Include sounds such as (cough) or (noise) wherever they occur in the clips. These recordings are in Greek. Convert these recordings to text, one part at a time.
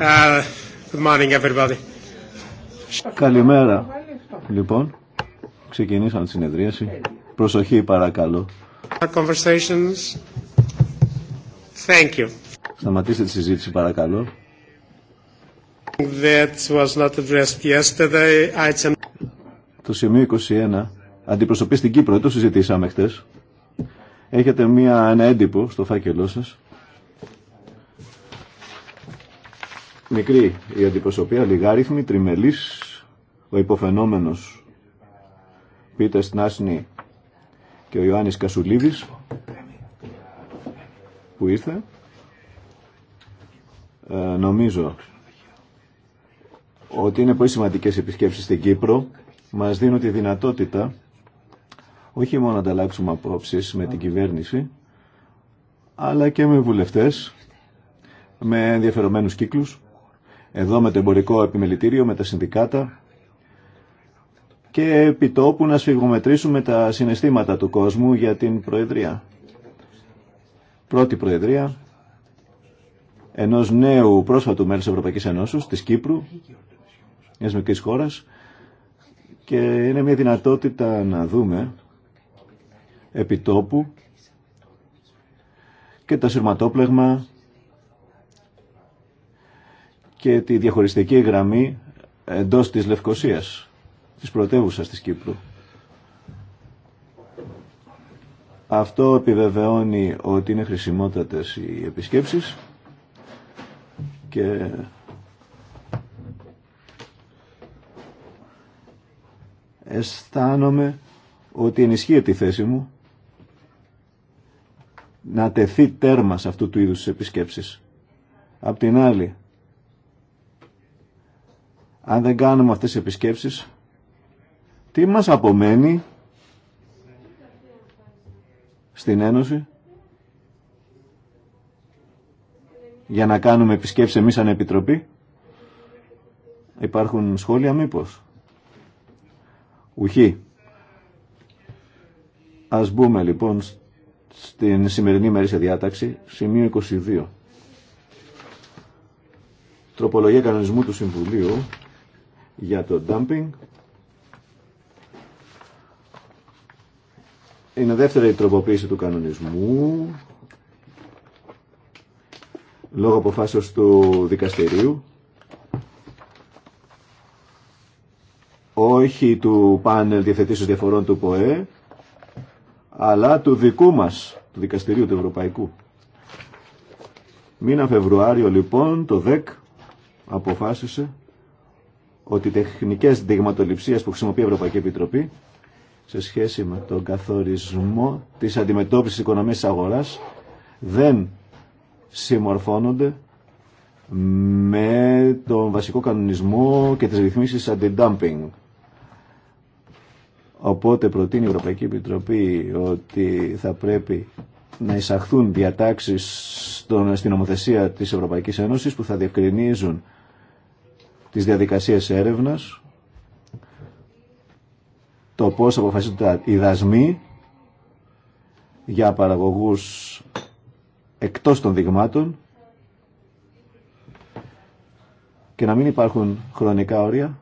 Uh, Καλημέρα. Λοιπόν, ξεκινήσαμε τη συνεδρίαση. Προσοχή παρακαλώ. Conversations. Thank you. Σταματήστε τη συζήτηση παρακαλώ. was yesterday. Το σημείο 21. Αντιπροσωπή στην Κύπρο. το συζητήσαμε χτες. Έχετε μία, ένα έντυπο στο φάκελό σας. Μικρή η αντιπροσωπεία, λιγάριθμη, τριμελής, ο υποφαινόμενος Πίτερ Στνάσνη και ο Ιωάννης Κασουλίδης που ήρθε. Ε, νομίζω ότι είναι πολύ σημαντικές επισκέψεις στην Κύπρο. Μας δίνουν τη δυνατότητα όχι μόνο να ανταλλάξουμε απόψεις με την κυβέρνηση, αλλά και με βουλευτές, με ενδιαφερομένους κύκλους εδώ με το εμπορικό επιμελητήριο, με τα συνδικάτα και επιτόπου να σφιγγομετρήσουμε τα συναισθήματα του κόσμου για την Προεδρία. Πρώτη Προεδρία ενός νέου πρόσφατου μέλους της Ευρωπαϊκής Ενώσης, της Κύπρου, μιας μικρής χώρας και είναι μια δυνατότητα να δούμε επιτόπου και το σειρματόπλεγμα και τη διαχωριστική γραμμή εντός της Λευκοσίας, της πρωτεύουσα της Κύπρου. Αυτό επιβεβαιώνει ότι είναι χρησιμότατες οι επισκέψεις και αισθάνομαι ότι ενισχύεται τη θέση μου να τεθεί τέρμα σε αυτού του είδους επισκέψεις. Απ' την άλλη, αν δεν κάνουμε αυτές τις επισκέψεις, τι μας απομένει στην Ένωση για να κάνουμε επισκέψεις εμείς σαν Επιτροπή. Υπάρχουν σχόλια μήπως. Ουχή. Ας μπούμε λοιπόν στην σημερινή μέρη σε διάταξη, σημείο 22. Τροπολογία κανονισμού του Συμβουλίου για το dumping. Είναι δεύτερη τροποποίηση του κανονισμού λόγω αποφάσεως του δικαστηρίου όχι του πάνελ διαθετήσεως διαφορών του ΠΟΕ αλλά του δικού μας του δικαστηρίου του Ευρωπαϊκού μήνα Φεβρουάριο λοιπόν το ΔΕΚ αποφάσισε ότι οι τεχνικές δειγματοληψίες που χρησιμοποιεί η Ευρωπαϊκή Επιτροπή σε σχέση με τον καθορισμό της αντιμετώπισης τη οικονομία αγοράς δεν συμμορφώνονται με τον βασικό κανονισμό και τις ρυθμίσεις αντι-dumping. Οπότε προτείνει η Ευρωπαϊκή Επιτροπή ότι θα πρέπει να εισαχθούν διατάξεις στην νομοθεσία της Ευρωπαϊκής Ένωσης που θα διευκρινίζουν τις διαδικασίες έρευνας, το πώς αποφασίζονται οι δασμοί για παραγωγούς εκτός των δειγμάτων και να μην υπάρχουν χρονικά όρια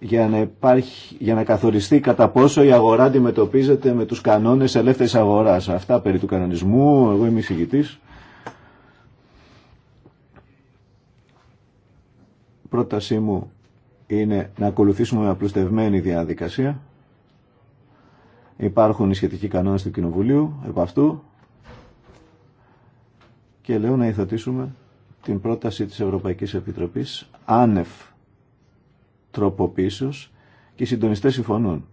για να, υπάρχει, για να καθοριστεί κατά πόσο η αγορά αντιμετωπίζεται με τους κανόνες ελεύθερης αγοράς. Αυτά περί του κανονισμού, εγώ είμαι εισηγητής. πρότασή μου είναι να ακολουθήσουμε με απλουστευμένη διαδικασία. Υπάρχουν οι σχετικοί κανόνες του Κοινοβουλίου επ' αυτού και λέω να υιοθετήσουμε την πρόταση της Ευρωπαϊκής Επιτροπής άνευ τροποποίησεως και οι συντονιστές συμφωνούν.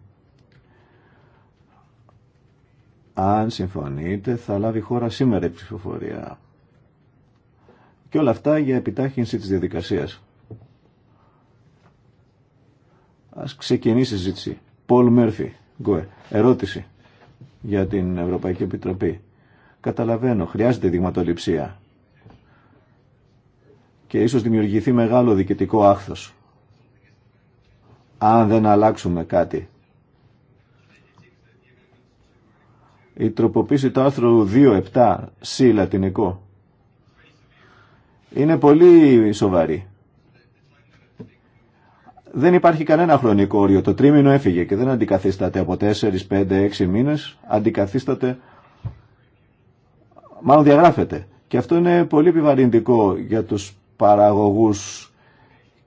Αν συμφωνείτε θα λάβει η χώρα σήμερα η ψηφοφορία. Και όλα αυτά για επιτάχυνση της διαδικασίας. Ας ξεκινήσει η συζήτηση. Πολ Μέρφυ, ερώτηση για την Ευρωπαϊκή Επιτροπή. Καταλαβαίνω, χρειάζεται δειγματοληψία και ίσως δημιουργηθεί μεγάλο διοικητικό άχθος αν δεν αλλάξουμε κάτι. Η τροποποίηση του άρθρου 2.7 C λατινικό είναι πολύ σοβαρή δεν υπάρχει κανένα χρονικό όριο. Το τρίμηνο έφυγε και δεν αντικαθίσταται από 4, 5, 6 μήνε. Αντικαθίσταται, μάλλον διαγράφεται. Και αυτό είναι πολύ επιβαρυντικό για του παραγωγού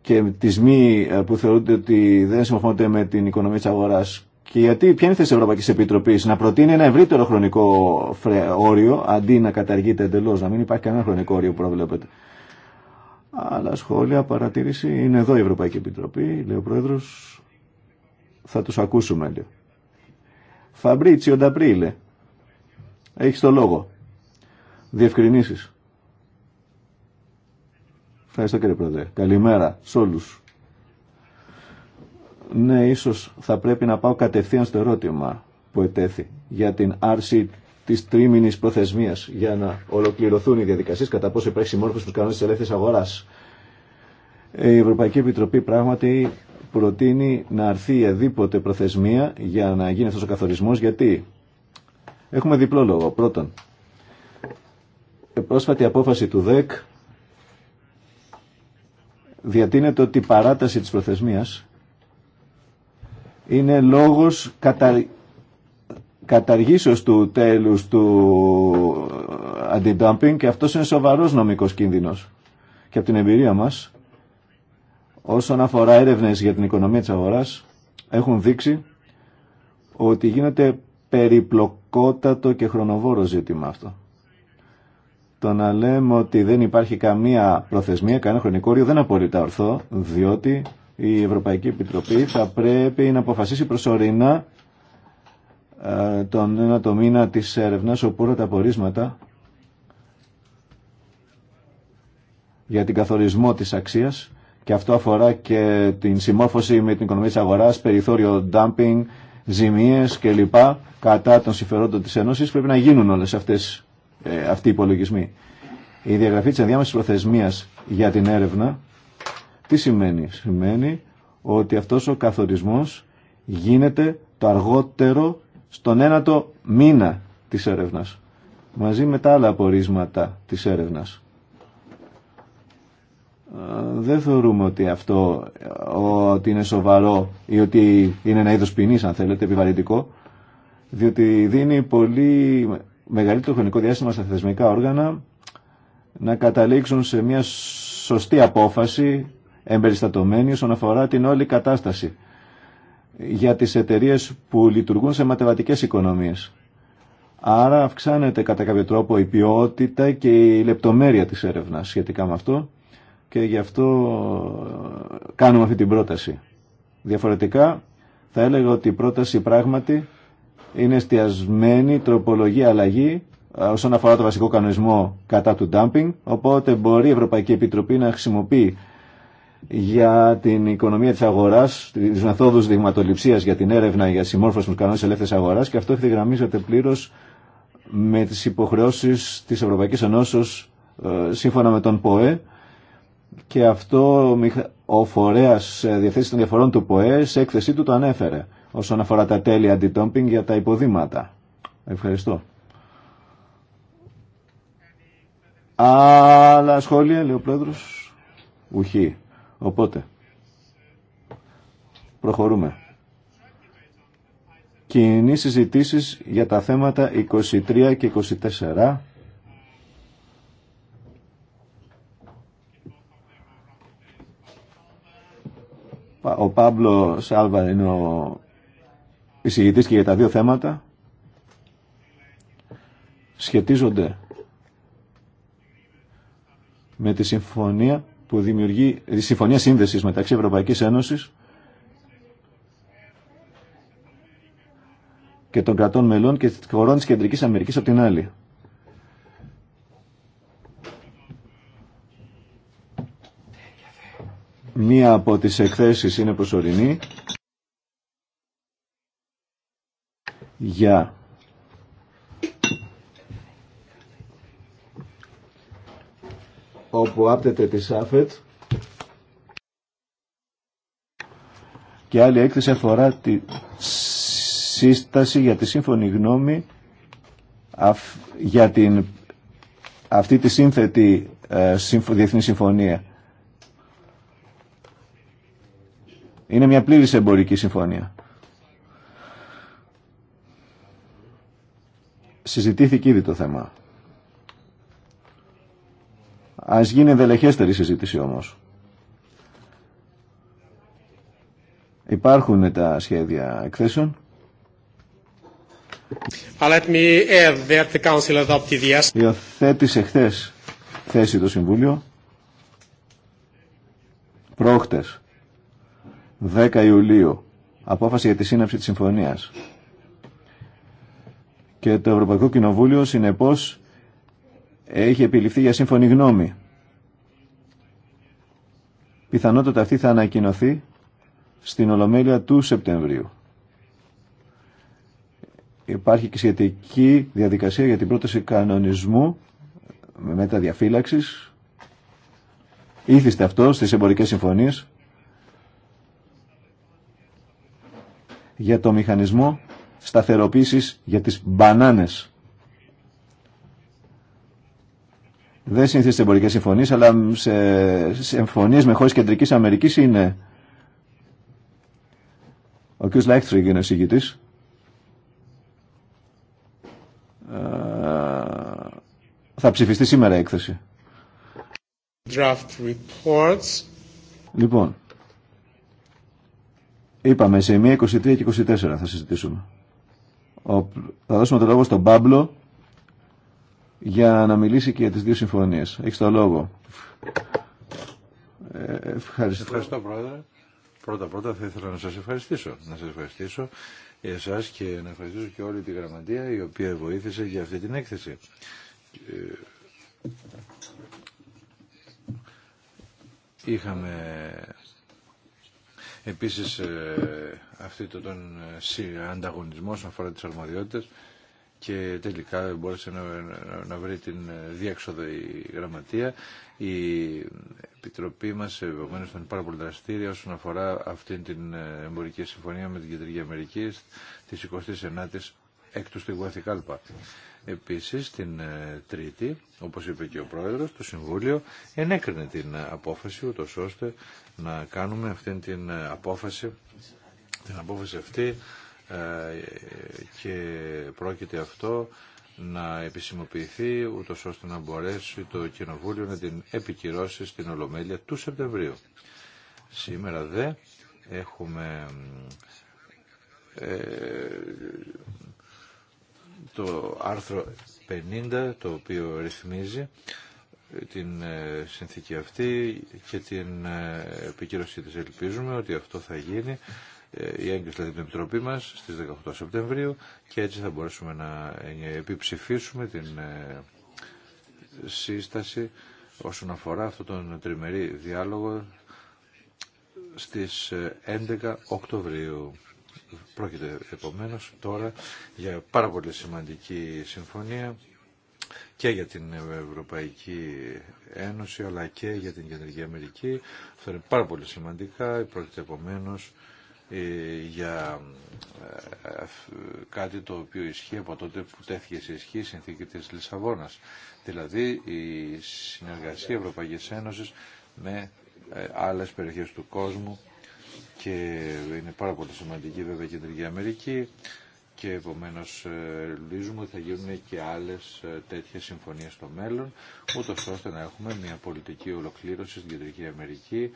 και τις μη ε, που θεωρούνται ότι δεν συμμορφώνονται με την οικονομία τη αγορά. Και γιατί, ποια είναι η θέση τη Ευρωπαϊκή Επιτροπή να προτείνει ένα ευρύτερο χρονικό όριο, αντί να καταργείται εντελώ, να μην υπάρχει κανένα χρονικό όριο που προβλέπεται. Άλλα σχόλια, παρατήρηση. Είναι εδώ η Ευρωπαϊκή Επιτροπή, λέει ο πρόεδρο Θα τους ακούσουμε, λέει. Φαμπρίτσιο Νταπρίλε. Έχει το λόγο. Διευκρινήσεις. Ευχαριστώ κύριε Πρόεδρε. Καλημέρα σε όλους. Ναι, ίσω θα πρέπει να πάω κατευθείαν στο ερώτημα που ετέθη για την RCT τη τρίμηνη προθεσμία για να ολοκληρωθούν οι διαδικασίε κατά πόσο υπάρχει συμμόρφωση στου κανόνε τη ελεύθερη αγορά. Ε, η Ευρωπαϊκή Επιτροπή πράγματι προτείνει να αρθεί αδίποτε προθεσμία για να γίνει αυτό ο καθορισμό. Γιατί έχουμε διπλό λόγο. Πρώτον, η πρόσφατη απόφαση του ΔΕΚ διατείνεται ότι η παράταση της προθεσμίας είναι λόγος κατα καταργήσεως του τέλους του ε, αντι και αυτός είναι σοβαρός νομικός κίνδυνος. Και από την εμπειρία μας, όσον αφορά έρευνες για την οικονομία της αγοράς, έχουν δείξει ότι γίνεται περιπλοκότατο και χρονοβόρο ζήτημα αυτό. Το να λέμε ότι δεν υπάρχει καμία προθεσμία, κανένα χρονικό όριο δεν απολύτω ορθό, διότι η Ευρωπαϊκή Επιτροπή θα πρέπει να αποφασίσει προσωρινά ε, τον ένα το μήνα της έρευνας όπου όλα τα απορίσματα για την καθορισμό της αξίας και αυτό αφορά και την συμμόρφωση με την οικονομία της αγοράς, περιθώριο dumping, ζημίες κλπ. κατά των συμφερόντων της Ένωσης πρέπει να γίνουν όλες αυτές, ε, αυτοί οι υπολογισμοί. Η διαγραφή της ενδιάμεσης προθεσμίας για την έρευνα τι σημαίνει. Σημαίνει ότι αυτός ο καθορισμός γίνεται το αργότερο στον ένατο μήνα της έρευνας, μαζί με τα άλλα απορίσματα της έρευνας. Ε, δεν θεωρούμε ότι αυτό ε, ότι είναι σοβαρό ή ότι είναι ένα είδος ποινής, αν θέλετε, επιβαρυντικό, διότι δίνει πολύ μεγαλύτερο χρονικό διάστημα στα θεσμικά όργανα να καταλήξουν σε μια σωστή απόφαση εμπεριστατωμένη όσον αφορά την όλη κατάσταση για τις εταιρείες που λειτουργούν σε ματεβατικές οικονομίες. Άρα αυξάνεται κατά κάποιο τρόπο η ποιότητα και η λεπτομέρεια της έρευνας σχετικά με αυτό και γι' αυτό ε, κάνουμε αυτή την πρόταση. Διαφορετικά θα έλεγα ότι η πρόταση πράγματι είναι εστιασμένη τροπολογία αλλαγή ε, όσον αφορά το βασικό κανονισμό κατά του ντάμπινγκ, οπότε μπορεί η Ευρωπαϊκή Επιτροπή να χρησιμοποιεί για την οικονομία τη αγορά, τι μεθόδου δειγματοληψία για την έρευνα για συμμόρφωση με του κανόνε ελεύθερη αγοράς και αυτό ευθυγραμμίζεται πλήρω με τις υποχρεώσεις της Ευρωπαϊκής ε, σύμφωνα με τον ΠΟΕ και αυτό ο φορέας ε, διαθέσει των διαφορών του ΠΟΕ σε έκθεσή του το ανέφερε όσον αφορά τα τέλη αντιτόμπινγκ για τα υποδήματα. Ευχαριστώ. Άλλα σχόλια, λέει ο Πρόεδρος. Ουχή. Οπότε, προχωρούμε. Κοινή συζητήσει για τα θέματα 23 και 24. Ο Πάμπλο Σάλβα είναι ο εισηγητής και για τα δύο θέματα. Σχετίζονται με τη συμφωνία που δημιουργεί Συμφωνία Σύνδεσης μεταξύ Ευρωπαϊκής Ένωσης και των κρατών μελών και της χωρών της Κεντρικής Αμερικής από την άλλη. Μία από τις εκθέσεις είναι προσωρινή για όπου άπτεται τη ΣΑΦΕΤ και άλλη έκθεση αφορά τη σύσταση για τη σύμφωνη γνώμη για την, αυτή τη σύνθετη ε, διεθνή συμφωνία. Είναι μια πλήρης εμπορική συμφωνία. Συζητήθηκε ήδη το θέμα. Ας γίνει δελεχέστερη συζήτηση όμως. Υπάρχουν τα σχέδια εκθέσεων. Υιοθέτησε χθε θέση το Συμβούλιο. Πρόχτες, 10 Ιουλίου, απόφαση για τη σύναψη της συμφωνίας. Και το Ευρωπαϊκό Κοινοβούλιο, συνεπώς, έχει επιληφθεί για σύμφωνη γνώμη. Πιθανότατα αυτή θα ανακοινωθεί στην Ολομέλεια του Σεπτεμβρίου. Υπάρχει και σχετική διαδικασία για την πρόταση κανονισμού με μεταδιαφύλαξης. Ήθιστε αυτό στις εμπορικές συμφωνίες για το μηχανισμό σταθεροποίησης για τις μπανάνες Δεν σε εμπορικέ συμφωνίε, αλλά σε συμφωνίε με χώρε Κεντρική Αμερική είναι. Ο κ. Λάιχτριγκ είναι ο ε, Θα ψηφιστεί σήμερα η έκθεση. Draft reports. Λοιπόν, είπαμε σε 1, 23 και 24 θα συζητήσουμε. Θα δώσουμε το λόγο στον Πάμπλο για να μιλήσει και για τις δύο συμφωνίες. Έχεις το λόγο. Ε, ευχαριστώ. Ευχαριστώ Πρόεδρε. Πρώτα πρώτα θα ήθελα να σας ευχαριστήσω. Να σας ευχαριστήσω εσάς και να ευχαριστήσω και όλη τη γραμματεία η οποία βοήθησε για αυτή την έκθεση. Ε, είχαμε επίσης ε, αυτή τον ε, ανταγωνισμό σχετικά αφορά τις αρμοδιότητες και τελικά μπόρεσε να, να βρει την διέξοδο η γραμματεία. Η Επιτροπή μας επομένω, ήταν πάρα πολύ δραστήρια όσον αφορά αυτή την ε, εμπορική συμφωνία με την Κεντρική Αμερική της 29ης έκτου στη Γουαθικάλπα. Επίσης την ε, Τρίτη, όπως είπε και ο Πρόεδρος, το Συμβούλιο ενέκρινε την απόφαση ούτως ώστε να κάνουμε αυτή την ε, απόφαση την απόφαση αυτή ε, και πρόκειται αυτό να επισημοποιηθεί ούτω ώστε να μπορέσει το Κοινοβούλιο να την επικυρώσει στην Ολομέλεια του Σεπτεμβρίου. Σήμερα δε έχουμε ε, το άρθρο 50 το οποίο ρυθμίζει την ε, συνθήκη αυτή και την επικύρωση της. Ελπίζουμε ότι αυτό θα γίνει η έγκριση δηλαδή, την Επιτροπή μας στις 18 Σεπτεμβρίου και έτσι θα μπορέσουμε να επιψηφίσουμε την ε, σύσταση όσον αφορά αυτο τον τριμερή διάλογο στις 11 ε, Οκτωβρίου. Πρόκειται επομένως τώρα για πάρα πολύ σημαντική συμφωνία και για την Ευρωπαϊκή Ένωση αλλά και για την Κεντρική Αμερική. Αυτό είναι πάρα πολύ σημαντικά. Πρόκειται επομένως ε, για ε, ε, κάτι το οποίο ισχύει από τότε που τέθηκε σε ισχύ η συνθήκη της Λισαβόνας. Δηλαδή η συνεργασία Ευρωπαϊκής Ένωσης με άλλες περιοχές του κόσμου και είναι πάρα πολύ σημαντική βέβαια η Κεντρική Αμερική και επομένως ε, ελπίζουμε ότι θα γίνουν και άλλες ε, τέτοιες συμφωνίες στο μέλλον, ούτω ώστε να έχουμε μια πολιτική ολοκλήρωση στην Κεντρική Αμερική,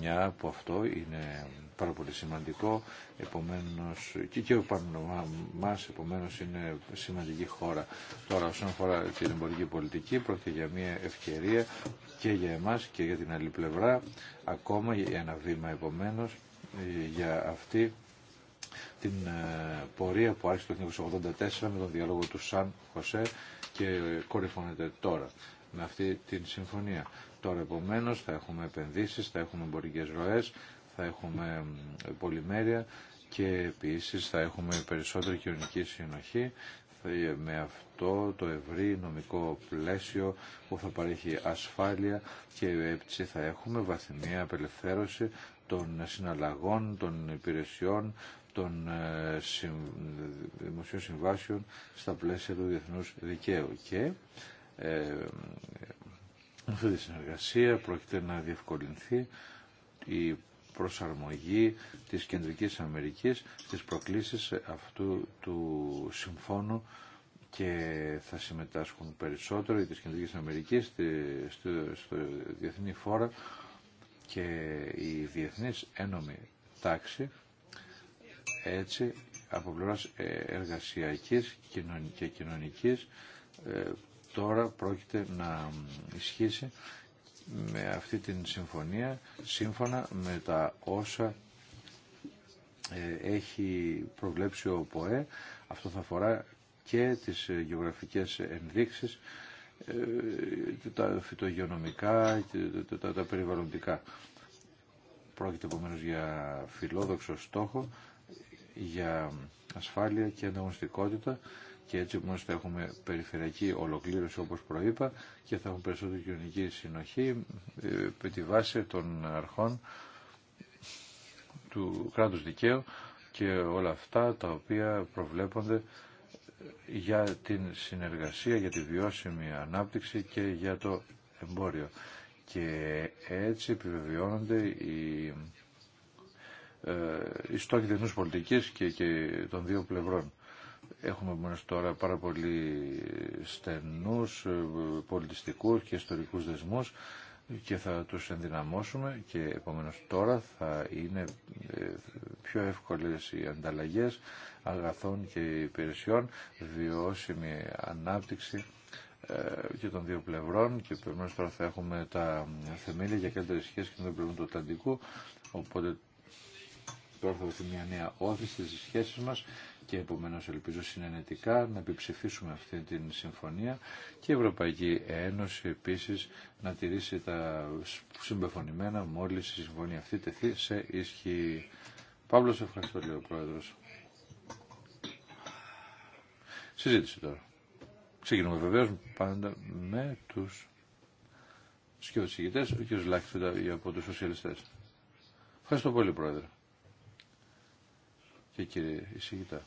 μια που αυτό είναι πάρα πολύ σημαντικό, Επομένω, και, και ο Παναμά μας επομένως είναι σημαντική χώρα. Τώρα όσον αφορά την εμπορική πολιτική πρόκειται για μια ευκαιρία και για εμά και για την άλλη πλευρά, ακόμα για ένα βήμα επομένω ε, για αυτή την ε, πορεία που άρχισε το 1984 με τον διάλογο του Σαν Χωσέ και κορυφώνεται τώρα με αυτή την συμφωνία. Τώρα επομένως θα έχουμε επενδύσεις, θα έχουμε εμπορικέ ροές, θα έχουμε πολυμέρεια και επίσης θα έχουμε περισσότερη κοινωνική συνοχή με αυτό το ευρύ νομικό πλαίσιο που θα παρέχει ασφάλεια και έτσι θα έχουμε βαθμία απελευθέρωση των συναλλαγών, των υπηρεσιών, των ε, δημοσίων συμβάσεων στα πλαίσια του διεθνούς δικαίου. Και ε, αυτή τη συνεργασία πρόκειται να διευκολυνθεί η προσαρμογή της Κεντρικής Αμερικής στις προκλήσεις αυτού του συμφώνου και θα συμμετάσχουν περισσότερο της Κεντρικής Αμερικής στη, στο, Διεθνή Φόρα και η Διεθνής Ένωμη Τάξη έτσι από πλευράς ε, εργασιακής και κοινωνικής ε, τώρα πρόκειται να ισχύσει με αυτή την συμφωνία σύμφωνα με τα όσα ε, έχει προβλέψει ο ΠΟΕ. Αυτό θα αφορά και τις γεωγραφικές ενδείξεις, τα φυτογειονομικά, τα περιβαλλοντικά. Πρόκειται επομένω για φιλόδοξο στόχο για ασφάλεια και ανταγωνιστικότητα και έτσι όμω θα έχουμε περιφερειακή ολοκλήρωση όπως προείπα και θα έχουμε περισσότερη κοινωνική συνοχή ε, με τη βάση των αρχών του κράτους δικαίου και όλα αυτά τα οποία προβλέπονται για την συνεργασία, για τη βιώσιμη ανάπτυξη και για το εμπόριο. Και έτσι επιβεβαιώνονται οι οι ε, στόχοι διεθνούς πολιτικής και, και των δύο πλευρών. Έχουμε μόνος τώρα πάρα πολύ στενούς, ε, πολιτιστικούς και ιστορικούς δεσμούς και θα τους ενδυναμώσουμε και επομένως τώρα θα είναι ε, πιο εύκολες οι ανταλλαγές αγαθών και υπηρεσιών, βιώσιμη ανάπτυξη και των δύο πλευρών και επομένως τώρα θα έχουμε τα θεμέλια για καλύτερη σχέσεις και των πλευρών του οπότε Τώρα θα μια νέα όθηση στις σχέσεις μας και επομένως ελπίζω συνενετικά να επιψηφίσουμε αυτή την συμφωνία και η Ευρωπαϊκή Ένωση επίσης να τηρήσει τα συμπεφωνημένα μόλις η συμφωνία αυτή τεθεί σε ισχύ. Παύλος, ευχαριστώ λέει Πρόεδρος. Συζήτηση τώρα. Ξεκινούμε βεβαίω πάντα με τους σκιοδησηγητές, ο κ. Λάχτφιντα από τους σοσιαλιστές. Ευχαριστώ πολύ Πρόεδρε και κύριε εισηγητά.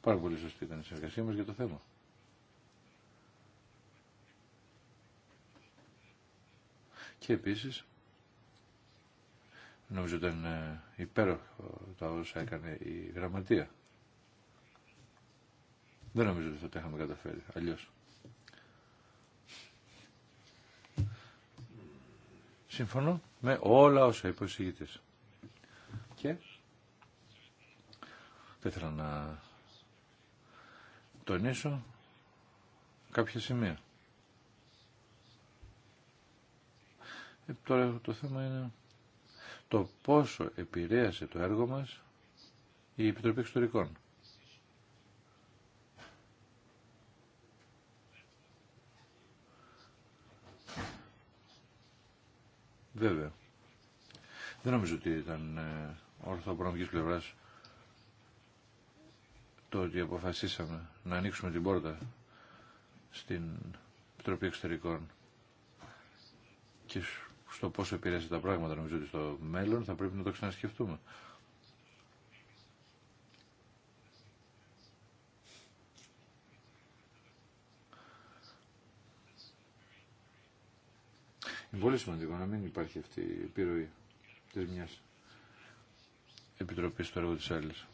Πάρα πολύ σωστή ήταν η συνεργασία μας για το θέμα. Και επίσης, νομίζω ήταν ε, υπέροχο τα όσα έκανε η γραμματεία. Δεν νομίζω ότι θα τα είχαμε καταφέρει αλλιώς. Συμφωνώ με όλα όσα είπε ο εισηγητής. Και δεν ήθελα να τονίσω κάποια σημεία. Ε, τώρα το θέμα είναι το πόσο επηρέασε το έργο μας η Επιτροπή Εξωτερικών. Βέβαια. Δεν νομίζω ότι ήταν όρθο ε, από νομικής πλευράς το ότι αποφασίσαμε να ανοίξουμε την πόρτα στην Επιτροπή Εξωτερικών και στο πόσο επηρέασε τα πράγματα νομίζω ότι στο μέλλον θα πρέπει να το ξανασκεφτούμε. Είναι πολύ σημαντικό να μην υπάρχει αυτή η επιρροή της μιας επιτροπής του έργο της άλλης.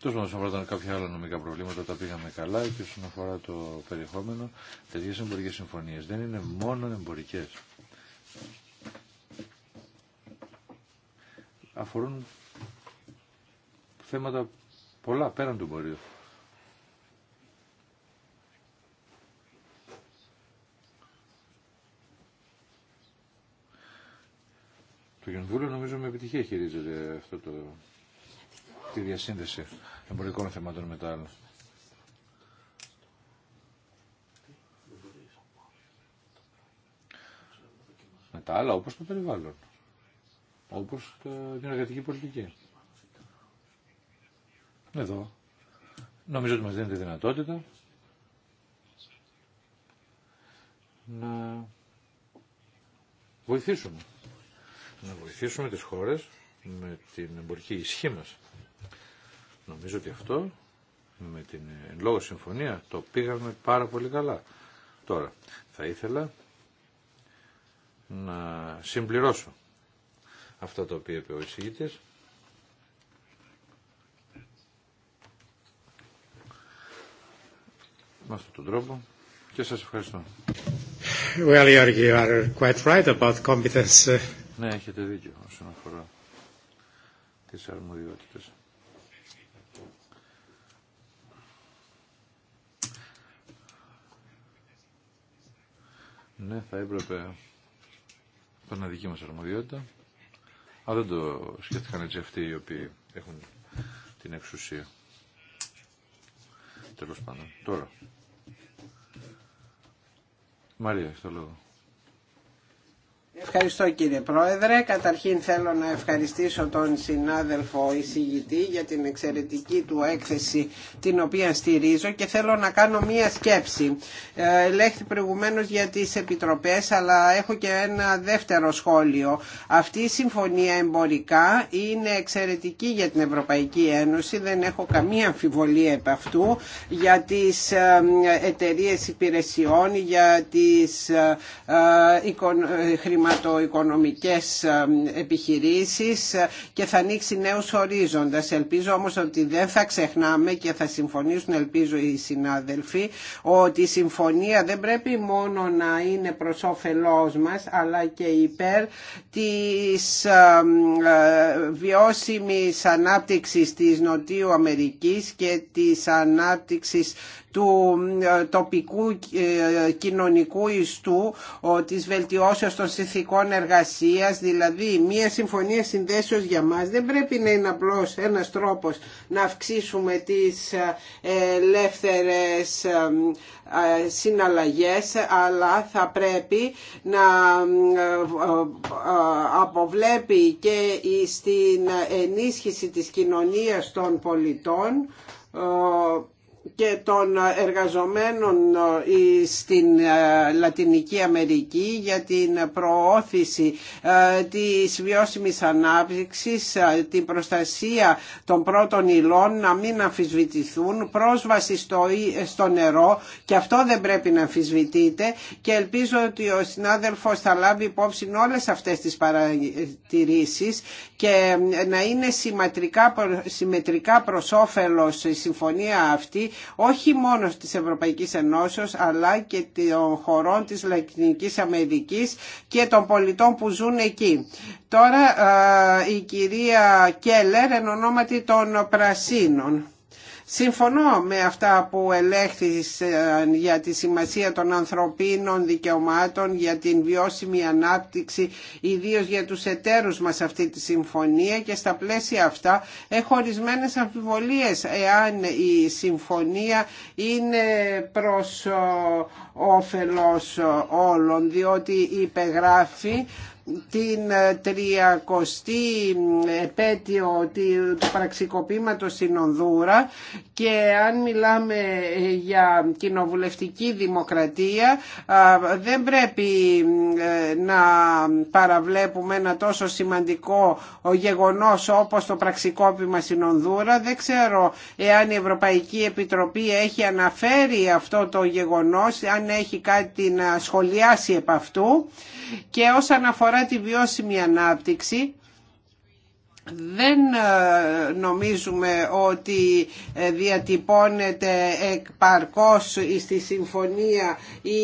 Τόσο μας αφορά κάποια άλλα νομικά προβλήματα, τα πήγαμε καλά και όσον αφορά το περιεχόμενο, τέτοιε εμπορικέ συμφωνίε. δεν είναι μόνο εμπορικέ. Αφορούν θέματα πολλά πέραν του εμπορίου. Το Κοινοβούλιο νομίζω με επιτυχία χειρίζεται αυτό το, τη διασύνδεση εμπορικών θεμάτων με τα άλλα. Με τα άλλα όπως το περιβάλλον, όπως την εργατική πολιτική. Εδώ νομίζω ότι μας δίνει τη δυνατότητα να βοηθήσουμε. Να βοηθήσουμε τις χώρες με την εμπορική ισχύ μας. Νομίζω ότι αυτό με την εν λόγω συμφωνία το πήγαμε πάρα πολύ καλά. Τώρα θα ήθελα να συμπληρώσω αυτά τα οποία είπε ο εισηγητής με αυτόν τον τρόπο και σας ευχαριστώ. Well, you are quite right about competence. Uh, ναι, έχετε δίκιο όσον αφορά τις αρμοδιότητες. Ναι, θα έπρεπε το να δική μας αρμοδιότητα. Αλλά δεν το σκέφτηκαν έτσι αυτοί οι οποίοι έχουν την εξουσία. Τέλος πάντων. Τώρα, Μαρία, στο λόγο. Ευχαριστώ κύριε Πρόεδρε. Καταρχήν θέλω να ευχαριστήσω τον συνάδελφο εισηγητή για την εξαιρετική του έκθεση την οποία στηρίζω και θέλω να κάνω μία σκέψη. Ε, ελέγχθη προηγουμένως για τις επιτροπές αλλά έχω και ένα δεύτερο σχόλιο. Αυτή η συμφωνία εμπορικά είναι εξαιρετική για την Ευρωπαϊκή Ένωση. Δεν έχω καμία αμφιβολία επ' αυτού για τις ε, εταιρείε υπηρεσιών, για τις ε, χρηματικές χρηματοοικονομικές ε, επιχειρήσεις ε, και θα ανοίξει νέους ορίζοντας. Ελπίζω όμως ότι δεν θα ξεχνάμε και θα συμφωνήσουν ελπίζω οι συνάδελφοι ότι η συμφωνία δεν πρέπει μόνο να είναι προς όφελός μας αλλά και υπέρ της ε, βιώσιμης ανάπτυξης της Νοτιού Αμερικής και της ανάπτυξης του ε, τοπικού ε, κοινωνικού ιστού της βελτιώσεως των συνθηκών εργασίας δηλαδή μια συμφωνία συνδέσεως για μας δεν πρέπει να είναι απλώς ένας τρόπος να αυξήσουμε τις ε, ελεύθερες συναλλαγές αλλά θα πρέπει να αποβλέπει και στην ενίσχυση της κοινωνίας των πολιτών και των εργαζομένων ε, στην ε, Λατινική Αμερική για την προώθηση ε, της βιώσιμης ανάπτυξης, την προστασία των πρώτων υλών να μην αμφισβητηθούν, πρόσβαση στο, στο νερό και αυτό δεν πρέπει να αμφισβητείται και ελπίζω ότι ο συνάδελφος θα λάβει υπόψη όλες αυτές τις παρατηρήσεις και να είναι συμμετρικά προς όφελος η συμφωνία αυτή όχι μόνο της Ευρωπαϊκής Ενώσεως αλλά και των χωρών της Λατινικής Αμερικής και των πολιτών που ζουν εκεί. Τώρα ε, η κυρία Κέλλερ εν ονόματι των Πρασίνων. Συμφωνώ με αυτά που ελέγχθησαν για τη σημασία των ανθρωπίνων δικαιωμάτων, για την βιώσιμη ανάπτυξη, ιδίως για τους εταίρους μας αυτή τη συμφωνία και στα πλαίσια αυτά έχω ορισμένες αμφιβολίες εάν η συμφωνία είναι προς όφελος όλων, διότι υπεγράφει την 30 ε, ε, επέτειο του παραξικοπήματος στην Ονδούρα και αν μιλάμε ε, για κοινοβουλευτική δημοκρατία δεν πρέπει να παραβλέπουμε ένα τόσο σημαντικό γεγονός όπως το πραξικόπημα στην Ονδούρα. Δεν ξέρω εάν η Ευρωπαϊκή Επιτροπή έχει αναφέρει αυτό το γεγονός, αν έχει κάτι να σχολιάσει επ' αυτού και όσον αφορά αφορά τη βιώσιμη ανάπτυξη δεν ε, νομίζουμε ότι ε, διατυπώνεται εκπαρκώς στη συμφωνία ή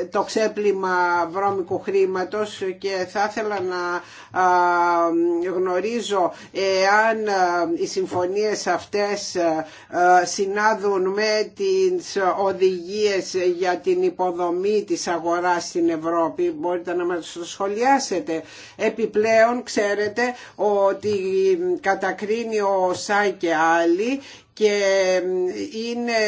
ε, το ξέπλυμα βρώμικου χρήματος και θα ήθελα να γνωρίζω εάν οι συμφωνίες αυτές συνάδουν με τις οδηγίες για την υποδομή της αγοράς στην Ευρώπη. Μπορείτε να μας το σχολιάσετε. Επιπλέον ξέρετε ότι κατακρίνει ο Σάι και άλλοι και είναι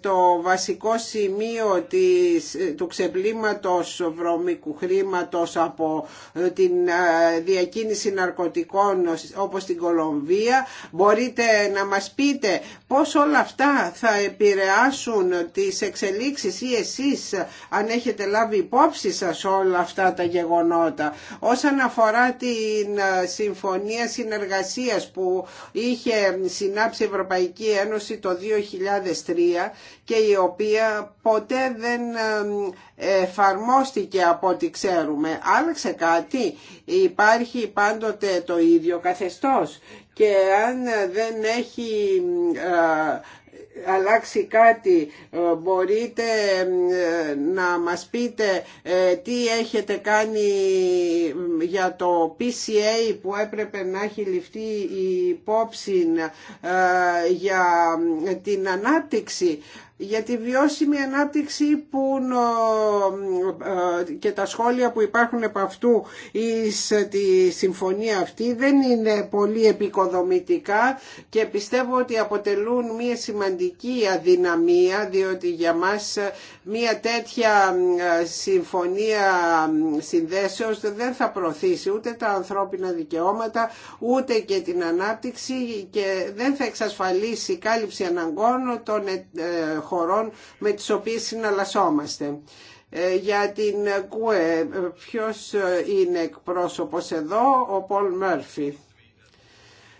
το βασικό σημείο της, του ξεπλήματος βρωμικού χρήματος από ε, την ε, διακίνηση ναρκωτικών όπως την Κολομβία. Μπορείτε να μας πείτε πώς όλα αυτά θα επηρεάσουν τις εξελίξεις ή εσείς αν έχετε λάβει υπόψη σας όλα αυτά τα γεγονότα. Όσον αφορά την ε, συμφωνία συνεργασίας που είχε συνάψει η Ευρωπαϊκή Ευρωπαϊκή Ένωση το 2003 και η οποία ποτέ δεν εφαρμόστηκε από ό,τι ξέρουμε. Άλλαξε κάτι. Υπάρχει πάντοτε το ίδιο καθεστώς και αν δεν έχει αλλάξει κάτι ε, μπορείτε ε, να μας πείτε ε, τι έχετε κάνει για το PCA που έπρεπε να έχει ληφθεί η υπόψη για την ανάπτυξη για τη βιώσιμη ανάπτυξη που ε, και τα σχόλια που υπάρχουν από αυτού εις ε, τη συμφωνία αυτή δεν είναι πολύ επικοδομητικά και πιστεύω ότι αποτελούν μια σημαντική αδυναμία διότι για μας ε, μια τέτοια συμφωνία συνδέσεως δεν θα προωθήσει ούτε τα ανθρώπινα δικαιώματα ούτε και την ανάπτυξη και δεν θα εξασφαλίσει κάλυψη αναγκών των χωρών με τις οποίες συναλλασσόμαστε. Ε, για την ΚΟΕ, ποιος ε, είναι εκπρόσωπος εδώ, ο Πολ Μέρφι.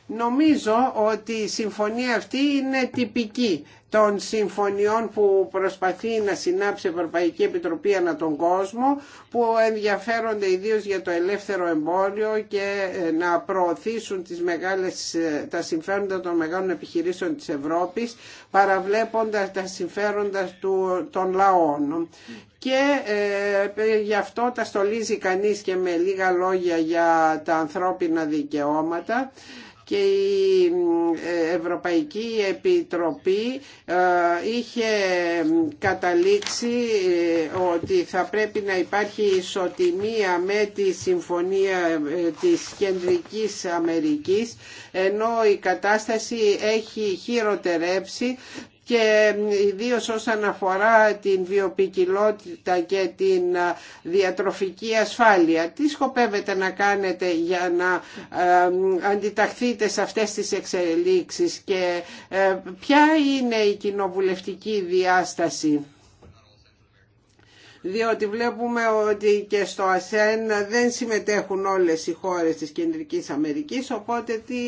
Νομίζω ότι η συμφωνία αυτή είναι τυπική των συμφωνιών που προσπαθεί να συνάψει η Ευρωπαϊκή Επιτροπή ανά τον κόσμο που ενδιαφέρονται ιδίως για το ελεύθερο εμπόριο και ε, να προωθήσουν τις μεγάλες, ε, τα συμφέροντα των μεγάλων επιχειρήσεων της Ευρώπης παραβλέποντας τα συμφέροντα του, των λαών και ε, ε γι' αυτό τα στολίζει κανείς και με λίγα λόγια για τα ανθρώπινα δικαιώματα και η ε, Ευρωπαϊκή Επιτροπή ε, είχε καταλήξει ε, ότι θα πρέπει να υπάρχει ισοτιμία με τη Συμφωνία της Κεντρικής Αμερικής ενώ η κατάσταση έχει χειροτερέψει και ιδίω όσον αφορά την βιοπικιλότητα και την διατροφική ασφάλεια. Τι σκοπεύετε να κάνετε για να αντιταχθείτε σε αυτές τις εξελίξεις και ε, ποια είναι η κοινοβουλευτική διάσταση διότι βλέπουμε ότι και στο ΑΣΕΝ δεν συμμετέχουν όλες οι χώρες της Κεντρικής Αμερικής, οπότε τι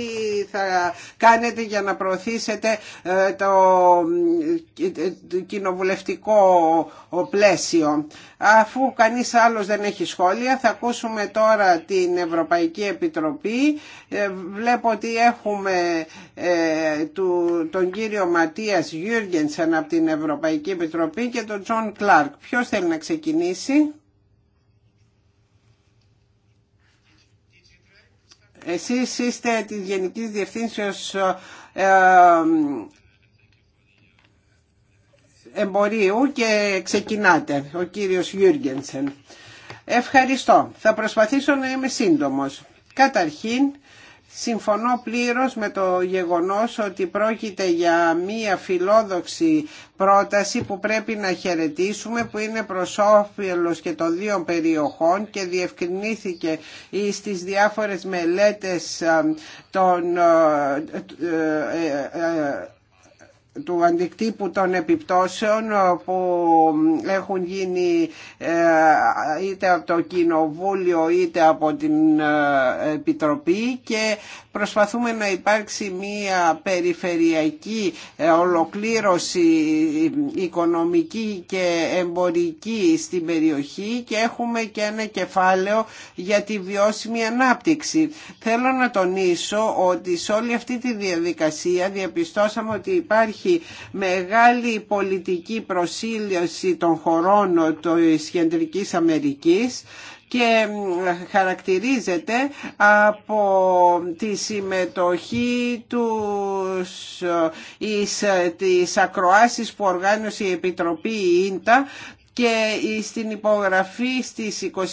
θα κάνετε για να προωθήσετε ε, ε, το κοινοβουλευτικό πλαίσιο. Αφού κανείς άλλος δεν έχει σχόλια θα ακούσουμε τώρα την Ευρωπαϊκή Επιτροπή. Ε, βλέπω ότι έχουμε ε, τον κύριο Ματίας Γιούργενσεν από την Ευρωπαϊκή Επιτροπή και τον Τζον Κλάρκ. Ποιος θέλει να ξεκινήσει. Εσείς είστε της Γενικής Διευθύνσεως ε, εμπορίου και ξεκινάτε, ο κύριος Γιούργενσεν. Ευχαριστώ. Θα προσπαθήσω να είμαι σύντομος. Καταρχήν, συμφωνώ πλήρως με το γεγονός ότι πρόκειται για μία φιλόδοξη πρόταση που πρέπει να χαιρετήσουμε που είναι προς και των δύο περιοχών και διευκρινήθηκε στις διάφορες μελέτες των ε, ε, ε, του αντικτύπου των επιπτώσεων ε, που έχουν γίνει ε, είτε από το Κοινοβούλιο είτε από την ε, Επιτροπή και προσπαθούμε να υπάρξει μία περιφερειακή ε, ολοκλήρωση ε, οικονομική και εμπορική στην περιοχή και έχουμε και ένα κεφάλαιο για τη βιώσιμη ανάπτυξη. Θέλω να τονίσω ότι σε όλη αυτή τη διαδικασία διαπιστώσαμε ότι υπάρχει μεγάλη πολιτική προσήλωση των χωρών ε, της Κεντρικής Αμερικής και χαρακτηρίζεται από τη συμμετοχή του εις της ακροάσης που οργάνωσε η Επιτροπή ΙΝΤΑ και στην υπογραφή στις 29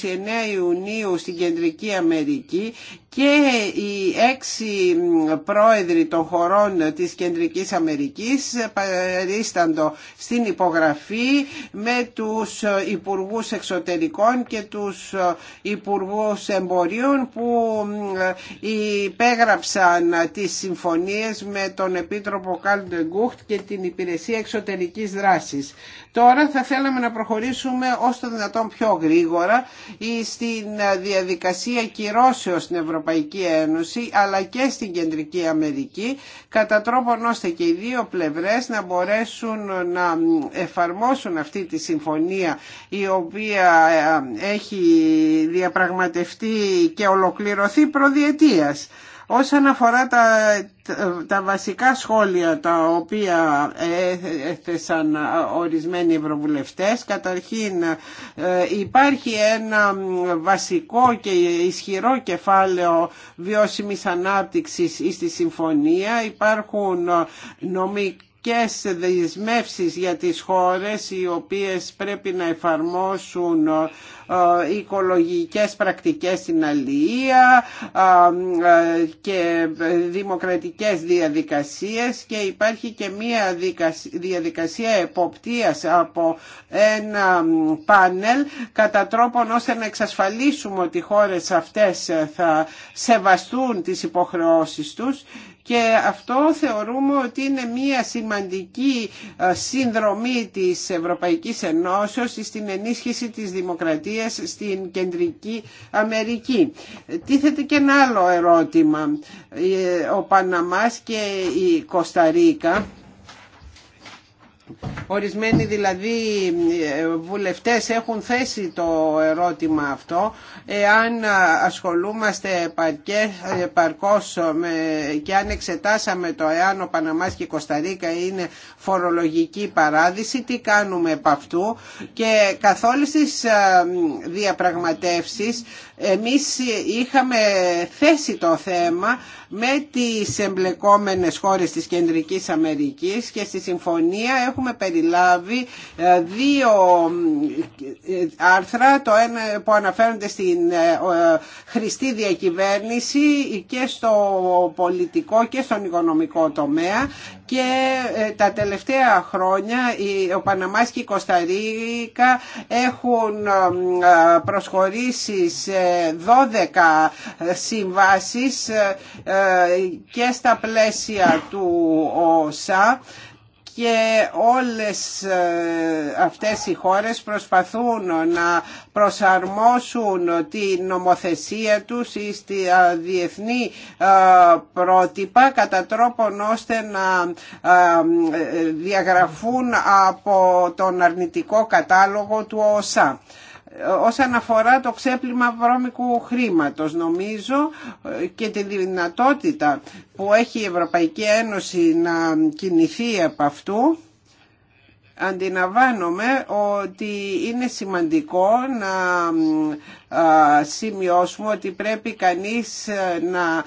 Ιουνίου στην Κεντρική Αμερική και οι έξι πρόεδροι των χωρών της Κεντρικής Αμερικής παρίσταντο στην υπογραφή με τους υπουργούς εξωτερικών και τους υπουργούς εμπορίων που υπέγραψαν τις συμφωνίες με τον Επίτροπο Κάλντε Γκούχτ και την Υπηρεσία Εξωτερικής Δράσης. Τώρα θα θέλαμε να προχωρήσουμε όσο το δυνατόν πιο γρήγορα στην διαδικασία κυρώσεως στην Ευρωπαϊκή Ευρωπαϊκή Ένωση αλλά και στην Κεντρική Αμερική κατά τρόπον ώστε και οι δύο πλευρές να μπορέσουν να εφαρμόσουν αυτή τη συμφωνία η οποία ε, έχει διαπραγματευτεί και ολοκληρωθεί προδιετίας. Όσον αφορά τα, τα βασικά σχόλια τα οποία έθεσαν ορισμένοι ευρωβουλευτές, καταρχήν ε, υπάρχει ένα βασικό και ισχυρό κεφάλαιο βιώσιμης ανάπτυξης στη συμφωνία, υπάρχουν νομικοί, και δεσμεύσει για τις χώρες οι οποίες πρέπει να εφαρμόσουν ε, οικολογικές πρακτικές στην αλληλεία ε, ε, και δημοκρατικές διαδικασίες και υπάρχει και μία διαδικασία εποπτείας από ένα πάνελ κατά τρόπον ώστε να εξασφαλίσουμε ότι οι χώρες αυτές θα σεβαστούν τις υποχρεώσεις τους και αυτό θεωρούμε ότι είναι μια σημαντική ε, συνδρομή της Ευρωπαϊκής Ενώσεως στην ενίσχυση της δημοκρατίας στην Κεντρική Αμερική. Τίθεται και ένα άλλο ερώτημα. Ε, ο Παναμάς και η Κωνσταντίνα Ορισμένοι δηλαδή ε, βουλευτές έχουν θέσει το ερώτημα αυτό εάν ασχολούμαστε παρκώς με, και αν εξετάσαμε το εάν ο Παναμάς και η Κωνσταντίκα είναι φορολογική παράδειση τι κάνουμε επ' αυτού και καθ' όλες τις ε, διαπραγματεύσεις εμείς είχαμε θέσει το θέμα με τις εμπλεκόμενες χώρες της Κεντρικής Αμερικής και στη συμφωνία έχουμε περιλάβει ε, δύο ε, άρθρα, το ένα που αναφέρονται στην ε, χρηστή διακυβέρνηση και στο πολιτικό και στον οικονομικό τομέα και τα τελευταία χρόνια ο Παναμάς και η Κωνσταντίνα έχουν προσχωρήσει σε 12 συμβάσεις και στα πλαίσια του ΟΣΑ και όλες ε, αυτές οι χώρες προσπαθούν να προσαρμόσουν την νομοθεσία τους στη διεθνή πρότυπα κατά τρόπον ώστε να ε, διαγραφούν από τον αρνητικό κατάλογο του ΟΣΑ όσον αφορά το ξέπλυμα βρώμικου χρήματος νομίζω και τη δυνατότητα που έχει η Ευρωπαϊκή Ένωση να κινηθεί από αυτού αντιλαμβάνομαι ότι είναι σημαντικό να σημειώσουμε ότι πρέπει κανείς να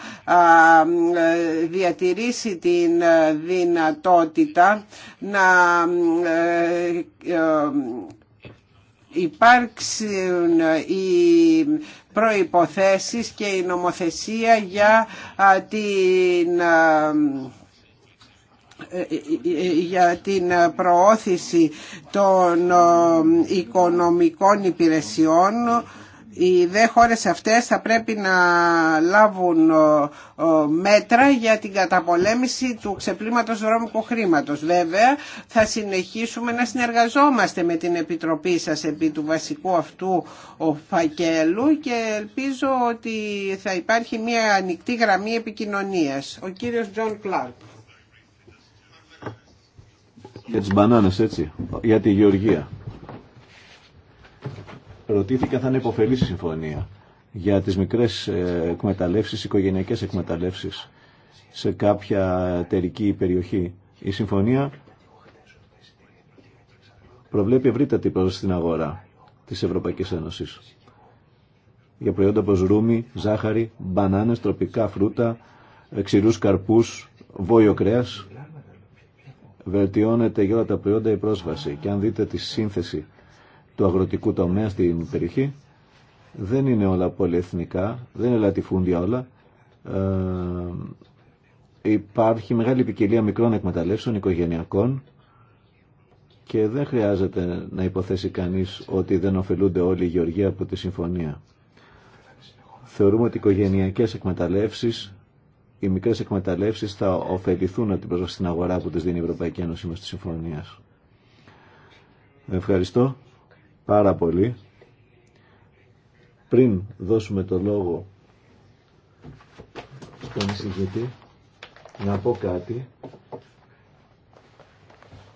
διατηρήσει την δυνατότητα να ε, ε, υπάρξουν οι προϋποθέσεις και η νομοθεσία για την για την προώθηση των οικονομικών υπηρεσιών οι δε χώρες αυτές θα πρέπει να λάβουν μέτρα για την καταπολέμηση του ξεπλήματος δρόμικου χρήματος. Βέβαια θα συνεχίσουμε να συνεργαζόμαστε με την Επιτροπή σας επί του βασικού αυτού φακέλου και ελπίζω ότι θα υπάρχει μια ανοιχτή γραμμή επικοινωνίας. Ο κύριος Τζον Κλάρκ. Για τις μπανάνες έτσι, για τη γεωργία αν θα είναι υποφελής η συμφωνία για τις μικρές ε, εκμεταλλεύσεις, οικογενειακές εκμεταλλεύσεις σε κάποια εταιρική περιοχή. Η συμφωνία προβλέπει ευρύτατη πρόσβαση στην αγορά της Ευρωπαϊκής Ένωσης για προϊόντα όπως ρούμι, ζάχαρη, μπανάνες, τροπικά φρούτα, ξηρούς καρπούς, βόλιο κρέας. Βελτιώνεται για όλα τα προϊόντα η πρόσβαση και αν δείτε τη σύνθεση του αγροτικού τομέα στην περιοχή. Δεν είναι όλα πολυεθνικά, δεν είναι λατιφούντια όλα. Ε, υπάρχει μεγάλη ποικιλία μικρών εκμεταλλεύσεων οικογενειακών και δεν χρειάζεται να υποθέσει κανείς ότι δεν ωφελούνται όλοι οι γεωργοί από τη συμφωνία. Θεωρούμε ότι οι οικογενειακές εκμεταλλεύσεις, οι μικρές εκμεταλλεύσεις θα ωφεληθούν από την πρόσβαση στην αγορά που τους δίνει η Ευρωπαϊκή Ένωση μας τη συμφωνία. Ευχαριστώ πάρα πολύ. Πριν δώσουμε το λόγο στον εισηγητή, να πω κάτι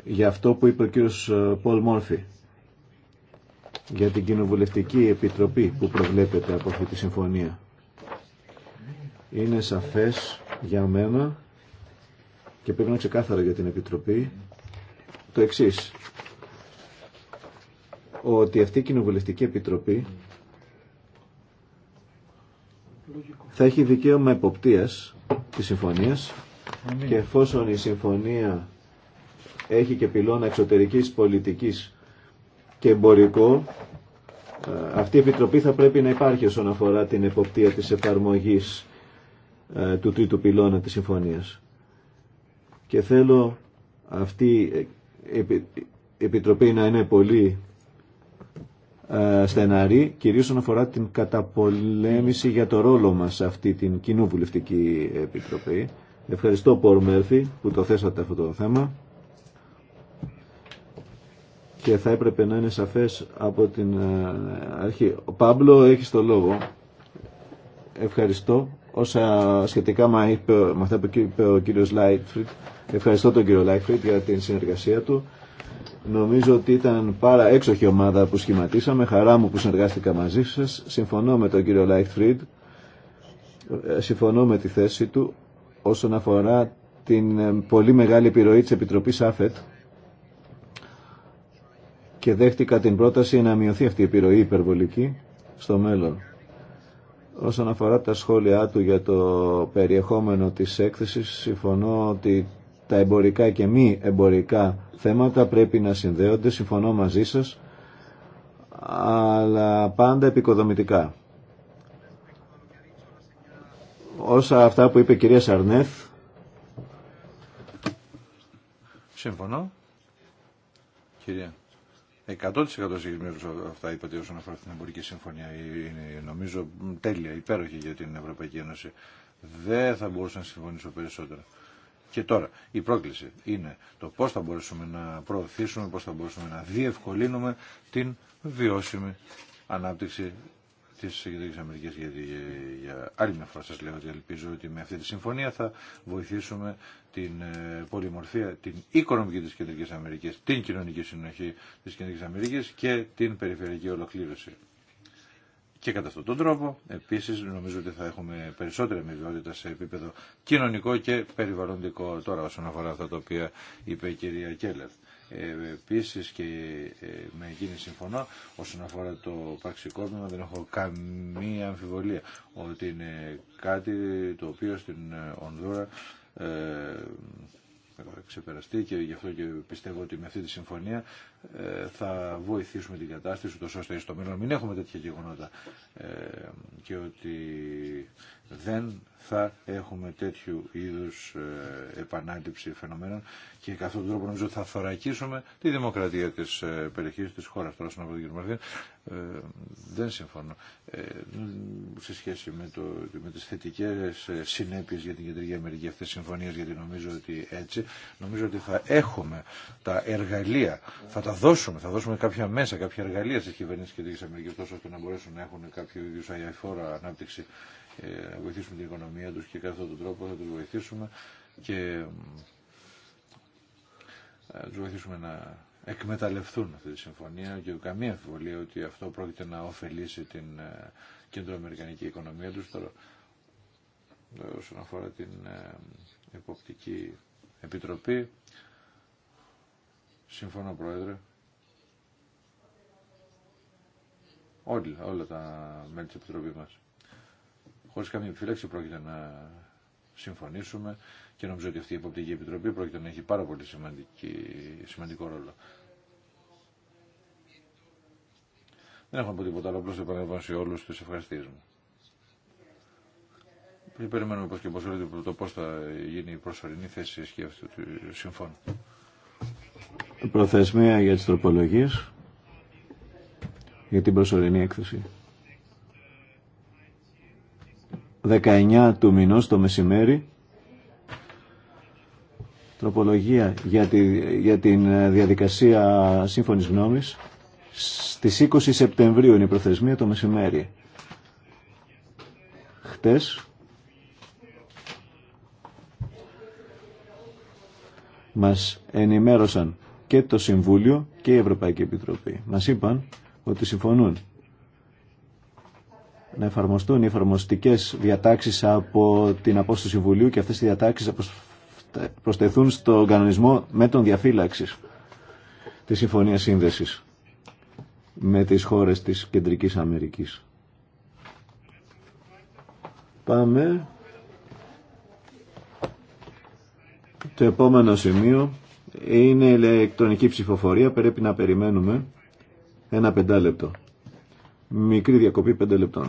για αυτό που είπε ο κύριος ε, Πολ Μόρφη για την Κοινοβουλευτική Επιτροπή που προβλέπεται από αυτή τη συμφωνία. Είναι σαφές για μένα και πρέπει να ξεκάθαρο για την Επιτροπή το εξής ότι αυτή η Κοινοβουλευτική Επιτροπή θα έχει δικαίωμα εποπτείας της συμφωνίας και εφόσον η συμφωνία έχει και πυλώνα εξωτερικής πολιτικής και εμπορικό, ε, αυτή η Επιτροπή θα πρέπει να υπάρχει όσον αφορά την εποπτεία της εφαρμογής ε, του τρίτου πυλώνα της συμφωνίας. Και θέλω αυτή η Επιτροπή να είναι πολύ ε, στεναρή, κυρίως όσον αφορά την καταπολέμηση για το ρόλο μας σε αυτή την κοινοβουλευτική επιτροπή. Ευχαριστώ Πορ Μέρφη που το θέσατε αυτό το θέμα και θα έπρεπε να είναι σαφές από την ε, αρχή. Ο Πάμπλο έχει το λόγο. Ευχαριστώ. Όσα σχετικά με αυτά που είπε ο κύριος Λάιτφριτ, ευχαριστώ τον κύριο Λάιτφριτ για την συνεργασία του. Νομίζω ότι ήταν πάρα έξοχη ομάδα που σχηματίσαμε. Χαρά μου που συνεργάστηκα μαζί σα. Συμφωνώ με τον κύριο Λάιχτφριντ. Ε, συμφωνώ με τη θέση του όσον αφορά την ε, πολύ μεγάλη επιρροή της Επιτροπής ΑΦΕΤ και δέχτηκα την πρόταση να μειωθεί αυτή η επιρροή υπερβολική στο μέλλον. Όσον αφορά τα σχόλιά του για το περιεχόμενο της έκθεσης, συμφωνώ ότι τα εμπορικά και μη εμπορικά θέματα πρέπει να συνδέονται, συμφωνώ μαζί σας, αλλά πάντα επικοδομητικά. Όσα αυτά που είπε η κυρία Σαρνέθ, Συμφωνώ. Κυρία. 100% συγκεκριμένα αυτά είπατε όσον αφορά την εμπορική συμφωνία. Είναι νομίζω τέλεια, υπέροχη για την Ευρωπαϊκή Ένωση. Δεν θα μπορούσα να συμφωνήσω περισσότερο. Και τώρα η πρόκληση είναι το πώς θα μπορέσουμε να προωθήσουμε, πώς θα μπορέσουμε να διευκολύνουμε την βιώσιμη ανάπτυξη τη Κεντρική Αμερική. Γιατί για άλλη μια φορά σα λέω ότι ελπίζω ότι με αυτή τη συμφωνία θα βοηθήσουμε την ε, πολυμορφία, την οικονομική τη Κεντρική Αμερική, την κοινωνική συνοχή τη Κεντρική Αμερική και την περιφερειακή ολοκλήρωση. Και κατά αυτόν τον τρόπο, επίση, νομίζω ότι θα έχουμε περισσότερη αμοιβαιότητα σε επίπεδο κοινωνικό και περιβαλλοντικό τώρα όσον αφορά αυτά τα οποία είπε η κυρία Κέλεφ. Επίση επίσης και ε, με εκείνη συμφωνώ όσον αφορά το πραξικόπημα δεν έχω καμία αμφιβολία ότι είναι κάτι το οποίο στην ε, Ονδούρα ε, ξεπεραστεί και γι' αυτό και πιστεύω ότι με αυτή τη συμφωνία ε, θα βοηθήσουμε την κατάσταση ούτως ώστε στο μέλλον μην έχουμε τέτοια γεγονότα ε, και ότι δεν θα έχουμε τέτοιου είδους ε, επανάληψη φαινομένων και καθ' αυτόν τον τρόπο νομίζω θα θωρακίσουμε τη δημοκρατία της περιοχής της χώρας τώρα στον Αποδίκη ε, δεν συμφωνώ σε σχέση με, το, με τις θετικές συνέπειες για την Κεντρική Αμερική αυτές τις συμφωνίες γιατί νομίζω ότι έτσι νομίζω ότι θα έχουμε τα εργαλεία θα θα δώσουμε, θα δώσουμε κάποια μέσα, κάποια εργαλεία στις κυβερνήσεις και της Αμερικής τόσο ώστε να μπορέσουν να έχουν κάποιο είδους αγιαφόρο ανάπτυξη, ε, να βοηθήσουμε την οικονομία τους και κατά αυτόν τον τρόπο θα του βοηθήσουμε και να ε, του βοηθήσουμε να εκμεταλλευτούν αυτή τη συμφωνία και καμία αμφιβολία ότι αυτό πρόκειται να ωφελήσει την ε, κεντροαμερικανική οικονομία τους τώρα όσον αφορά την εποπτική επιτροπή Συμφωνώ, Πρόεδρε. Όλοι, όλα τα μέλη της Επιτροπής μας. Χωρίς καμία επιφύλαξη πρόκειται να συμφωνήσουμε και νομίζω ότι αυτή η Υποπτική Επιτροπή πρόκειται να έχει πάρα πολύ σημαντική, σημαντικό ρόλο. Δεν έχω να πω τίποτα άλλο, απλώς επαναλαμβάνω σε όλους τους ευχαριστίες μου. περιμένουμε πώς και πώς το θα γίνει η προσωρινή θέση και του συμφώνου προθεσμία για τις τροπολογίες για την προσωρινή έκθεση. 19 του μηνός το μεσημέρι τροπολογία για, τη, για την διαδικασία σύμφωνης γνώμης στις 20 Σεπτεμβρίου είναι η προθεσμία το μεσημέρι. Χτες μας ενημέρωσαν και το Συμβούλιο και η Ευρωπαϊκή Επιτροπή. Μας είπαν ότι συμφωνούν να εφαρμοστούν οι εφαρμοστικές διατάξεις από την απόσταση του Συμβουλίου και αυτές οι διατάξεις προσθεθούν στον κανονισμό με τον διαφύλαξης της Συμφωνίας Σύνδεσης με τις χώρες της Κεντρικής Αμερικής. Πάμε το επόμενο σημείο είναι ηλεκτρονική ψηφοφορία, πρέπει να περιμένουμε ένα πεντάλεπτο. Μικρή διακοπή πέντε λεπτών.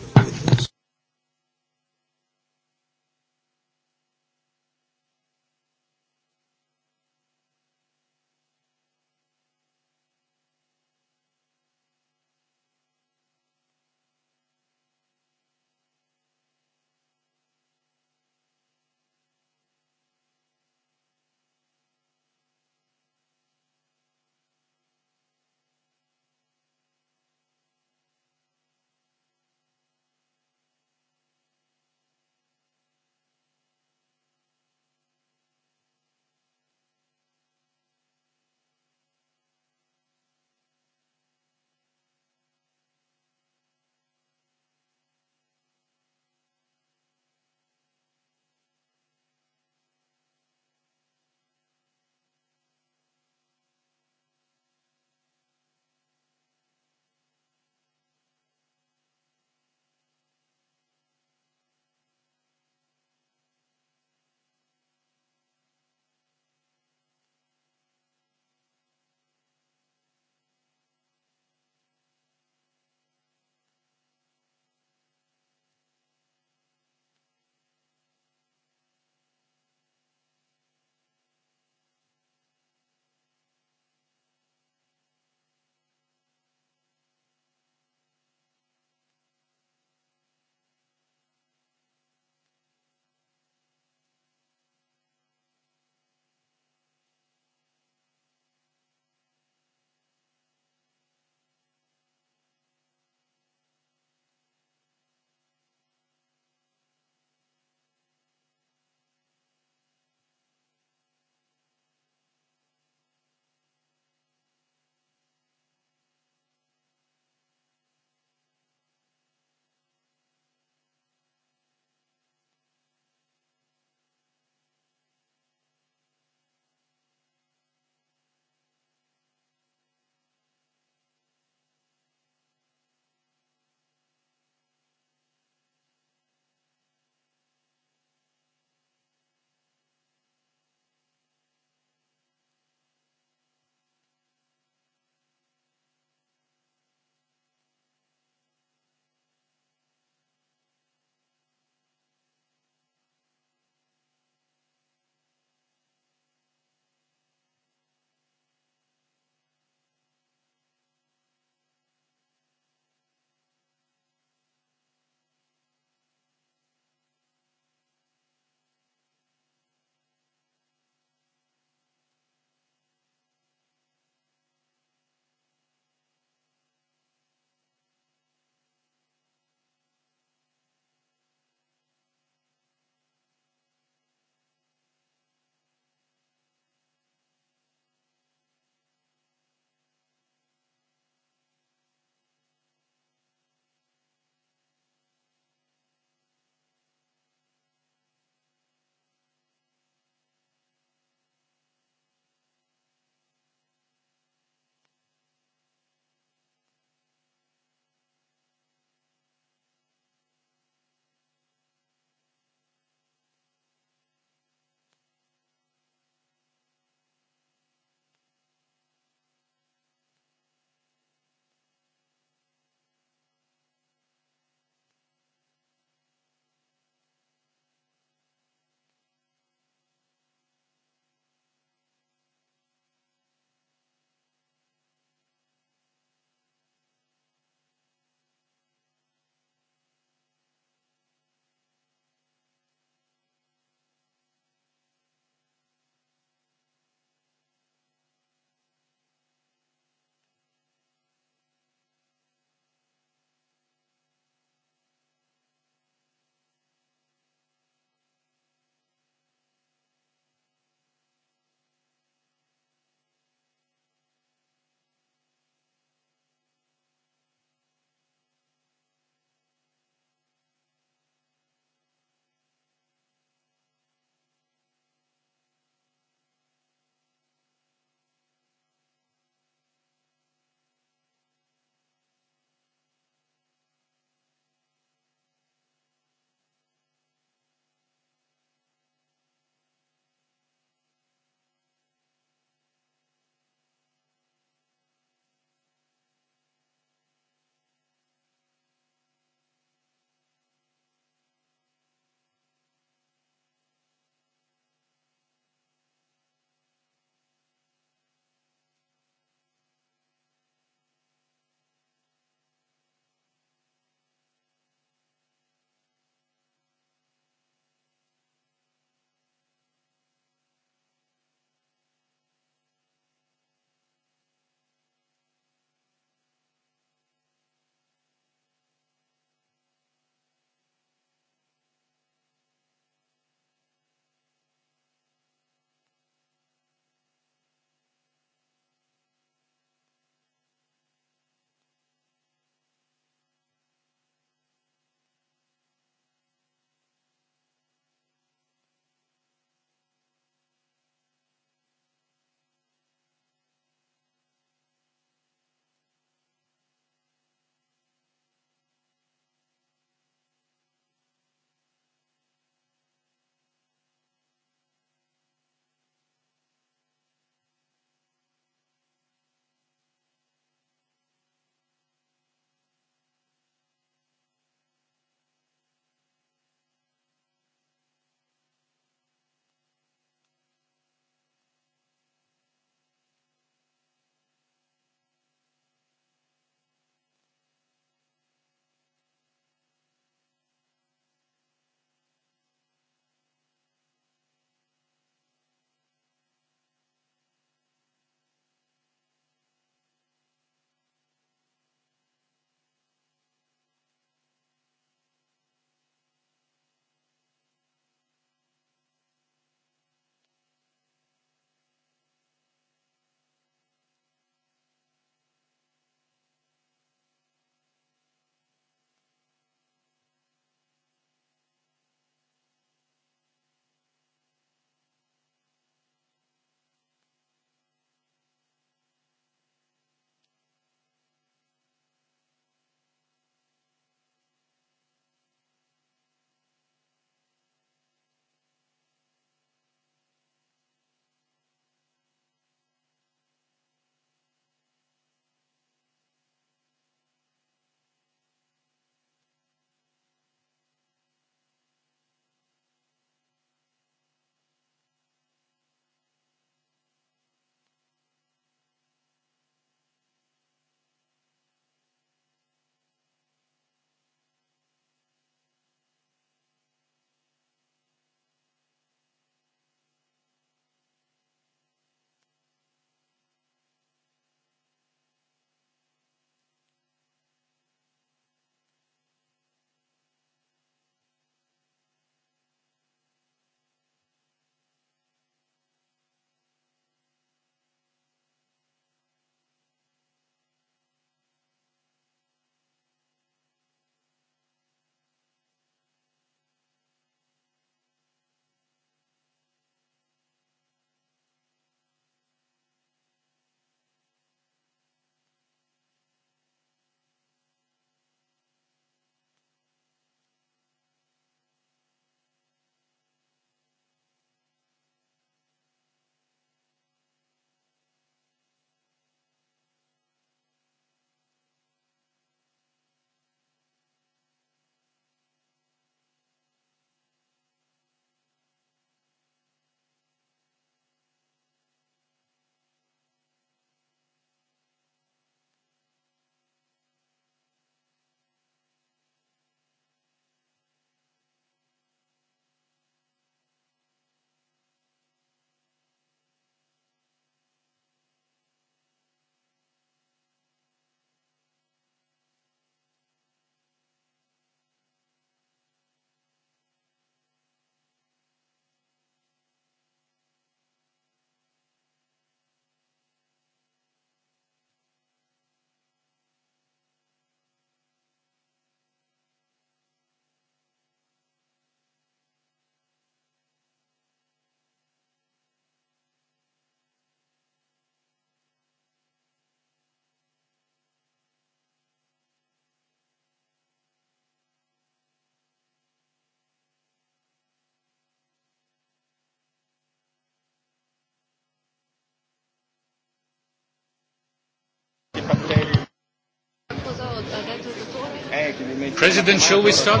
President, shall we start?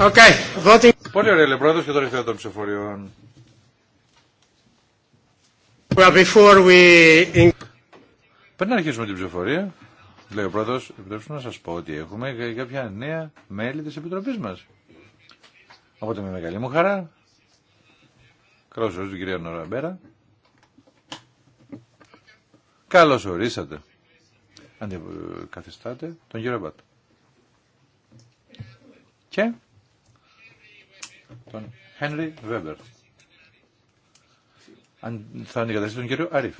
Okay, voting. Πολύ ωραία, πρόεδρος και τώρα ήρθε των ψηφοριών. Well, before we... Πριν να αρχίσουμε την ψηφορία, Λέει ο πρόεδρος, επιτρέψτε να σας πω ότι έχουμε κάποια νέα μέλη της Επιτροπής μας. Οπότε με μεγάλη μου χαρά. Καλώς ορίσατε κυρία Νοραμπέρα. Καλώς ορίσατε. Αντικαθιστάτε ε, τον κύριο Μπάτ. Και τον Χένρι Βέμπερ. Αν θα αντικαταστήσει τον κύριο Αρίφ.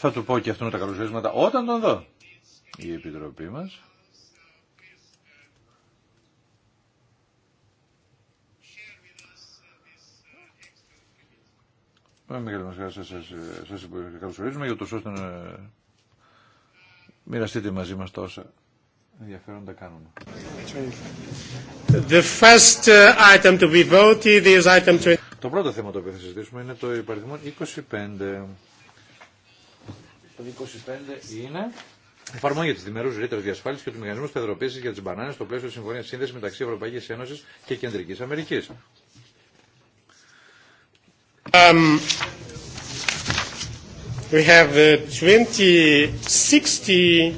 Θα του πω και με τα καλωσορίσματα όταν τον δω. Η Επιτροπή μας. Με μεγάλη μας χαρά σας, καλωσορίζουμε για το σώστον να ε, μοιραστείτε μαζί μας τόσα ενδιαφέροντα κάνουμε. The first uh, item to be voted is item Το πρώτο θέμα το οποίο θα συζητήσουμε είναι το υπαριθμό 25. Το 25 είναι. Εφαρμόγη τη διμερού ρήτρα διασφάλιση και του μηχανισμού σταθεροποίηση για τι μπανάνε στο πλαίσιο τη Συμφωνία Σύνδεση μεταξύ Ευρωπαϊκή Ένωση και Κεντρική Αμερική. Um, we have 20, ε,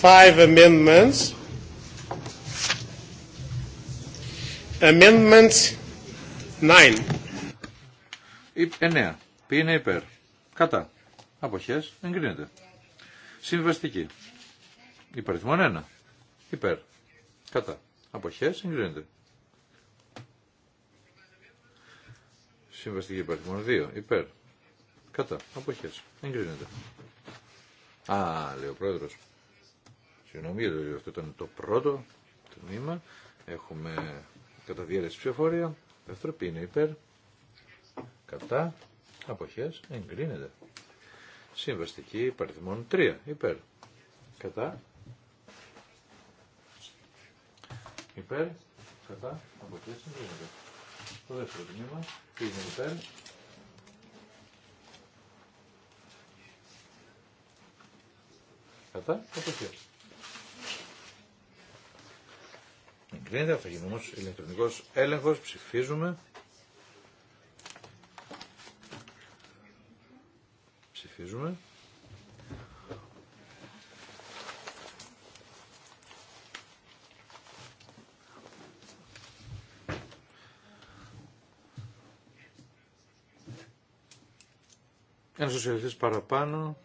65 amendments. Amendment 9. 9. Ποιοι είναι υπέρ. Κατά. Αποχές. Εγκρίνεται. Συμβαστική. Υπαριθμόν 1. Υπέρ. Κατά. Αποχές. Εγκρίνεται. Συμβαστική υπαριθμόν 2. Υπέρ. Κατά. Αποχές. Εγκρίνεται. Α, λέει ο πρόεδρος. Συγγνώμη, λέει, αυτό ήταν το πρώτο τμήμα. Έχουμε κατά διέρεση ψηφοφορία. Δεύτερο είναι υπέρ. Κατά. Αποχές. Εγκρίνεται. Συμβαστική υπαριθμών 3 υπέρ. Κατά. Υπέρ. Κατά. Αποκλείσει. Το δεύτερο τμήμα. Τι είναι υπέρ. Κατά. Αποκλείσει. Εγκρίνεται, θα ηλεκτρονικό έλεγχο. ψηφίζουμε. ψηφίζουμε. Ένας σοσιαλιστής παραπάνω.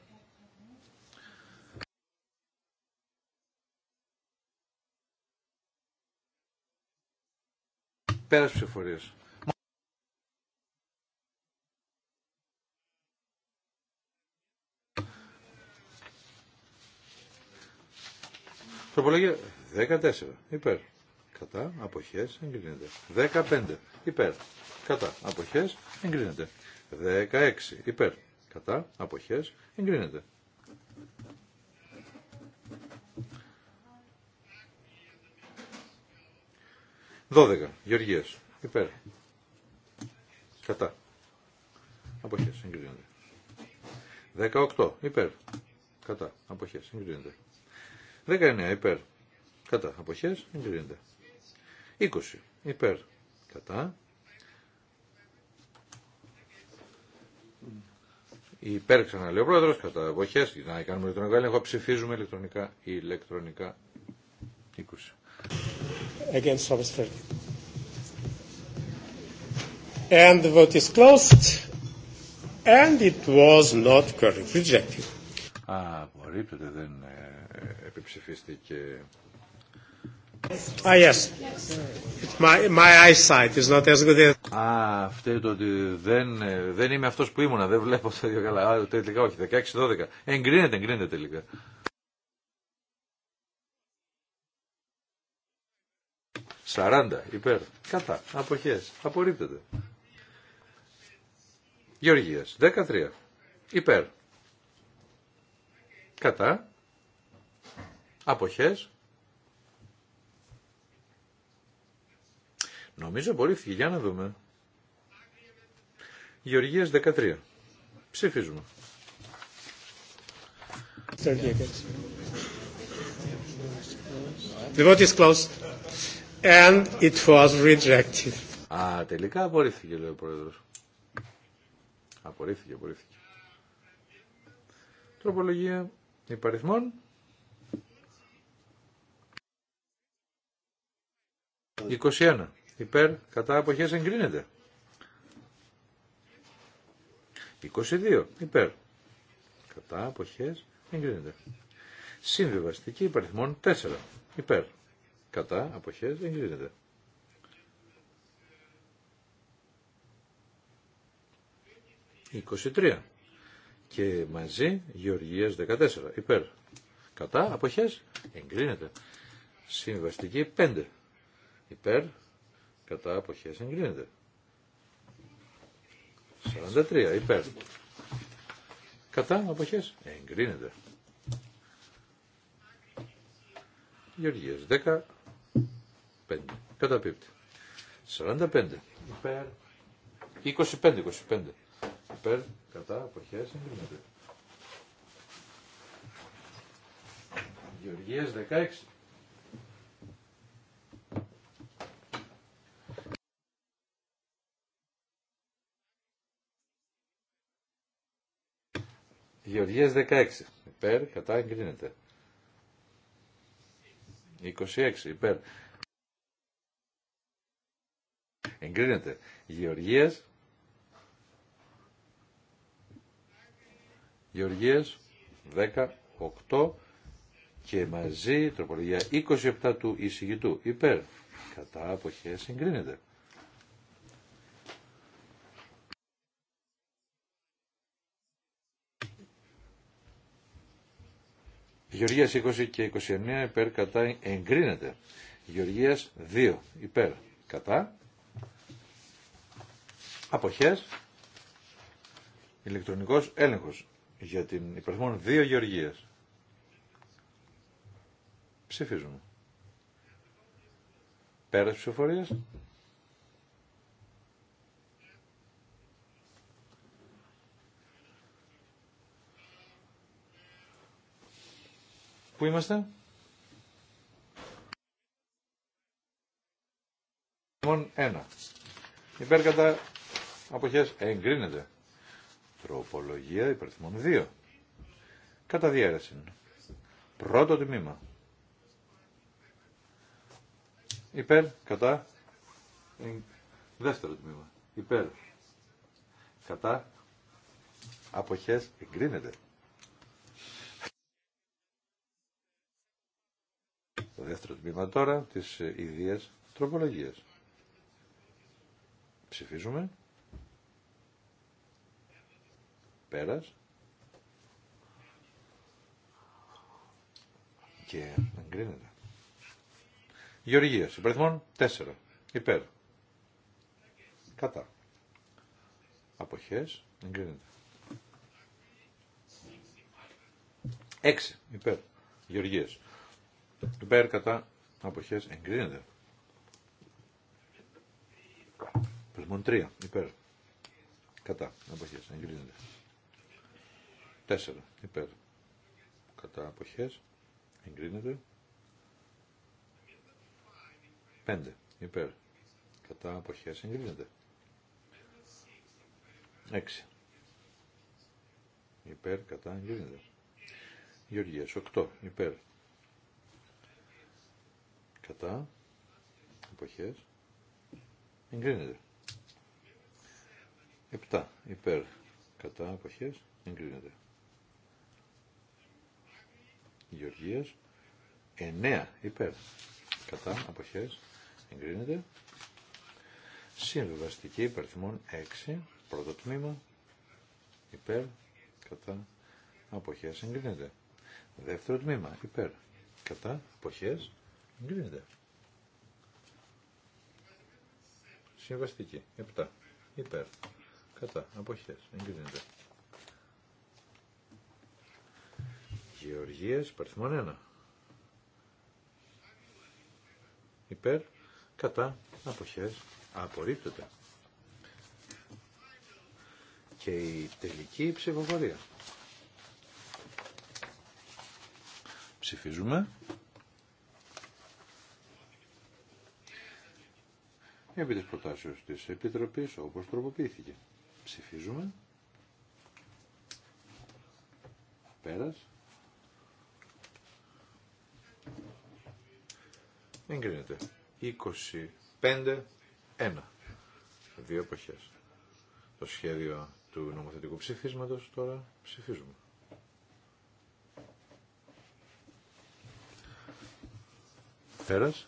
Πέρας ψηφορίας. Τροπολογία 14. Υπέρ. Κατά. απόχέ Εγκρίνεται. 15. Υπέρ. Κατά. απόχέ Εγκρίνεται. 16. Υπέρ. Κατά. απόχέ Εγκρίνεται. Δώδεκα. Γεωργίε. Υπέρ. Κατά. Αποχές. Εγκρίνεται. 18. Υπέρ. Κατά. Αποχές. Εγκρίνεται. 19 υπέρ. Κατά. Αποχές. Εγκρίνεται. 20 υπέρ. Κατά. Υπέρ ξαναλέω πρόεδρος. Κατά. Αποχές. Να κάνουμε ηλεκτρονικά έλεγχο. Ψηφίζουμε ηλεκτρονικά. Ηλεκτρονικά. 20. Against Thomas And the vote is closed. And it was not correct. Rejected. απορρίπτεται, δεν επιψηφίστηκε. Ah, yes. My, my eyesight is not as good as... Ah, Α, αυτό το ότι δεν, δεν είμαι αυτός που ήμουνα, δεν βλέπω το ίδιο καλά. Α, τελικά όχι, 16-12. Εγκρίνεται, εγκρίνεται τελικά. Σαράντα, υπέρ. Κατά, αποχές, απορρίπτεται. Γεωργίας, 13. Υπέρ. Κατά. Αποχές. Νομίζω απορρίφθηκε. Για να δούμε. Γεωργίας 13. Ψηφίζουμε. The vote is closed. And it was rejected. Α, τελικά απορρίφθηκε, λέει ο Πρόεδρος. Απορρίφθηκε, απορρίφθηκε. Τροπολογία υπαριθμών 21. Υπέρ, κατά αποχές εγκρίνεται. 22. Υπέρ. Κατά αποχές εγκρίνεται. Συμβιβαστική υπαριθμών 4. Υπέρ. Κατά αποχές εγκρίνεται. 23. Και μαζί Γεωργίας 14. Υπέρ. Κατά αποχές εγκρίνεται. Συμβαστική 5 υπέρ κατά αποχές εγκρίνεται 43 υπέρ κατά αποχέ εγκρίνεται Γεωργίες 10 5 καταπίπτει 45 υπέρ 25 25 υπέρ κατά αποχές εγκρίνεται Γεωργίες 16 Γεωργίας 16. Υπέρ, κατά, εγκρίνεται. 26. Υπέρ. Εγκρίνεται. Γεωργίας. Γεωργίας 18 και μαζί τροπολογία 27 του εισηγητού. Υπέρ. Κατά αποχές εγκρίνεται. Γεωργίας 20 και 29 υπέρ κατά εγκρίνεται. Γεωργίας 2 υπέρ κατά. Αποχές. Ηλεκτρονικός έλεγχος για την υπερθμόν 2 Γεωργίας. Ψηφίζουμε. Πέρας ψηφοφορίας. Πού είμαστε? Μόνο ένα. Υπέρ κατά αποχές εγκρίνεται. Τροπολογία υπερθυμών 2. Κατά διαίρεση. Πρώτο τμήμα. Υπέρ, κατά. Δεύτερο τμήμα. Υπέρ. Κατά. Αποχές εγκρίνεται. Το δεύτερο τμήμα τώρα της ε, ιδίας τροπολογίας. Ψηφίζουμε. Πέρας. Και εγκρίνεται. Γεωργία, υπαριθμών 4. Υπέρ. Κατά. Αποχές, εγκρίνεται. 6. Υπέρ. γεωργίας Υπέρ κατά αποχές εγκρίνεται. Πρισμόν 3. Υπέρ. Κατά αποχές εγκρίνεται. Τέσσερα, Υπέρ. Κατά αποχές εγκρίνεται. Πέντε, Υπέρ. Κατά αποχές εγκρίνεται. Έξι, Υπέρ, κατά, εγκρίνεται. Γεωργίες, οκτώ Υπέρ, κατά εποχές εγκρίνεται Επτά, υπέρ κατά εποχές εγκρίνεται Γεωργίας 9 υπέρ κατά εποχές εγκρίνεται Συμβιβαστική υπερθυμών 6 πρώτο τμήμα υπέρ κατά αποχές εγκρίνεται δεύτερο τμήμα υπέρ κατά αποχές Εγκρίνεται. Συμβαστική. 7. Υπέρ. Κατά. Αποχές. Εγκρίνεται. Γεωργίες. Παριθμόν 1. Υπέρ. Κατά. Αποχές. Απορρίπτεται. Και η τελική ψηφοφορία. Ψηφίζουμε. επί της προτάσεως της Επιτροπής όπως τροποποιήθηκε. Ψηφίζουμε. Πέρας. Εγκρίνεται. 25-1. Δύο εποχές. Το σχέδιο του νομοθετικού ψηφίσματος τώρα ψηφίζουμε. Πέρας.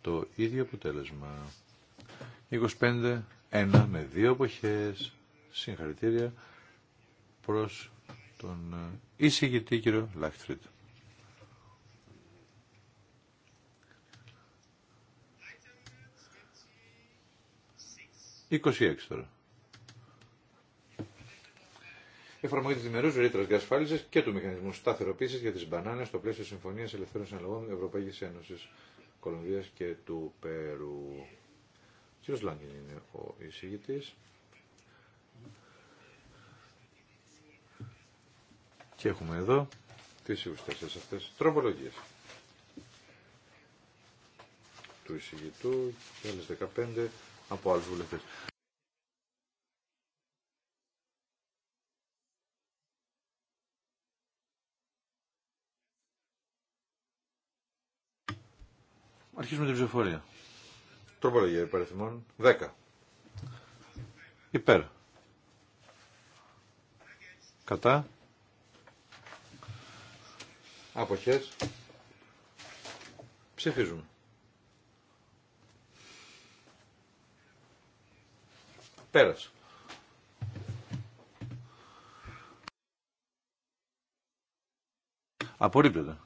το ίδιο αποτέλεσμα. 25, 1 με δύο εποχές. Συγχαρητήρια προς τον ε, εισηγητή κύριο Λάχτριτ. Είκοσι τώρα. Εφαρμογή τη διμερού ρήτρα διασφάλιση και του μηχανισμού σταθεροποίηση για τι μπανάνε στο πλαίσιο Συμφωνία Ελευθέρων Συναλλαγών Ευρωπαϊκή Ένωση. Κολομβίας και του Περού. Ο κ. Λάγκεν είναι ο εισηγητής. Και έχουμε εδώ τι υποστάσεις αυτές τροπολογίες του εισηγητού και 15 από άλλους βουλευτές. Αρχίζουμε την ψηφοφορία. Τροπολογία υπαριθμών 10. Υπέρ. Κατά. Αποχές. Ψηφίζουμε. Πέρασε. Απορρίπτεται.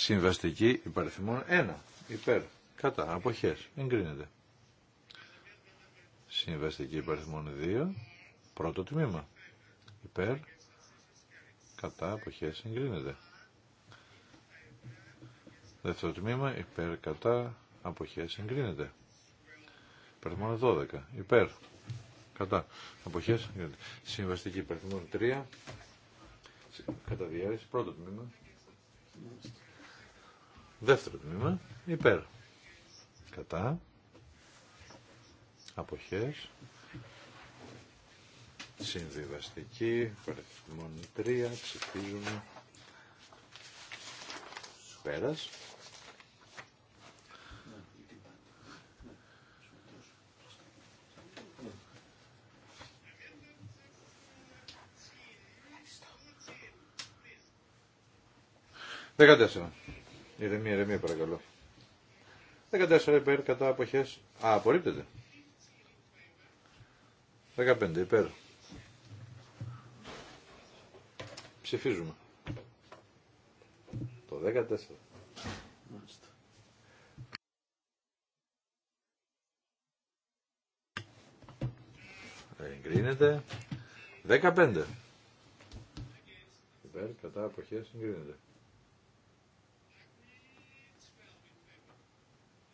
Συμβαστική υπαριθμών 1. Υπέρ. Κατά. Αποχές. Εγκρίνεται. Συμβαστική υπαριθμών 2. Πρώτο τμήμα. Υπέρ. Κατά. Αποχές. Εγκρίνεται. Δεύτερο τμήμα. Υπέρ. Κατά. Αποχές. Εγκρίνεται. Υπαριθμών 12. Υπέρ. Κατά. Αποχές. Εγκρίνεται. Συμβαστική υπαριθμών 3. Κατά διάρρηση. Πρώτο τμήμα. Δεύτερο τμήμα, υπέρ. Κατά. Αποχές. Συνδυαστική, Παρακτημόν 3, Ξεφύγουμε. Πέρας. Δεκατέσσερα. Ηρεμία, ηρεμία παρακαλώ. 14 υπέρ κατά αποχέ. Α, απορρίπτεται. 15 υπέρ. Ψηφίζουμε. Το 14. Εγκρίνεται. 15. Υπέρ, κατά, αποχές, εγκρίνεται.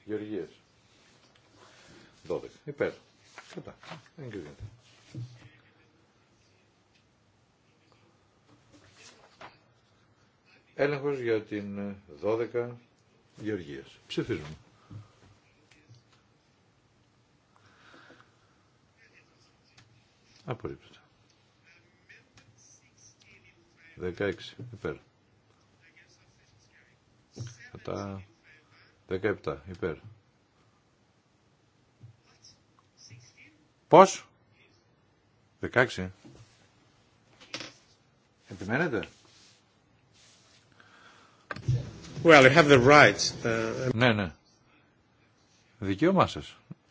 Γεωργίας. 12. Υπέρ. Κατά. Δεν κρίνεται. Έλεγχος για την 12 Γεωργίας. Ψηφίζουμε. Απορρίπτωτα. 16. Υπέρ. Κατά 17 υπέρ. Πώς? 16. Επιμένετε. Well, you have the right. Uh, ναι, ναι. Δικαίωμά σα.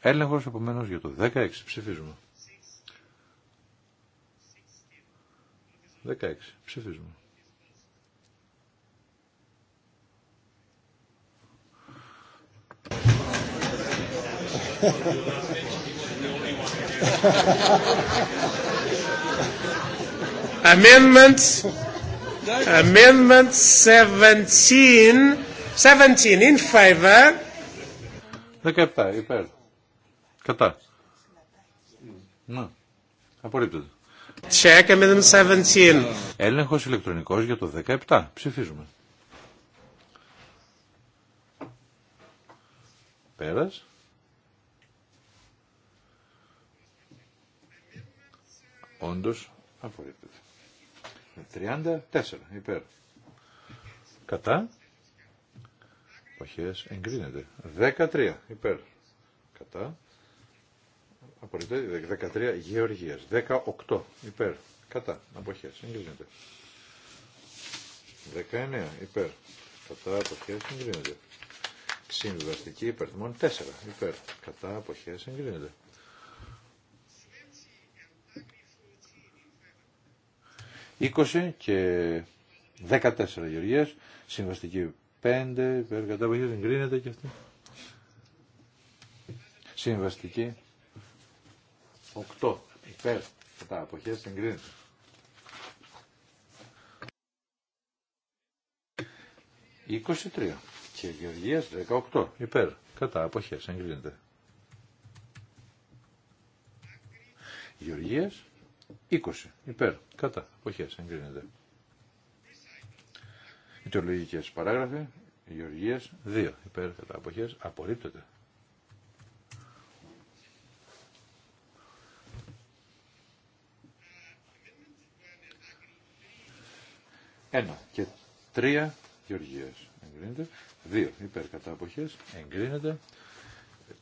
Έλεγχο επομένω για το 16 ψηφίζουμε. 16 ψηφίζουμε. (laughs) Amendment Amendment 17 17 in favor 17 υπέρ κατά να απορρίπτεται Check Amendment 17 Έλεγχος ηλεκτρονικός για το 17 ψηφίζουμε πέρας Όντω απορρίπτεται. 34 υπέρ. Κατά. Παχέ εγκρίνεται. 13 υπέρ. Κατά. Απορρίπτεται. 13 Γεωργία. 18 υπέρ. Κατά. Αποχέ. εγκρίνεται. 19 υπέρ. Κατά. Αποχέ. εγκρίνεται. Συμβιβαστική υπερθυμών 4 υπέρ. Κατά. Αποχέ. εγκρίνεται. 20 και 14 γεωργίες, συμβαστική 5, υπέρ καταποχής εγκρίνεται και αυτή. Συμβαστική 8, υπέρ κατά εγκρίνεται. Εγκρίνεται. 23 και Γεωργίας 18 υπέρ κατά αποχές εγκρίνεται. Γεωργίας 20 υπέρ κατά αποχές εγκρίνεται. Ιτιολογικές παράγραφοι Γεωργίες. 2 υπέρ κατά αποχές απορρίπτεται. Ένα και τρία Γεωργίες. εγκρίνεται. Δύο υπέρ κατά αποχές εγκρίνεται.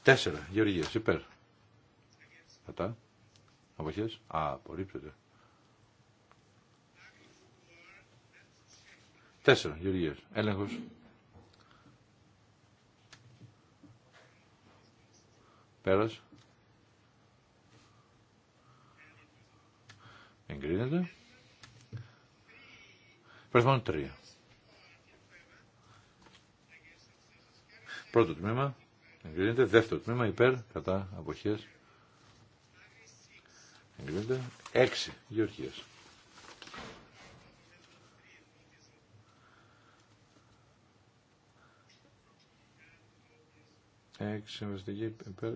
Τέσσερα γεωργίε υπέρ κατά Αποχές. Α, απορρίπτεται. Τέσσερα, γεωργίες. Έλεγχος. Πέρας. Εγκρίνεται. μόνο τρία. Πρώτο τμήμα. Εγκρίνεται. Δεύτερο τμήμα. Υπέρ. Κατά. Αποχές. Εγκρίνεται. 6. Γεωργίας. Έξι συμβαστική υπέρ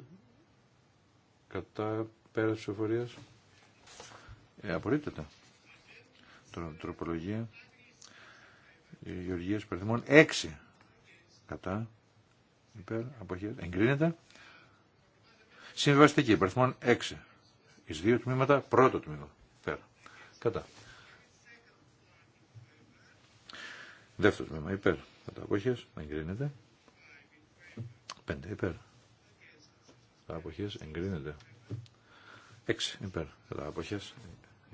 κατά πέρα της ψηφοφορίας. Ε, τροπολογία. Γεωργίας υπερθυμών. 6 κατά υπέρ αποχές. Εγκρίνεται. Συμβαστική υπερθυμών 6 εις δύο τμήματα, πρώτο τμήμα, πέρα, κατά. Δεύτερο τμήμα, υπέρ, κατά αποχές, εγκρίνεται. Πέντε, υπέρ, κατά αποχές, εγκρίνεται. Έξι, υπέρ, κατά αποχές,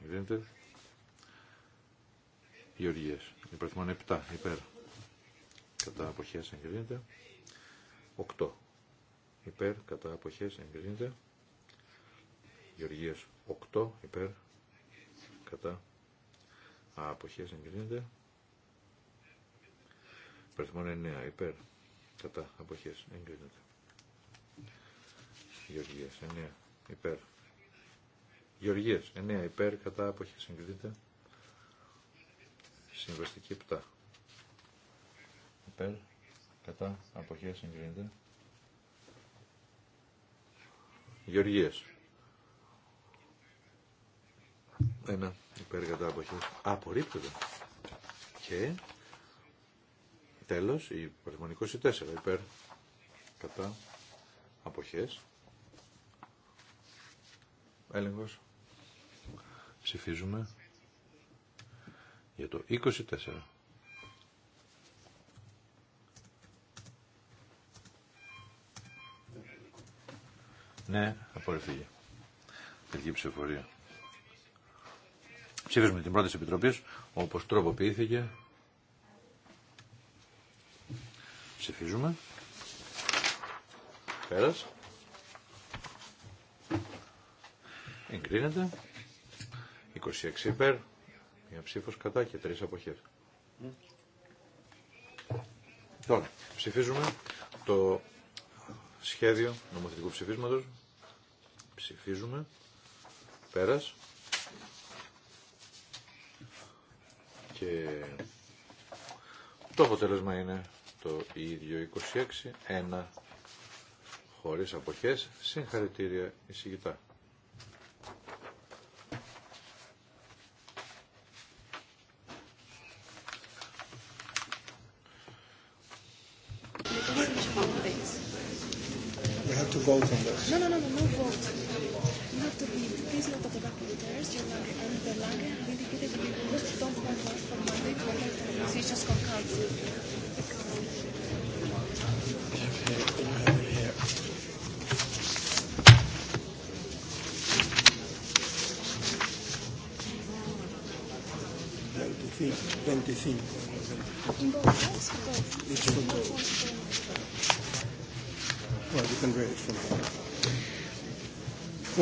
εγκρίνεται. Γεωργίες, επτά, υπέρ, κατά αποχές, εγκρίνεται. Οκτώ, υπέρ, κατά αποχές, εγκρίνεται. Γεωργίας 8 υπέρ κατά αποχές εγκρίνεται. Περθμόν 9 υπέρ κατά αποχές εγκρίνεται. Γεωργίας 9 υπέρ. Γεωργίας 9 υπέρ κατά αποχές εγκρίνεται. Συμβαστική 7 υπέρ κατά αποχές εγκρίνεται. Γεωργίας ένα υπέρ κατά αποχές απορρίπτεται. Και τέλος η η 24 υπέρ κατά αποχές. Έλεγχος. Ψηφίζουμε για το 24. Ναι, απορριφθήκε. Τελική ψηφοφορία ψήφισμα την πρώτη επιτροπή όπως τροποποιήθηκε. Ψηφίζουμε. Πέρας. Εγκρίνεται. 26 υπέρ. Μια ψήφο κατά και τρεις απόχέ. Τώρα, ψηφίζουμε το σχέδιο νομοθετικού ψηφίσματο. Ψηφίζουμε. Πέρας. το αποτέλεσμα είναι το ίδιο 26, 1 χωρίς αποχές, συγχαρητήρια εισηγητά.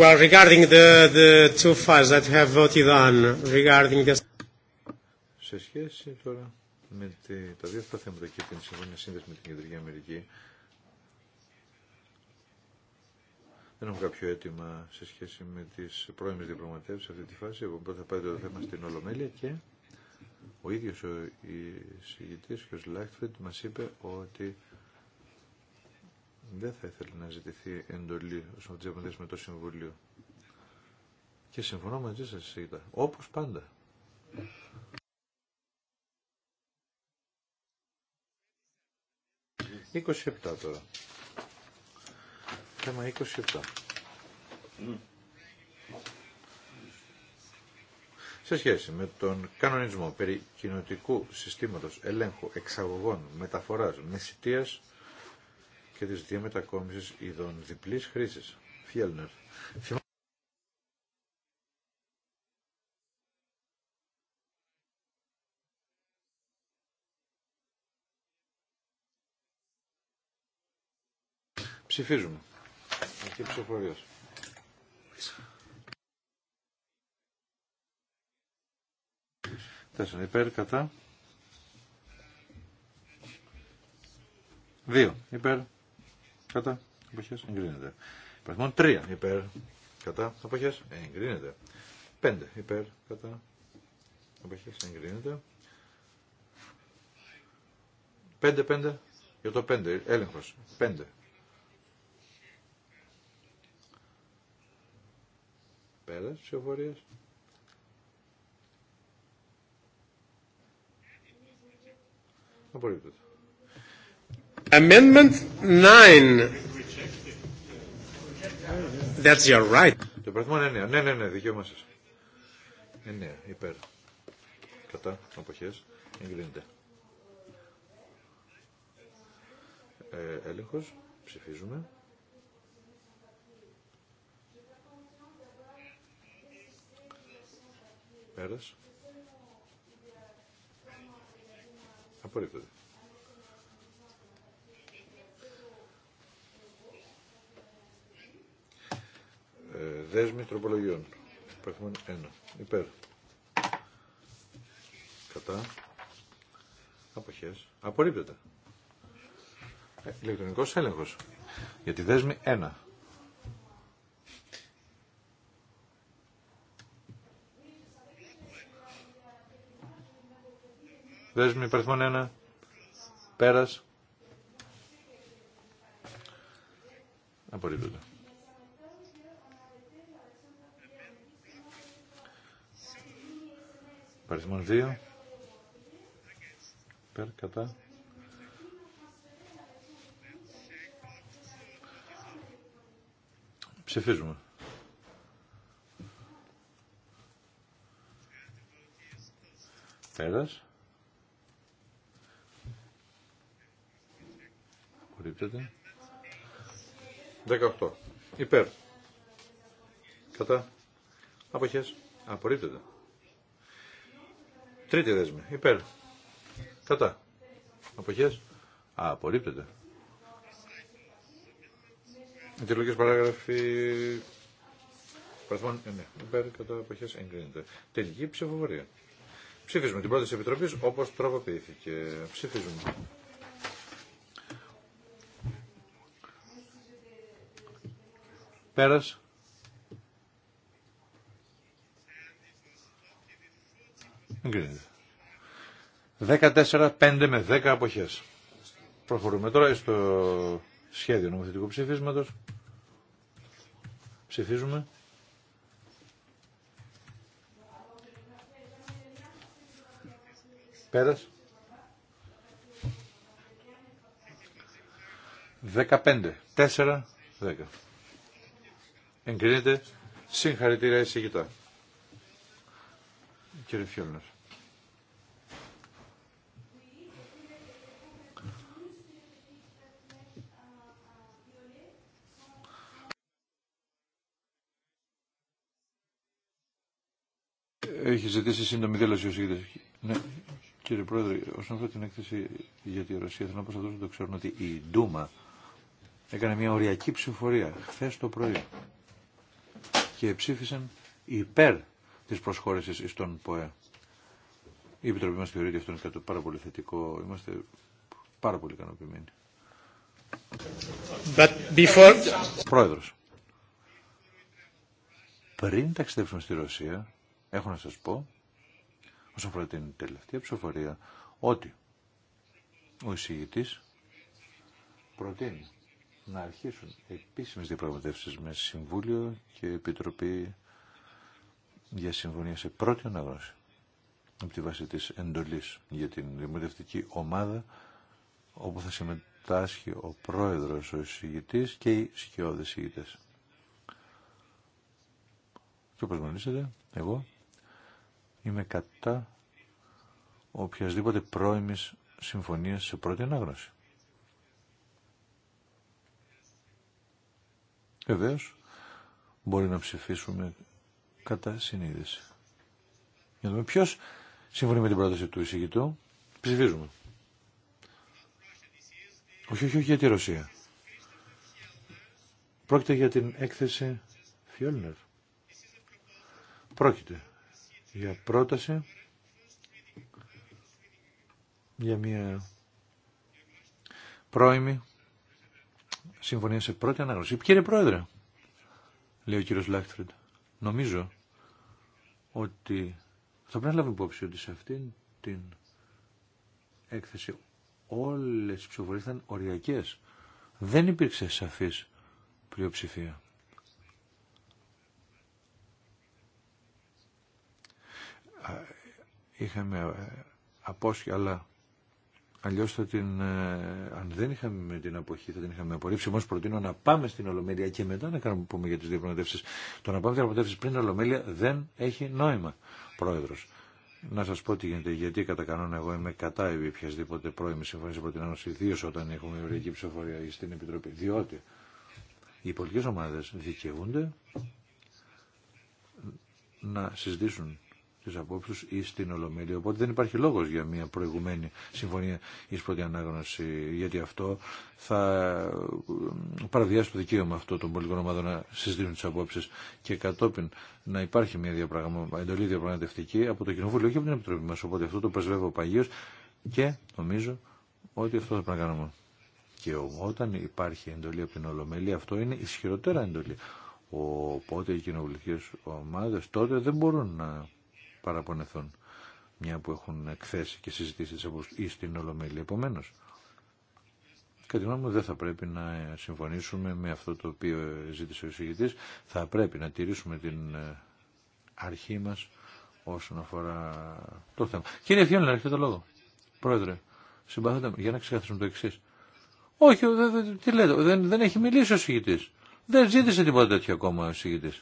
Well, regarding the, the two files that have voted on, regarding the... Σε σχέση τώρα με τη, τα δύο αυτά θέματα και την συμφωνία σύνδεση με την Κεντρική Αμερική, δεν έχω κάποιο αίτημα σε σχέση με τις πρώιμες διαπραγματεύσεις σε αυτή τη φάση. Εγώ πρώτα θα πάει το θέμα στην Ολομέλεια και ο ίδιος ο συγητής, ο Λάχτφιντ, μας είπε ότι δεν θα ήθελε να ζητηθεί εντολή όσον αφορά με το Συμβούλιο. Και συμφωνώ μαζί σα Σίγητα, όπως πάντα. «27 τώρα. Θέμα 27. Σε σχέση με τον κανονισμό περί κοινοτικού συστήματος ελέγχου εξαγωγών μεταφοράς μεσητείας και της διαμετακόμισης ειδών διπλής χρήσης. Φιέλνερ. Ψηφίζουμε. Εκεί ψηφοφορίας. Τέσσερα υπέρ, κατά. Δύο υπέρ κατά αποχές εγκρίνεται. Παριθμόν 3 υπέρ κατά αποχές εγκρίνεται. 5 υπέρ κατά αποχές εγκρίνεται. 5-5 για το 5 έλεγχος. 5. Πέρα τις εφορίες. Amendment 9. That's your right. Το είναι 9. Ναι, ναι, ναι, δικαίωμά σας. 9, υπέρ. Κατά, αποχές, εγκρίνεται. Ε, έλεγχος, ψηφίζουμε. Πέρας. Απορρίπτεται. δέσμη τροπολογιών. υπάρχουν ένα Υπέρ. Κατά. Αποχές. Απορρίπτεται. Ε, ηλεκτρονικός έλεγχος. Για τη δέσμη 1. Δέσμη υπαριθμών ένα. Πέρας. Απορρίπτεται. Παριθμόν 2. Περ, κατά. Ψηφίζουμε. Πέρας. Απορρίπτεται. 18. Υπέρ. Κατά. Αποχές. Απορρίπτεται. Τρίτη δέσμη. Υπέρ. Κατά. Αποχές. Α, απορρίπτεται. Τελογικές παράγραφοι Παραθμόν. Ε, ναι. Υπέρ κατά αποχές εγκρίνεται. Τελική ψηφοφορία. Ψηφίζουμε την πρόταση επιτροπής όπως τροποποιήθηκε. Ψηφίζουμε. Πέρας. Εγκρίνεται. 14-5 με 10 αποχές. Προχωρούμε τώρα στο σχέδιο νομοθετικού ψηφίσματος. Ψηφίζουμε. Πέρας. 15. 4. 10. Εγκρίνεται. Συγχαρητήρια εισηγητά. Κύριε Φιόλνας. Έχει ζητήσει σύντομη δήλωση ο Σίγητας. Ναι, κύριε Πρόεδρε, όσον αφορά την έκθεση για τη Ρωσία, θέλω να πω σε το ξέρουν ότι η Ντούμα έκανε μια οριακή ψηφορία χθε το πρωί και ψήφισαν υπέρ της προσχώρησης εις τον ΠΟΕ. Η Επιτροπή μας θεωρεί ότι αυτό είναι κάτι πάρα πολύ θετικό. Είμαστε πάρα πολύ ικανοποιημένοι. But before... Πρόεδρος. Πριν ταξιδέψουμε στη Ρωσία, έχω να σας πω, όσον αφορά την τελευταία ψηφοφορία, ότι ο εισηγητής προτείνει να αρχίσουν επίσημες διαπραγματεύσεις με Συμβούλιο και Επιτροπή για συμφωνία σε πρώτη αναγνώση από τη βάση της εντολής για την δημοτευτική ομάδα όπου θα συμμετάσχει ο πρόεδρος, ο εισηγητής και οι σκιώδες εισηγητές. Και όπως γνωρίζετε, εγώ Είμαι κατά οποιασδήποτε πρώιμης συμφωνία σε πρώτη ανάγνωση. Βεβαίω μπορεί να ψηφίσουμε κατά συνείδηση. Για να δούμε ποιο συμφωνεί με την πρόταση του εισηγητού. Ψηφίζουμε. Όχι, όχι, όχι για τη Ρωσία. Πρόκειται για την έκθεση Φιόλνερ. Πρόκειται για πρόταση για μια πρώιμη συμφωνία σε πρώτη ανάγνωση. Κύριε Πρόεδρε, λέει ο κύριος νομίζω ότι θα πρέπει να λάβουμε υπόψη ότι σε αυτήν την έκθεση όλες οι ψηφοφορίες ήταν οριακές. Δεν υπήρξε σαφής πλειοψηφία. είχαμε ε, απόσχεια, αλλά αλλιώ θα την, ε, αν δεν είχαμε την αποχή, θα την είχαμε απορρίψει. Όμω προτείνω να πάμε στην Ολομέλεια και μετά να κάνουμε πούμε για τι διαπραγματεύσει. Το να πάμε διαπραγματεύσει πριν την Ολομέλεια δεν έχει νόημα, Πρόεδρο. Να σα πω τι γίνεται, γιατί κατά κανόνα εγώ είμαι κατά οποιασδήποτε πρώιμη συμφωνία από την ιδίω όταν έχουμε ευρωπαϊκή ψηφοφορία στην Επιτροπή. Διότι οι πολιτικέ ομάδε δικαιούνται να συζητήσουν τις απόψεις ή στην Ολομέλη. Οπότε δεν υπάρχει λόγος για μια προηγουμένη συμφωνία ή πρώτη ανάγνωση, γιατί αυτό θα ε, παραβιάσει το δικαίωμα αυτό των πολιτικών ομάδων να συζητήσουν τις απόψεις και κατόπιν να υπάρχει μια διαπραγμα... εντολή διαπραγματευτική από το Κοινοβούλιο και από την Επιτροπή μας. Οπότε αυτό το πρεσβεύω παγίως και νομίζω ότι αυτό θα πρέπει να κάνουμε. Και όταν υπάρχει εντολή από την Ολομέλεια, αυτό είναι ισχυρότερα εντολή. Οπότε οι κοινοβουλικέ ομάδε τότε δεν μπορούν να παραπονεθούν μια που έχουν εκθέσει και συζητήσει ή στην Ολομέλη. Επομένω, κατά τη γνώμη μου δεν θα πρέπει να συμφωνήσουμε με αυτό το οποίο ζήτησε ο εισηγητής. Θα πρέπει να τηρήσουμε την ε, αρχή μας όσον αφορά το θέμα. Κύριε Φιόνιλα, έχετε το λόγο. Πρόεδρε, συμπαθάτε μου για να ξεκαθαρίσουμε το εξή. Όχι, τι λέτε, δεν, δεν έχει μιλήσει ο εισηγητής. Δεν ζήτησε τίποτα τέτοιο ακόμα ο εισηγητής.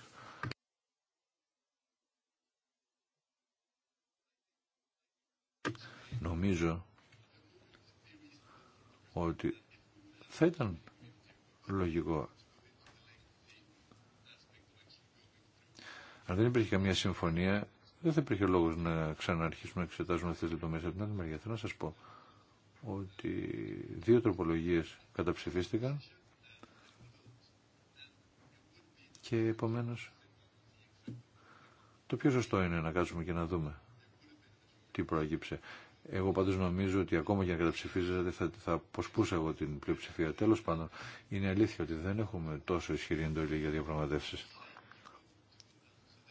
Νομίζω ότι θα ήταν λογικό. Αν δεν υπήρχε καμία συμφωνία, δεν θα υπήρχε λόγος να ξαναρχίσουμε να εξετάζουμε αυτές τις λεπτομέρειες. Από την άλλη μεριά θέλω να σας πω ότι δύο τροπολογίες καταψηφίστηκαν και επομένως το πιο σωστό είναι να κάτσουμε και να δούμε τι προαγγίψε. Εγώ πάντως νομίζω ότι ακόμα και αν καταψηφίζατε θα, θα αποσπούσα εγώ την πλειοψηφία. Τέλος πάντων, είναι αλήθεια ότι δεν έχουμε τόσο ισχυρή εντολή για διαπραγματεύσεις.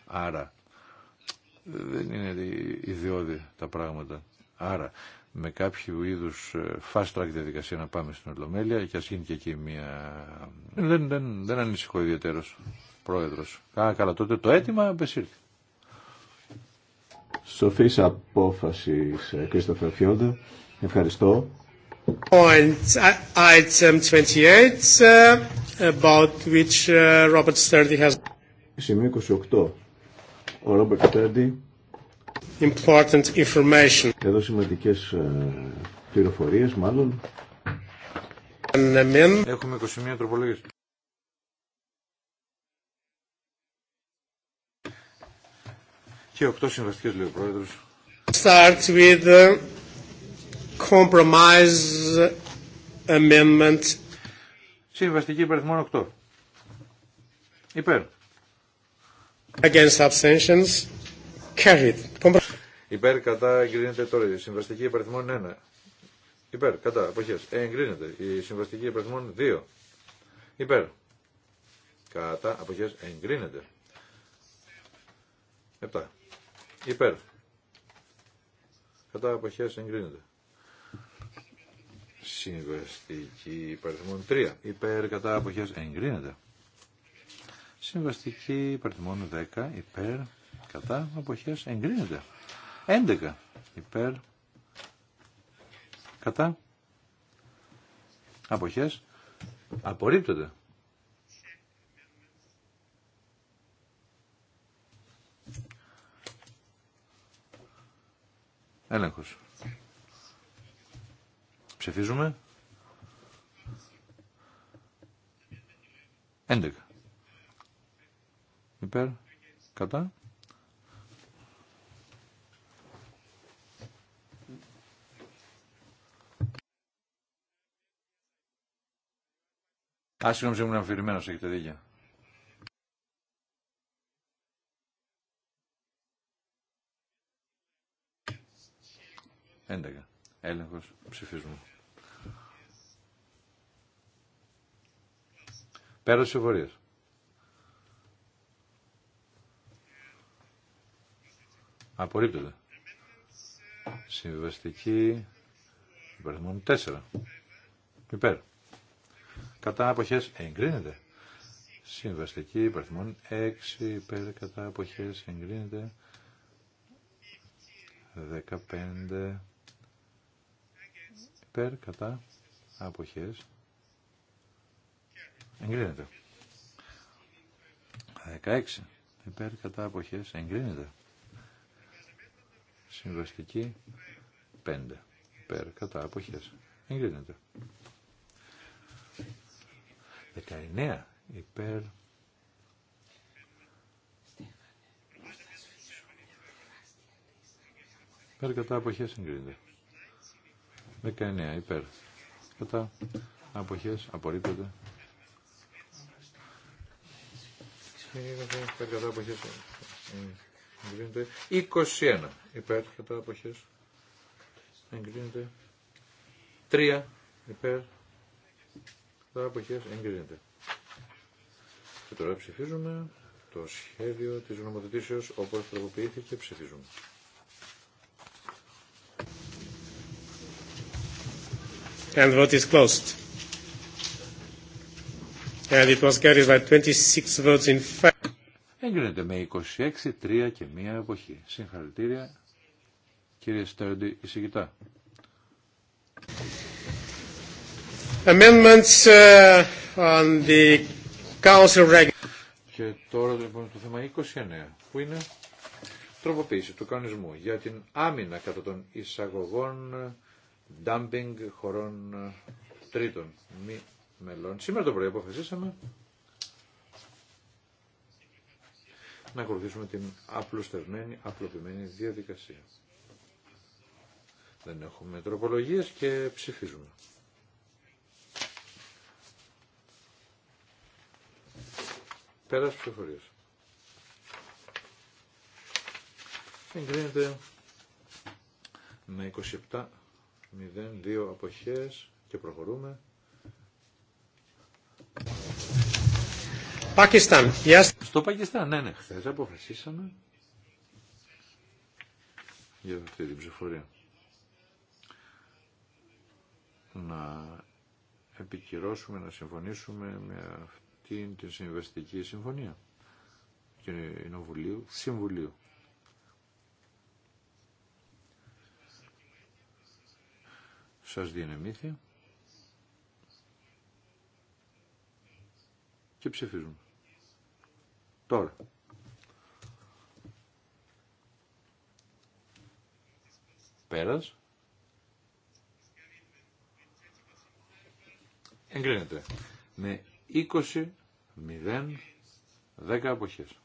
Άρα, δεν είναι ιδιώδη τα πράγματα. Άρα, με κάποιο είδου ε, fast track διαδικασία να πάμε στην Ολομέλεια και α γίνει και εκεί μια. Δεν, δεν, δεν ανησυχώ ιδιαίτερο πρόεδρο. Καλά, τότε το αίτημα απεσύρθη. Σοφής απόφαση, Κρίστοφερ Φιόντα. Ευχαριστώ. Point uh, item 28 uh, about which uh, Robert Sturdy has... Σημείο 28. Ο Sturdy. Sturdy. important information. Εδώ σημαντικές ε, πληροφορίες μάλλον. Έχουμε 21 τροπολογίες. και οκτώ συμβαστικές λέει ο Πρόεδρος. Start with the compromise amendment. Συμβαστική υπαριθμόν 8. Υπέρ. Against abstentions. Carried. Υπέρ κατά εγκρίνεται τώρα η συμβαστική υπαριθμόν 1. Ε, Υπέρ κατά αποχές. Εγκρίνεται η συμβαστική υπαριθμόν 2. Υπέρ. Κατά αποχές εγκρίνεται. 7. Υπέρ. Κατά αποχές εγκρίνεται. Συμβαστική υπαριθμόν 3. Υπέρ κατά αποχές εγκρίνεται. Συμβαστική υπαριθμόν 10. Υπέρ κατά αποχές εγκρίνεται. 11. Υπέρ κατά αποχές απορρίπτεται. Έλεγχος. Ψηφίζουμε. 11. Υπέρ. Κατά. Άσυγχρονα ήμουν αφηρημένος, έχετε δίκιο. 11. Έλεγχος. ψηφισμού. Πέραση ο Απορρίπτωται. Απορρίπτεται. Συμβαστική υπαριθμών 4. Υπέρ. Κατά αποχές εγκρίνεται. Συμβαστική υπαριθμών 6. Υπέρ κατά αποχές εγκρίνεται. 15 υπέρ κατά αποχές εγκρίνεται 16 υπέρ κατά αποχές εγκρίνεται συμβαστική 5 υπέρ κατά αποχές εγκρίνεται 19 υπέρ υπέρ κατά αποχές εγκρίνεται 19 υπέρ. Κατά αποχές απορρίπτεται. Κατά αποχές 21 υπέρ. Κατά αποχές εγκρίνεται. 3 υπέρ. Κατά αποχές εγκρίνεται. Και τώρα ψηφίζουμε το σχέδιο της νομοθετήσεως όπως τροποποιήθηκε ψηφίζουμε. And vote is closed. And it was carried by 26 votes in favor. Εγκρίνεται με 26, 3 και 1 εποχή. Συγχαρητήρια, κύριε Στέρντι, εισηγητά. Amendments uh, on the Council Regulation. Και τώρα λοιπόν το θέμα 29, που είναι τροποποίηση του κανονισμού για την άμυνα κατά των εισαγωγών dumping χωρών ε, τρίτων μη μελών. Σήμερα το πρωί αποφασίσαμε να ακολουθήσουμε την απλουστευμένη, απλοποιημένη διαδικασία. Δεν έχουμε τροπολογίες και ψηφίζουμε. Πέρας ψηφοφορίας. Εγκρίνεται με 27 Μηδέν, δύο αποχές και προχωρούμε. Πακιστάν. Στο Πακιστάν, ναι, ναι. Χθες αποφασίσαμε για αυτή την ψηφορία. Να επικυρώσουμε, να συμφωνήσουμε με αυτήν την συμβαστική συμφωνία Κοινοβουλίου, Συμβουλίου. σας διενεμήθη και ψηφίζουμε. Τώρα. Πέρας. Εγκρίνεται με 20, 0, 10 αποχες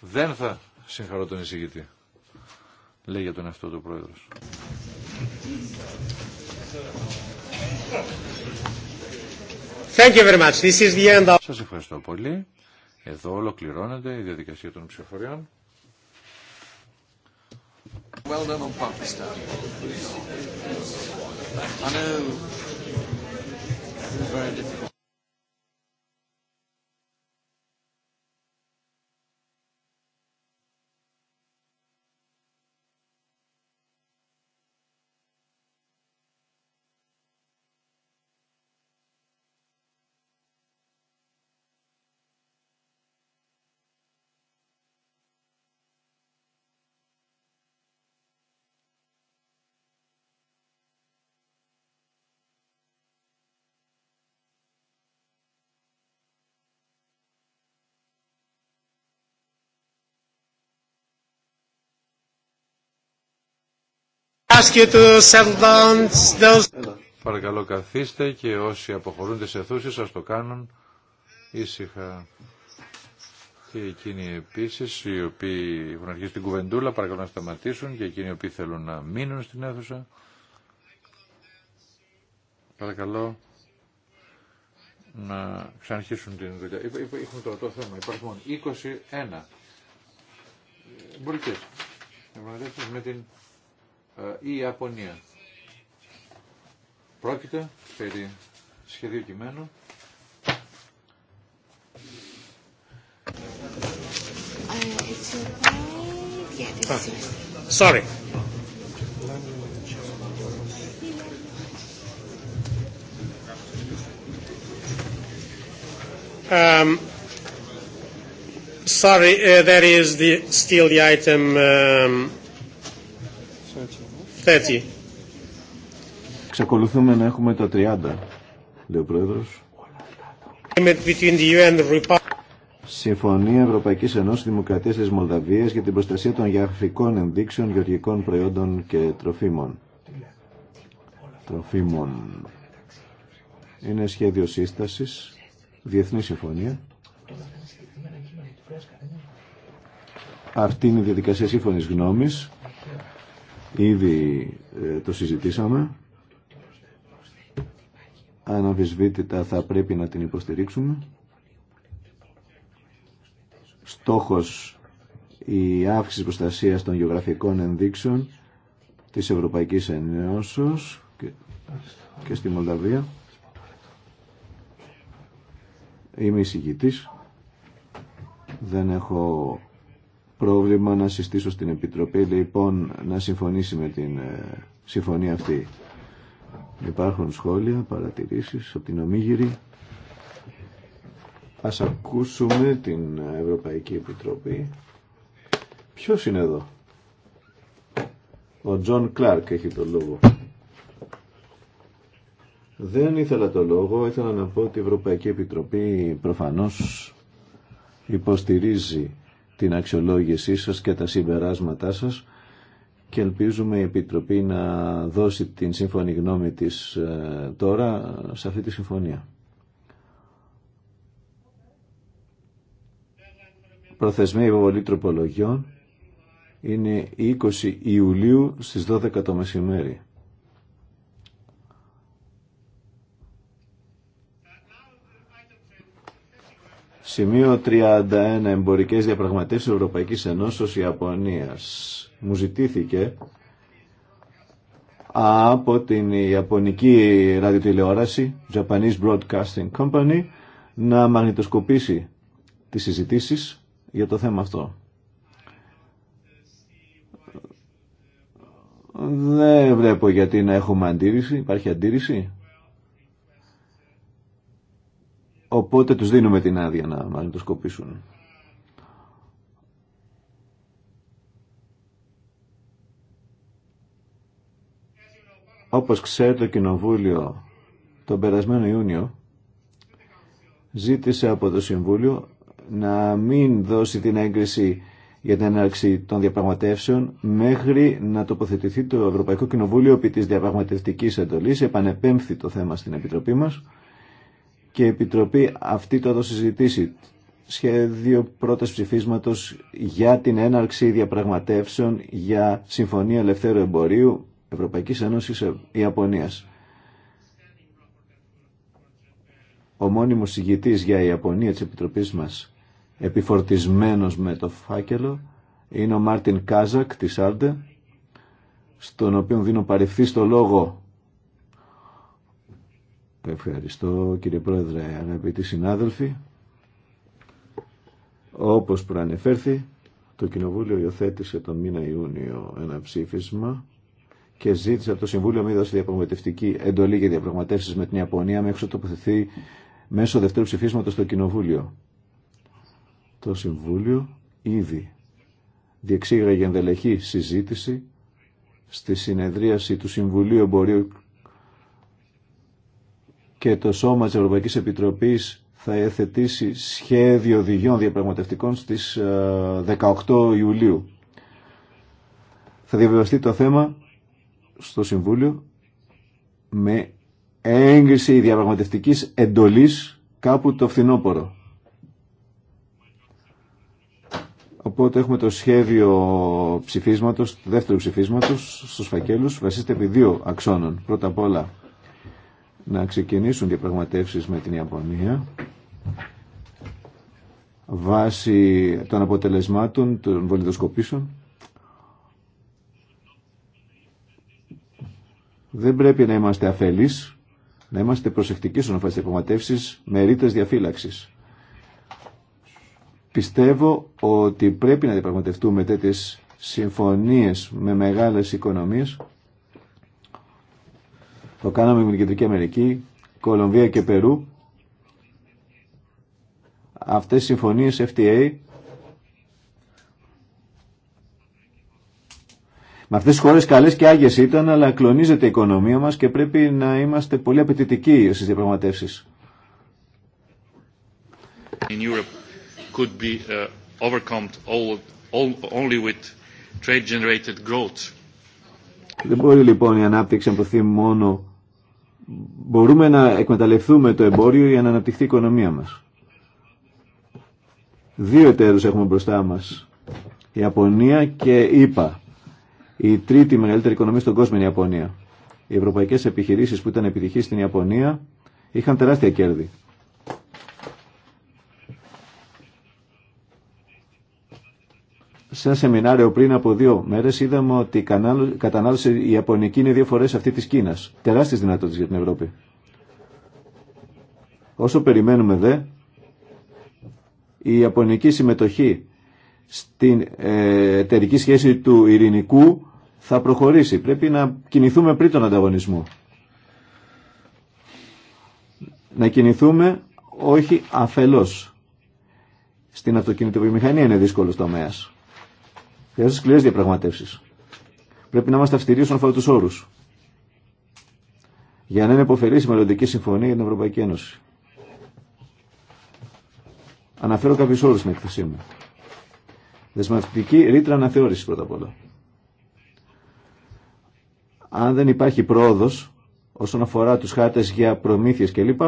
Δεν θα συγχαρώ τον εισηγητή λέει για τον εαυτό του πρόεδρο. Σα ευχαριστώ πολύ. Εδώ ολοκληρώνεται η διαδικασία των ψηφοφοριών. Well Παρακαλώ καθίστε και όσοι αποχωρούν τις αιθούσεις σας το κάνουν ήσυχα. Και εκείνοι επίσης οι οποίοι έχουν αρχίσει την κουβεντούλα παρακαλώ να σταματήσουν και εκείνοι οι οποίοι θέλουν να μείνουν στην αίθουσα. Παρακαλώ να ξαναρχίσουν την δουλειά. Έχουμε τώρα το θέμα. Υπάρχουν 21 ε, Μπορείτε. Με την η Ιαπωνία. Πρόκειται περί σχεδίου κειμένου. Sorry. Um, sorry, uh, there is the, still the item um, Ξεκολουθούμε να έχουμε τα 30, λέει ο Πρόεδρος. Συμφωνία Ευρωπαϊκής Ενώσης Δημοκρατίας της Μολδαβίας για την προστασία των γεωγραφικών ενδείξεων γεωργικών προϊόντων και τροφίμων. Τροφίμων. Είναι σχέδιο σύστασης, διεθνή συμφωνία. Αυτή είναι η διαδικασία σύμφωνης γνώμης. Ήδη ε, το συζητήσαμε. Αναβεσβήτητα θα πρέπει να την υποστηρίξουμε. Στόχος η αύξηση προστασίας των γεωγραφικών ενδείξεων της Ευρωπαϊκής Ενώσεως και στη Μολδαβία. Είμαι εισηγητής. Δεν έχω πρόβλημα να συστήσω στην Επιτροπή λοιπόν να συμφωνήσει με την ε, συμφωνία αυτή. Υπάρχουν σχόλια, παρατηρήσεις από την Ομίγυρη. Ας ακούσουμε την Ευρωπαϊκή Επιτροπή. Ποιος είναι εδώ. Ο Τζον Κλάρκ έχει το λόγο. Δεν ήθελα το λόγο, ήθελα να πω ότι η Ευρωπαϊκή Επιτροπή προφανώς υποστηρίζει την αξιολόγησή σας και τα συμπεράσματά σας και ελπίζουμε η Επιτροπή να δώσει την σύμφωνη γνώμη της ε, τώρα σε αυτή τη συμφωνία. Προθεσμία υποβολή τροπολογιών είναι 20 Ιουλίου στις 12 το μεσημέρι. Σημείο 31. Εμπορικές διαπραγματεύσεις Ευρωπαϊκής Ενώσεως Ιαπωνίας. Μου ζητήθηκε από την Ιαπωνική ραδιοτηλεόραση Japanese Broadcasting Company να μαγνητοσκοπήσει τις συζητήσεις για το θέμα αυτό. Δεν βλέπω γιατί να έχουμε αντίρρηση. Υπάρχει αντίρρηση. Οπότε τους δίνουμε την άδεια να μαγνητοσκοπήσουν. Όπως ξέρει το Κοινοβούλιο τον περασμένο Ιούνιο ζήτησε από το Συμβούλιο να μην δώσει την έγκριση για την έναρξη των διαπραγματεύσεων μέχρι να τοποθετηθεί το Ευρωπαϊκό Κοινοβούλιο επί της διαπραγματευτικής εντολής. Επανεπέμφθη το θέμα στην Επιτροπή μας και η Επιτροπή αυτή το εδώ συζητήσει. Σχέδιο πρώτας ψηφίσματος για την έναρξη διαπραγματεύσεων για Συμφωνία Ελευθέρου Εμπορίου Ευρωπαϊκής Ένωσης Ιαπωνίας. Ο μόνιμος συγγητής για η Ιαπωνία της Επιτροπής μας, επιφορτισμένος με το φάκελο, είναι ο Μάρτιν Κάζακ της Άρντε, στον οποίο δίνω παρευθύ στο λόγο Ευχαριστώ κύριε Πρόεδρε, αγαπητοί συνάδελφοι. Όπως προανεφέρθη, το Κοινοβούλιο υιοθέτησε τον μήνα Ιούνιο ένα ψήφισμα και ζήτησε από το Συμβούλιο μη δώσει διαπραγματευτική εντολή για διαπραγματεύσει με την Ιαπωνία μέχρι να τοποθεθεί μέσω δεύτερου ψηφίσματος στο Κοινοβούλιο. Το Συμβούλιο ήδη διεξήγαγε ενδελεχή συζήτηση στη συνεδρίαση του Συμβουλίου Εμπορίου και το Σώμα της Ευρωπαϊκής Επιτροπής θα εθετήσει σχέδιο οδηγιών διαπραγματευτικών στις 18 ε, Ιουλίου. Θα διαβεβαστεί το θέμα στο Συμβούλιο με έγκριση διαπραγματευτικής εντολής κάπου το φθινόπωρο. Οπότε έχουμε το σχέδιο ψηφίσματος, δεύτερου ψηφίσματος στους φακέλους, Βασίστε επί δύο αξώνων. Πρώτα απ' όλα να ξεκινήσουν διαπραγματεύσεις με την Ιαπωνία βάσει των αποτελεσμάτων των βολιδοσκοπήσεων. Δεν πρέπει να είμαστε αφελείς, να είμαστε προσεκτικοί στον αφορά διαπραγματεύσεις με ρήτες διαφύλαξης. Πιστεύω ότι πρέπει να διαπραγματευτούμε τέτοιες συμφωνίες με μεγάλες οικονομίες το κάναμε με την Κεντρική Αμερική, Κολομβία και Περού. Αυτές οι συμφωνίες FTA Με αυτές τις χώρες καλές και άγιες ήταν, αλλά κλονίζεται η οικονομία μας και πρέπει να είμαστε πολύ απαιτητικοί στις διαπραγματεύσεις. Δεν μπορεί λοιπόν η ανάπτυξη να μόνο μπορούμε να εκμεταλλευτούμε το εμπόριο για να αναπτυχθεί η οικονομία μας. Δύο εταίρους έχουμε μπροστά μας. Η Ιαπωνία και η ΙΠΑ. Η τρίτη μεγαλύτερη οικονομία στον κόσμο είναι η Ιαπωνία. Οι ευρωπαϊκές επιχειρήσεις που ήταν επιτυχείς στην Ιαπωνία είχαν τεράστια κέρδη. σε ένα σεμινάριο πριν από δύο μέρε είδαμε ότι η κατανάλωση η Ιαπωνική είναι δύο φορέ αυτή τη Κίνα. Τεράστιε δυνατότητε για την Ευρώπη. Όσο περιμένουμε δε, η Ιαπωνική συμμετοχή στην ε, εταιρική σχέση του ειρηνικού θα προχωρήσει. Πρέπει να κινηθούμε πριν τον ανταγωνισμό. Να κινηθούμε όχι αφελώς. Στην αυτοκινητοβιομηχανία είναι δύσκολος τομέας. Χρειάζονται σκληρέ διαπραγματεύσει. Πρέπει να είμαστε αυστηροί όσον αφορά του όρου. Για να είναι υποφερή η μελλοντική συμφωνία για την Ευρωπαϊκή Ένωση. Αναφέρω κάποιου όρου στην έκθεσή μου. Δεσμευτική ρήτρα αναθεώρηση πρώτα απ' όλα. Αν δεν υπάρχει πρόοδο όσον αφορά του χάρτε για προμήθειε κλπ.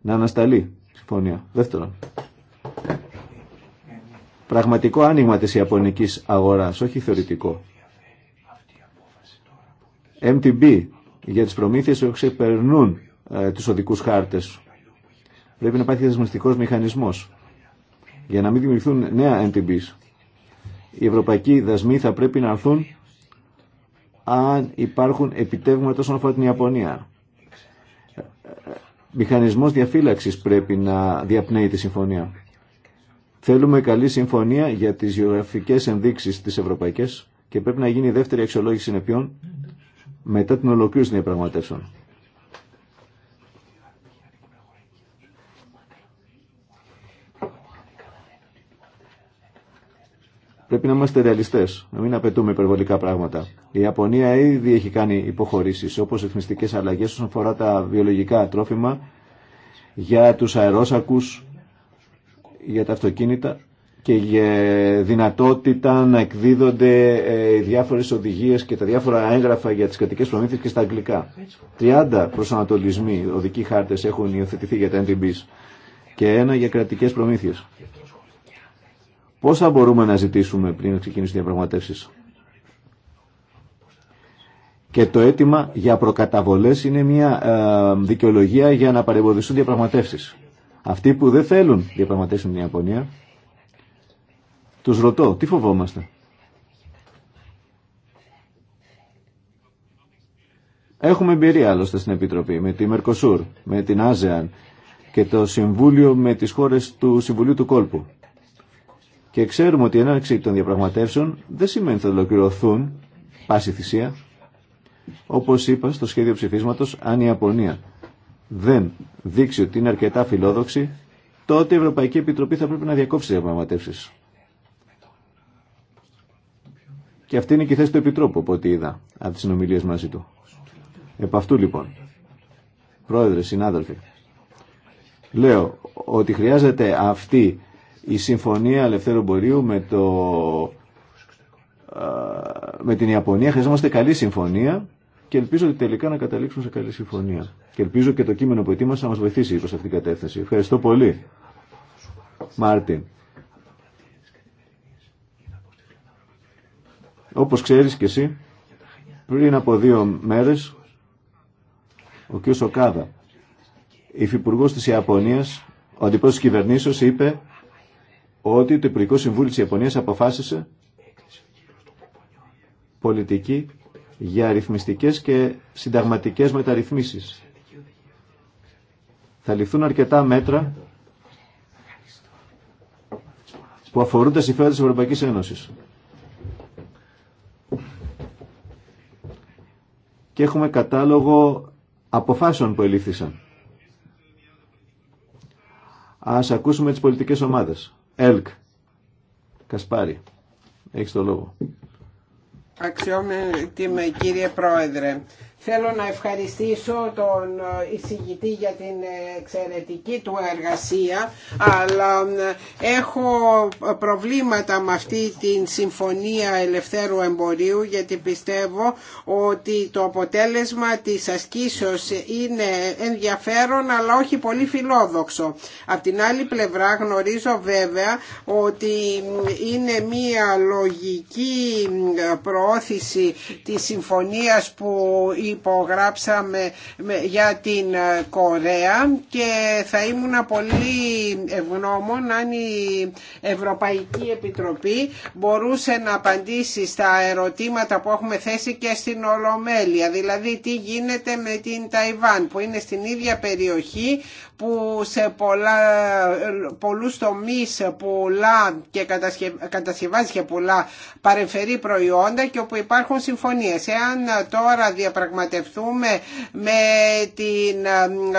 να ανασταλεί συμφωνία. Δεύτερον, πραγματικό άνοιγμα της Ιαπωνικής αγοράς, όχι θεωρητικό. MTB για τις προμήθειες που ξεπερνούν ε, τους οδικούς χάρτες. Πρέπει να υπάρχει δεσμευτικός μηχανισμός για να μην δημιουργηθούν νέα MTB. Οι ευρωπαϊκοί δασμοί θα πρέπει να έρθουν αν υπάρχουν επιτεύγματα όσον αφορά την Ιαπωνία. Ε, ε, μηχανισμός διαφύλαξης πρέπει να διαπνέει τη συμφωνία. Θέλουμε καλή συμφωνία για τις γεωγραφικέ ενδείξεις τις Ευρωπαϊκή και πρέπει να γίνει η δεύτερη αξιολόγηση συνεπειών μετά την ολοκλήρωση των διαπραγματεύσεων. Πρέπει να είμαστε ρεαλιστέ, να μην απαιτούμε υπερβολικά πράγματα. Η Ιαπωνία ήδη έχει κάνει υποχωρήσει, όπω ρυθμιστικέ αλλαγέ όσον αφορά τα βιολογικά τρόφιμα για του αερόσακου, για τα αυτοκίνητα και για δυνατότητα να εκδίδονται οι ε, διάφορες οδηγίες και τα διάφορα έγγραφα για τις κρατικές προμήθειες και στα αγγλικά. 30 προσανατολισμοί οδικοί χάρτες έχουν υιοθετηθεί για τα NDBs και ένα για κρατικές προμήθειες. Πόσα μπορούμε να ζητήσουμε πριν ξεκινήσουν οι διαπραγματεύσεις. Και το αίτημα για προκαταβολές είναι μια ε, δικαιολογία για να παρεμποδιστούν διαπραγματεύσεις. Αυτοί που δεν θέλουν διαπραγματεύσουν με την Ιαπωνία, τους ρωτώ, τι φοβόμαστε. Έχουμε εμπειρία άλλωστε στην Επιτροπή, με τη Μερκοσούρ, με την Άζεαν και το Συμβούλιο με τις χώρες του Συμβουλίου του Κόλπου. Και ξέρουμε ότι η έναρξη των διαπραγματεύσεων δεν σημαίνει ότι θα ολοκληρωθούν, πάση θυσία, όπως είπα στο σχέδιο ψηφίσματος, αν η Ιαπωνία δεν δείξει ότι είναι αρκετά φιλόδοξη, τότε η Ευρωπαϊκή Επιτροπή θα πρέπει να διακόψει τι διαπραγματεύσει. Και αυτή είναι και η θέση του Επιτρόπου, από ό,τι είδα από τι συνομιλίε μαζί του. Επ' αυτού λοιπόν, πρόεδρε, συνάδελφοι, λέω ότι χρειάζεται αυτή η συμφωνία ελευθέρου μπορείου με, το, με την Ιαπωνία. Χρειαζόμαστε καλή συμφωνία και ελπίζω ότι τελικά να καταλήξουν σε καλή συμφωνία. Και ελπίζω και το κείμενο που ετοίμασα να μα βοηθήσει προ αυτήν την κατεύθυνση. Ευχαριστώ πολύ. Μάρτιν. Όπως ξέρεις και εσύ, πριν από δύο μέρες, ο κ. Σοκάδα, υφυπουργό της Ιαπωνίας, ο αντιπρόεδρο τη κυβερνήσεω, είπε ότι το Υπουργικό Συμβούλιο τη Ιαπωνίας αποφάσισε πολιτική για αριθμιστικές και συνταγματικές μεταρρυθμίσεις. Θα ληφθούν αρκετά μέτρα που αφορούν τα συμφέροντα της Ευρωπαϊκής Ένωσης. Και έχουμε κατάλογο αποφάσεων που ελήφθησαν. Ας ακούσουμε τις πολιτικές ομάδες. ΕΛΚ. Κασπάρη. Έχεις το λόγο. Αξιόμενη κύριε Πρόεδρε, Θέλω να ευχαριστήσω τον ε, εισηγητή για την εξαιρετική του εργασία, αλλά ε, έχω προβλήματα με αυτή την Συμφωνία Ελευθέρου Εμπορίου, γιατί πιστεύω ότι το αποτέλεσμα της ασκήσεως είναι ενδιαφέρον, αλλά όχι πολύ φιλόδοξο. Απ' την άλλη πλευρά γνωρίζω βέβαια ότι ε, είναι μία λογική προώθηση της συμφωνίας που υπογράψαμε για την ε, Κορέα και θα ήμουν πολύ ευγνώμων αν η Ευρωπαϊκή Επιτροπή μπορούσε να απαντήσει στα ερωτήματα που έχουμε θέσει και στην Ολομέλεια δηλαδή τι γίνεται με την Ταϊβάν που είναι στην ίδια περιοχή που σε πολλά, πολλούς τομείς πουλά και κατασκευάζει και πουλά παρεμφερεί προϊόντα και όπου υπάρχουν συμφωνίες. Εάν τώρα διαπραγματευτούμε με την ε,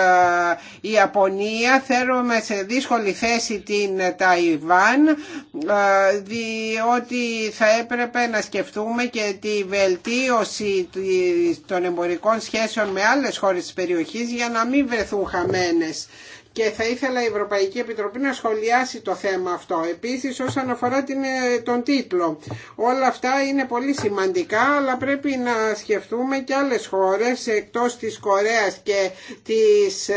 ε, Ιαπωνία θέλουμε σε δύσκολη θέση την Ταϊβάν ε, διότι θα έπρεπε να σκεφτούμε και τη βελτίωση των εμπορικών σχέσεων με άλλες χώρες της περιοχής για να μην βρεθούν χαμένες και θα ήθελα η Ευρωπαϊκή Επιτροπή να σχολιάσει το θέμα αυτό. Επίσης όσον αφορά την, ε, τον τίτλο. Όλα αυτά είναι πολύ σημαντικά αλλά πρέπει να σκεφτούμε και άλλες χώρες εκτός της Κορέας και της, ε,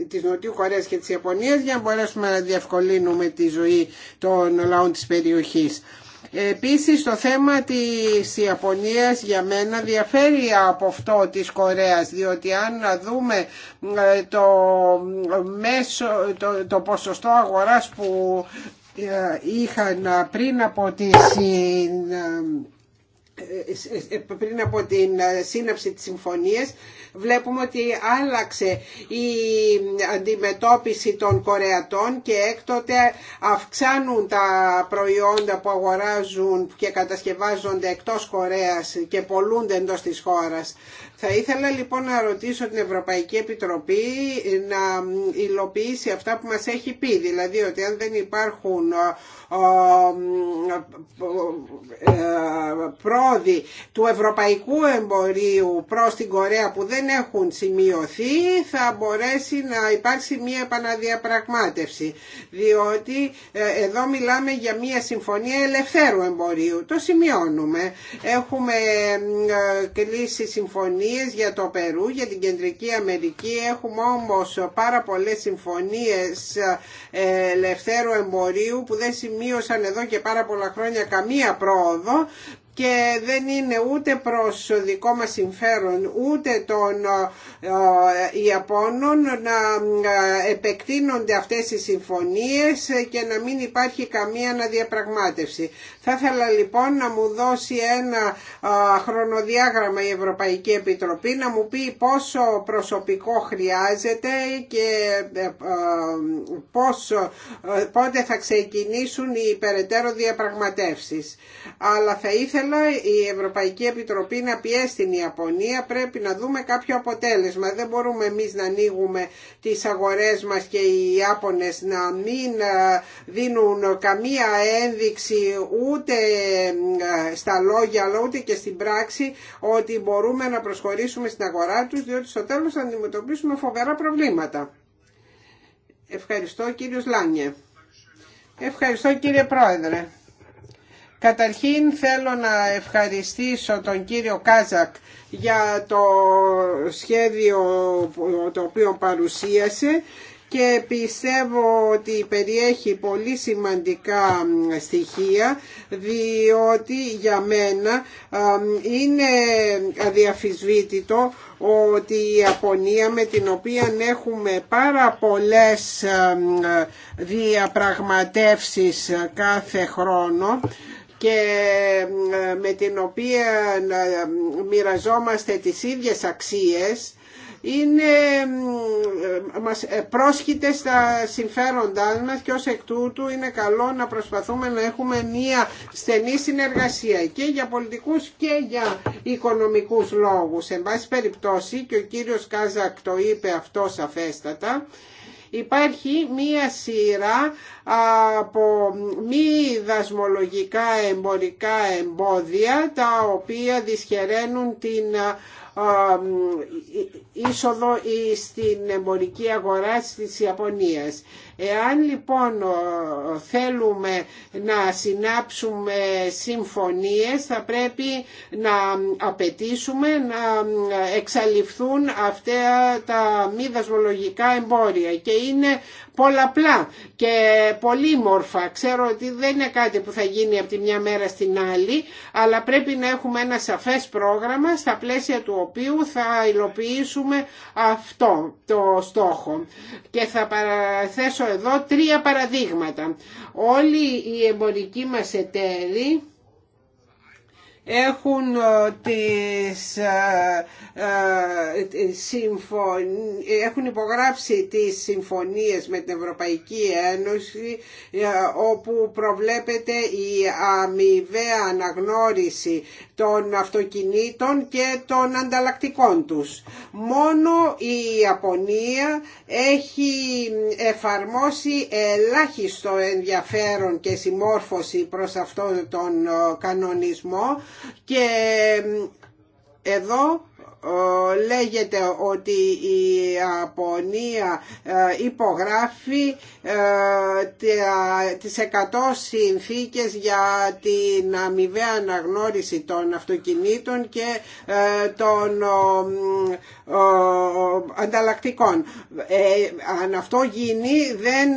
ε, της Νοτιού Κορέας και της Ιαπωνίας για να μπορέσουμε να διευκολύνουμε τη ζωή των λαών της περιοχής. Επίσης το θέμα της Ιαπωνίας για μένα διαφέρει από αυτό της Κορέας διότι αν δούμε ε, το, μέσο, το, το ποσοστό αγοράς που ε, είχαν πριν από τη ε, ε, ε, πριν από την σύναψη της συμφωνίας βλέπουμε ότι άλλαξε η αντιμετώπιση των Κορεατών και έκτοτε αυξάνουν τα προϊόντα που αγοράζουν και κατασκευάζονται εκτός Κορέας και πολλούνται εντός της χώρας. Θα ήθελα λοιπόν να ρωτήσω την Ευρωπαϊκή Επιτροπή να υλοποιήσει αυτά που μας έχει πει, δηλαδή ότι αν δεν υπάρχουν πρόοδοι του ευρωπαϊκού εμπορίου προς την Κορέα που δεν έχουν σημειωθεί θα μπορέσει να υπάρξει μια επαναδιαπραγμάτευση διότι ε, εδώ μιλάμε για μια συμφωνία ελευθέρου εμπορίου το σημειώνουμε έχουμε ε, κλείσει συμφωνία για το Περού, για την Κεντρική Αμερική. Έχουμε όμως πάρα πολλές συμφωνίες ε, ελευθέρου εμπορίου που δεν σημείωσαν εδώ και πάρα πολλά χρόνια καμία πρόοδο και δεν είναι ούτε προς δικό μας συμφέρον ούτε των ε, ε, Ιαπώνων να ε, επεκτείνονται αυτές οι συμφωνίες και να μην υπάρχει καμία αναδιαπραγμάτευση. Θα ήθελα λοιπόν να μου δώσει ένα χρονοδιάγραμμα η Ευρωπαϊκή Επιτροπή να μου πει πόσο προσωπικό χρειάζεται και πόσο, πότε θα ξεκινήσουν οι περαιτέρω διαπραγματεύσεις. Αλλά θα ήθελα ήθελα η Ευρωπαϊκή Επιτροπή να πιέσει την Ιαπωνία. Πρέπει να δούμε κάποιο αποτέλεσμα. Δεν μπορούμε εμείς να ανοίγουμε τις αγορές μας και οι Ιάπωνες να μην ε, δίνουν καμία ένδειξη ούτε ε, στα λόγια αλλά ούτε και στην πράξη ότι μπορούμε να προσχωρήσουμε στην αγορά τους διότι στο τέλος θα αντιμετωπίσουμε φοβερά προβλήματα. Ευχαριστώ κύριος Λάνιε. Ευχαριστώ κύριε Πρόεδρε. Καταρχήν θέλω να ευχαριστήσω τον κύριο Κάζακ για το σχέδιο το οποίο παρουσίασε και πιστεύω ότι περιέχει πολύ σημαντικά στοιχεία διότι για μένα είναι αδιαφυσβήτητο ότι η Απωνία με την οποία έχουμε πάρα πολλές διαπραγματεύσεις κάθε χρόνο και ε, με την οποία ε, μοιραζόμαστε τις ίδιες αξίες είναι ε, μας, πρόσχητες στα συμφέροντά μας και ως εκ τούτου είναι καλό να προσπαθούμε να έχουμε μία στενή συνεργασία και για πολιτικούς και για οικονομικούς λόγους. Εν πάση περιπτώσει και ο κύριος Κάζακ το είπε αυτό σαφέστατα, Υπάρχει μία σειρά από μη δασμολογικά εμπορικά εμπόδια τα οποία δυσχεραίνουν την είσοδο στην εμπορική αγορά της Ιαπωνίας. Εάν λοιπόν θέλουμε να συνάψουμε συμφωνίες θα πρέπει να απαιτήσουμε να εξαλειφθούν αυτά τα μη δασμολογικά εμπόρια και είναι πολλαπλά και πολύμορφα. Ξέρω ότι δεν είναι κάτι που θα γίνει από τη μια μέρα στην άλλη, αλλά πρέπει να έχουμε ένα σαφές πρόγραμμα στα πλαίσια του οποίου θα υλοποιήσουμε αυτό το στόχο. Και θα παραθέσω εδώ τρία παραδείγματα. Όλοι οι εμπορικοί μας εταίροι έχουν ε, τις, ε, ε, έχουν υπογράψει τις συμφωνίες με την Ευρωπαϊκή Ένωση όπου προβλέπεται η αμοιβαία αναγνώριση των αυτοκινήτων και των ανταλλακτικών τους. Μόνο η Ιαπωνία έχει εφαρμόσει ελάχιστο ενδιαφέρον και συμμόρφωση προς αυτόν τον κανονισμό και εδώ ε, λέγεται ότι η Απονία ε, υπογράφει ε, τις 100 συνθήκες για την αμοιβαία αναγνώριση των αυτοκινήτων και των ανταλλακτικών. Αν αυτό γίνει δεν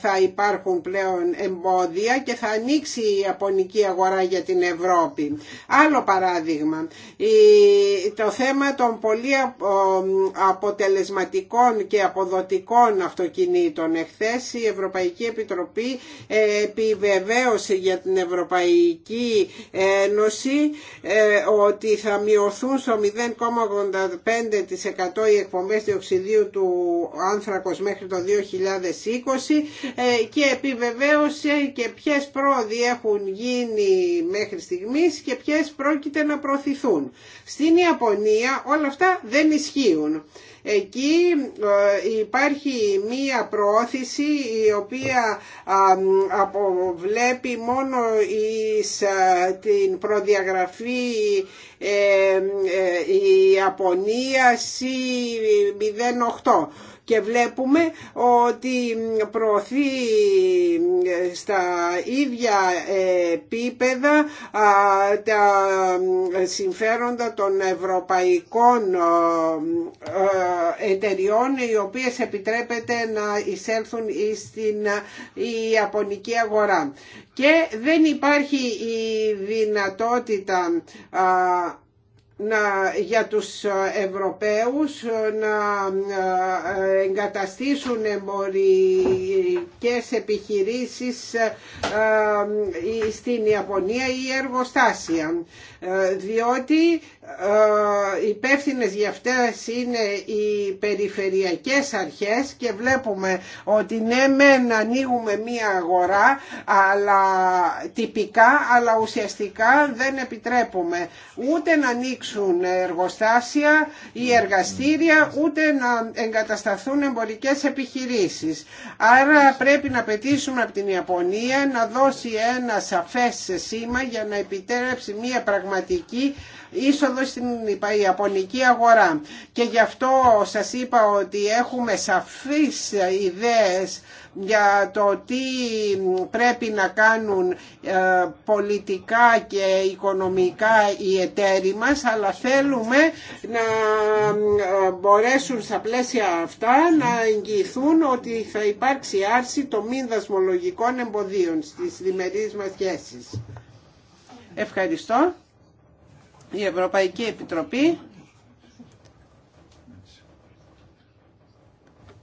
θα υπάρχουν πλέον εμπόδια και θα ανοίξει η Απονική αγορά για την Ευρώπη. Άλλο παράδειγμα, το θέμα των πολύ αποτελεσματικών και αποδοτικών αυτοκινήτων. Εχθές η Ευρωπαϊκή Επιτροπή ε, επιβεβαίωσε για την Ευρωπαϊκή Ένωση ε, ότι θα μειωθούν στο 0,85% οι εκπομπές διοξιδίου του άνθρακος μέχρι το 2020 ε, και επιβεβαίωσε και ποιες πρόοδοι έχουν γίνει μέχρι στιγμής και ποιες πρόκειται να προωθηθούν. Στην Ιαπωνία όλα αυτά δεν ισχύουν. Εκεί ε, υπάρχει μία προώθηση η οποία αποβλέπει μόνο την προδιαγραφή ε, ε, η Ιαπωνία 08 και βλέπουμε ότι προωθεί στα ίδια επίπεδα τα συμφέροντα των ευρωπαϊκών εταιριών οι οποίες επιτρέπεται να εισέλθουν στην ιαπωνική αγορά. Και δεν υπάρχει η δυνατότητα να, για τους Ευρωπαίους να ε, εγκαταστήσουν εμπορικές επιχειρήσεις ε, ε, στην Ιαπωνία ή εργοστάσια διότι υπεύθυνε για αυτές είναι οι περιφερειακές αρχές και βλέπουμε ότι ναι να ανοίγουμε μία αγορά αλλά τυπικά αλλά ουσιαστικά δεν επιτρέπουμε ούτε να ανοίξουμε ανοίξουν εργοστάσια ή εργαστήρια ούτε να εγκατασταθούν εμπορικές επιχειρήσεις. Άρα πρέπει να πετήσουμε από την Ιαπωνία να δώσει ένα σαφές σήμα για να επιτρέψει μια πραγματική είσοδο στην ιαπωνική αγορά. Και γι' αυτό σας είπα ότι έχουμε σαφείς ιδέες για το τι πρέπει να κάνουν ε, πολιτικά και οικονομικά οι εταίροι μας αλλά θέλουμε να ε, μπορέσουν στα πλαίσια αυτά να εγγυηθούν ότι θα υπάρξει άρση των μη δασμολογικών εμποδίων στις διμερείς μας σχέσεις. Ευχαριστώ. Η Ευρωπαϊκή Επιτροπή.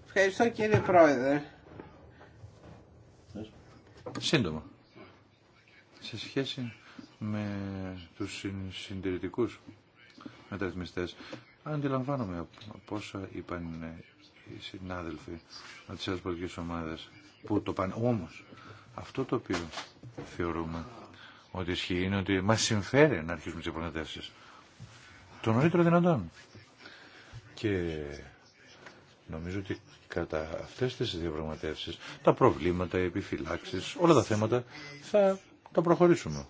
Ευχαριστώ κύριε Πρόεδρε σύντομα σε σχέση με τους συντηρητικούς μεταρρυθμιστές. Αντιλαμβάνομαι από όσα είπαν ε, οι συνάδελφοι με τις άλλες ομάδες που το πάνε. Όμως, αυτό το οποίο θεωρούμε ότι ισχύει είναι ότι μας συμφέρει να αρχίσουμε τις επανατεύσεις. Το νωρίτερο δυνατόν. Και νομίζω ότι κατά αυτές τις διαπραγματεύσεις, τα προβλήματα, οι επιφυλάξεις, όλα τα θέματα θα τα προχωρήσουμε.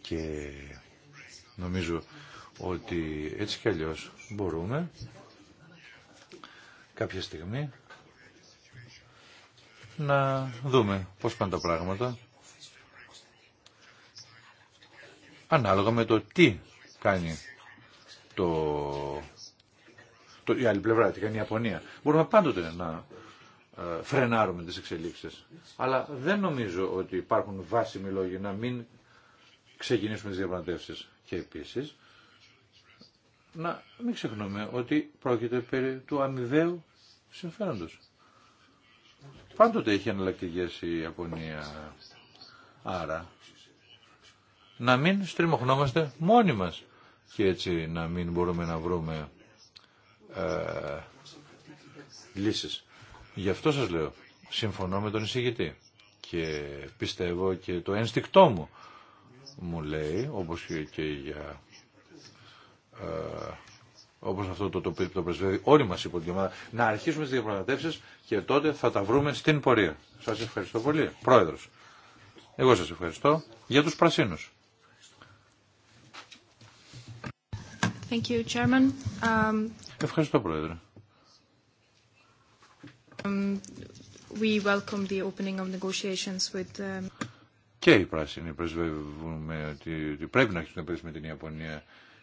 Και νομίζω ότι έτσι κι αλλιώς μπορούμε κάποια στιγμή να δούμε πώς πάνε τα πράγματα ανάλογα με το τι κάνει το το, η άλλη πλευρά, τι κάνει η Ιαπωνία. Μπορούμε πάντοτε να ε, φρενάρουμε τις εξελίξεις. Αλλά δεν νομίζω ότι υπάρχουν βάσιμοι λόγοι να μην ξεκινήσουμε τις διαπραγματεύσεις. Και επίσης, να μην ξεχνούμε ότι πρόκειται περί του αμοιβαίου συμφέροντος. Πάντοτε έχει εναλλακτικέ η Ιαπωνία. Άρα, να μην στριμωχνόμαστε μόνοι μας και έτσι να μην μπορούμε να βρούμε ε, λύσεις. Γι' αυτό σας λέω, συμφωνώ με τον εισηγητή και πιστεύω και το ένστικτό μου μου λέει, όπως και, για... Ε, όπως αυτό το τοπίο που το πρεσβεύει, όλοι μας υπό ομάδα, να αρχίσουμε τις διαπραγματεύσεις και τότε θα τα βρούμε στην πορεία. Σας ευχαριστώ πολύ. Πρόεδρος, εγώ σας ευχαριστώ για τους πρασίνους. Um, Ευχαριστώ, Πρόεδρε. Um, we welcome the opening of negotiations with... Um, και οι πράσινοι πρεσβεύουμε ότι, πρέπει να αρχίσουν να με την Ιαπωνία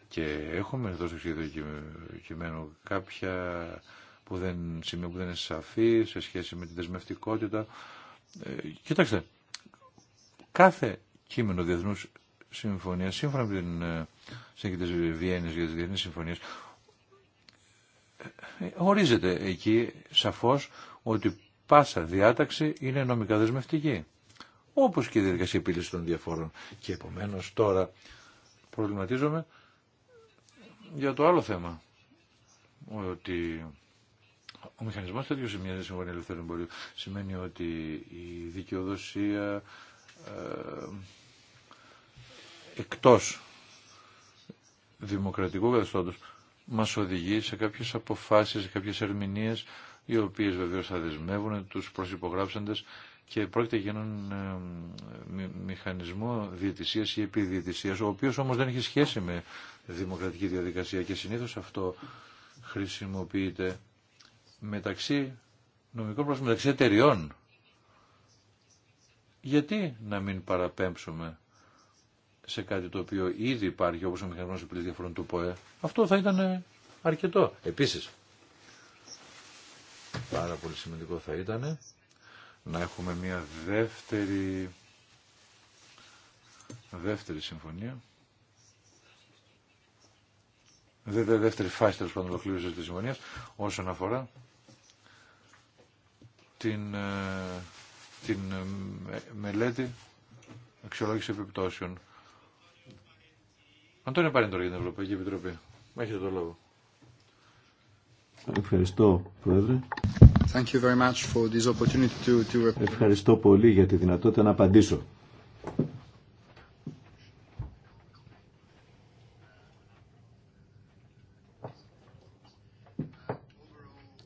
και έχουμε εδώ στο σχέδιο κειμένο κάποια που δεν, σημεία που δεν είναι σαφή σε σχέση με την δεσμευτικότητα. Ε, κοιτάξτε, κάθε κείμενο διεθνούς συμφωνία σύμφωνα με την ε, συνθήκη της Βιέννες για τις διεθνείς συμφωνίες, ε, ε, ορίζεται εκεί σαφώς ότι πάσα διάταξη είναι νομικά δεσμευτική. Όπως και η διαδικασία επίλυση των διαφόρων. Και επομένως τώρα προβληματίζομαι για το άλλο θέμα. Ότι ο μηχανισμός τέτοιο σε μια συμφωνία ελευθερών εμπορίου σημαίνει ότι η δικαιοδοσία ε, εκτός δημοκρατικού καθεστώτος μας οδηγεί σε κάποιες αποφάσεις, σε κάποιες ερμηνείες οι οποίες βεβαίως θα δεσμεύουν τους προσυπογράψαντες και πρόκειται για έναν ε, μηχανισμό διαιτησίας ή επιδιαιτησίας, ο οποίος όμως δεν έχει σχέση με δημοκρατική διαδικασία και συνήθως αυτό χρησιμοποιείται μεταξύ νομικών πρόσωπων, μεταξύ εταιριών. Γιατί να μην παραπέμψουμε σε κάτι το οποίο ήδη υπάρχει όπως ο μηχανισμός επιλογής διαφορών του ΠΟΕ, αυτό θα ήταν ε, αρκετό. Επίσης, πάρα πολύ σημαντικό θα ήταν να έχουμε μια δεύτερη, δεύτερη συμφωνία, δεύτερη φάση τέλος πάντων ολοκλήρωσης της συμφωνίας όσον αφορά την, ε, την ε, μελέτη αξιολόγηση επιπτώσεων. Αν τον πάρει τώρα για την Ευρωπαϊκή Επιτροπή. Έχετε το λόγο. Ευχαριστώ, Πρόεδρε. Thank you very much for this to, to... Ευχαριστώ πολύ για τη δυνατότητα να απαντήσω.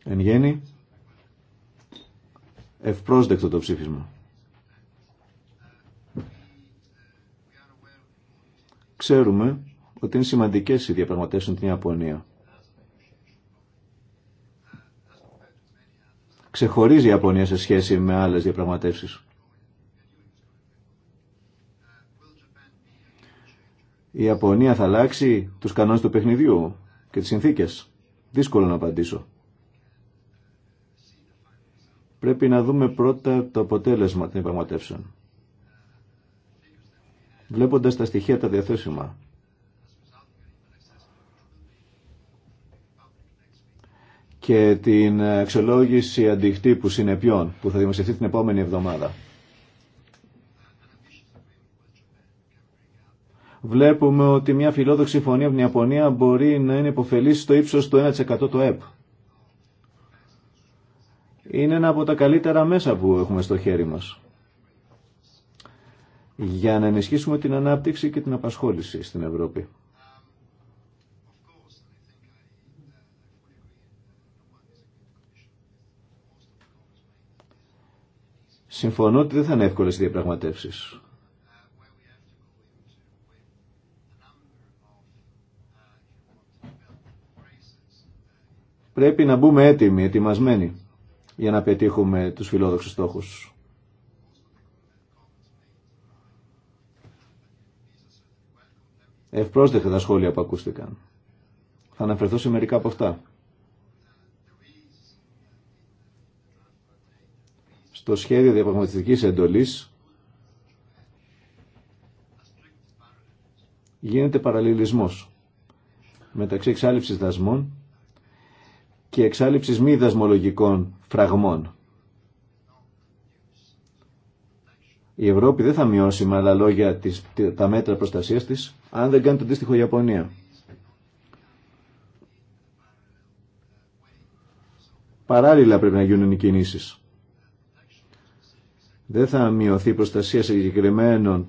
Εν γέννη, ευπρόσδεκτο το ψήφισμα. Ξέρουμε ότι είναι σημαντικές οι διαπραγματεύσεις με την Ιαπωνία. Ξεχωρίζει η Ιαπωνία σε σχέση με άλλες διαπραγματεύσεις. Η Ιαπωνία θα αλλάξει τους κανόνες του παιχνιδιού και τις συνθήκες. Δύσκολο να απαντήσω. Πρέπει να δούμε πρώτα το αποτέλεσμα των διαπραγματεύσεων. Βλέποντας τα στοιχεία τα διαθέσιμα, και την αξιολόγηση αντιχτύπου συνεπιών που θα δημοσιευτεί την επόμενη εβδομάδα. Βλέπουμε ότι μια φιλόδοξη φωνή από την Ιαπωνία μπορεί να είναι υποφελής στο ύψος του 1% του ΕΠ. Είναι ένα από τα καλύτερα μέσα που έχουμε στο χέρι μας για να ενισχύσουμε την ανάπτυξη και την απασχόληση στην Ευρώπη. Συμφωνώ ότι δεν θα είναι εύκολε οι διαπραγματεύσεις. Πρέπει να μπούμε έτοιμοι, ετοιμασμένοι, για να πετύχουμε τους φιλόδοξους στόχους. Ευπρόσδεκτα τα σχόλια που ακούστηκαν. Θα αναφερθώ σε μερικά από αυτά. το σχέδιο διαπραγματευτικής εντολής γίνεται παραλληλισμός μεταξύ εξάλληψης δασμών και εξάλληψης μη δασμολογικών φραγμών. Η Ευρώπη δεν θα μειώσει με άλλα λόγια τις, τα μέτρα προστασίας της αν δεν κάνει το αντίστοιχο η Ιαπωνία. Παράλληλα πρέπει να γίνουν οι κινήσεις. Δεν θα μειωθεί η προστασία συγκεκριμένων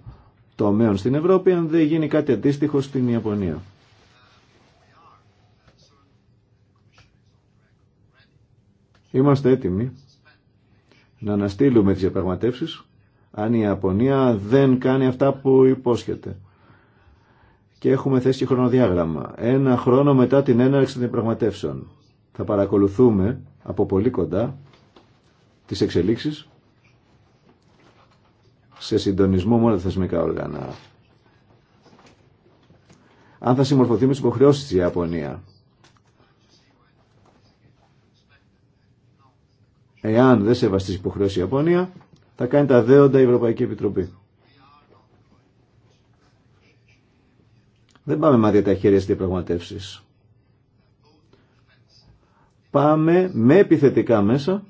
τομέων στην Ευρώπη αν δεν γίνει κάτι αντίστοιχο στην Ιαπωνία. Είμαστε έτοιμοι να αναστείλουμε τις διαπραγματεύσεις αν η Ιαπωνία δεν κάνει αυτά που υπόσχεται. Και έχουμε θέσει χρονοδιάγραμμα. Ένα χρόνο μετά την έναρξη των διαπραγματεύσεων. Θα παρακολουθούμε από πολύ κοντά τις εξελίξεις σε συντονισμό με όλα τα θεσμικά όργανα. Αν θα συμμορφωθεί με τι υποχρεώσει τη Ιαπωνία. Εάν δεν σεβαστεί τι υποχρεώσει η Ιαπωνία, θα κάνει τα δέοντα η Ευρωπαϊκή Επιτροπή. Δεν πάμε μάτια τα χέρια στις διαπραγματεύσεις. Πάμε με επιθετικά μέσα,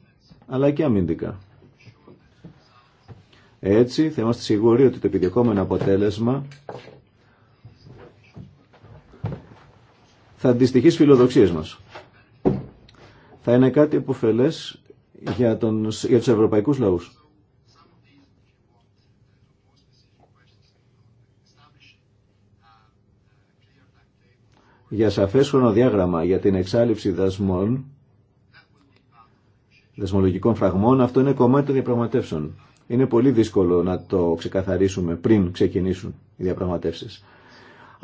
αλλά και αμυντικά. Έτσι θα είμαστε σίγουροι ότι το επιδιωκόμενο αποτέλεσμα θα αντιστοιχεί στις φιλοδοξίες μας. Θα είναι κάτι επωφελές για, τον, για τους ευρωπαϊκούς λαούς. για σαφές χρονοδιάγραμμα για την εξάλληψη δασμών, δασμολογικών φραγμών, αυτό είναι κομμάτι των διαπραγματεύσεων είναι πολύ δύσκολο να το ξεκαθαρίσουμε πριν ξεκινήσουν οι διαπραγματεύσεις.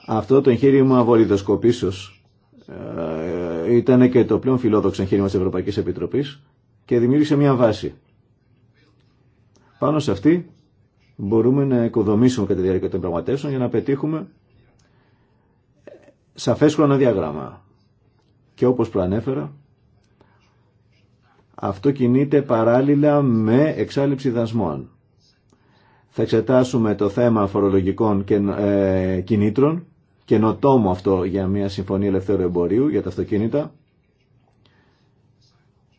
Αυτό το εγχείρημα βολιδοσκοπήσεως ε, ήταν και το πλέον φιλόδοξο εγχείρημα της Ευρωπαϊκής Επιτροπής και δημιούργησε μια βάση. Πάνω σε αυτή μπορούμε να οικοδομήσουμε κατά τη διάρκεια των πραγματεύσεων για να πετύχουμε σαφές χρονοδιάγραμμα. Και όπως προανέφερα, αυτό κινείται παράλληλα με εξάλληψη δασμών. Θα εξετάσουμε το θέμα φορολογικών και, ε, κινήτρων, καινοτόμο αυτό για μια συμφωνία ελευθέρου εμπορίου για τα αυτοκίνητα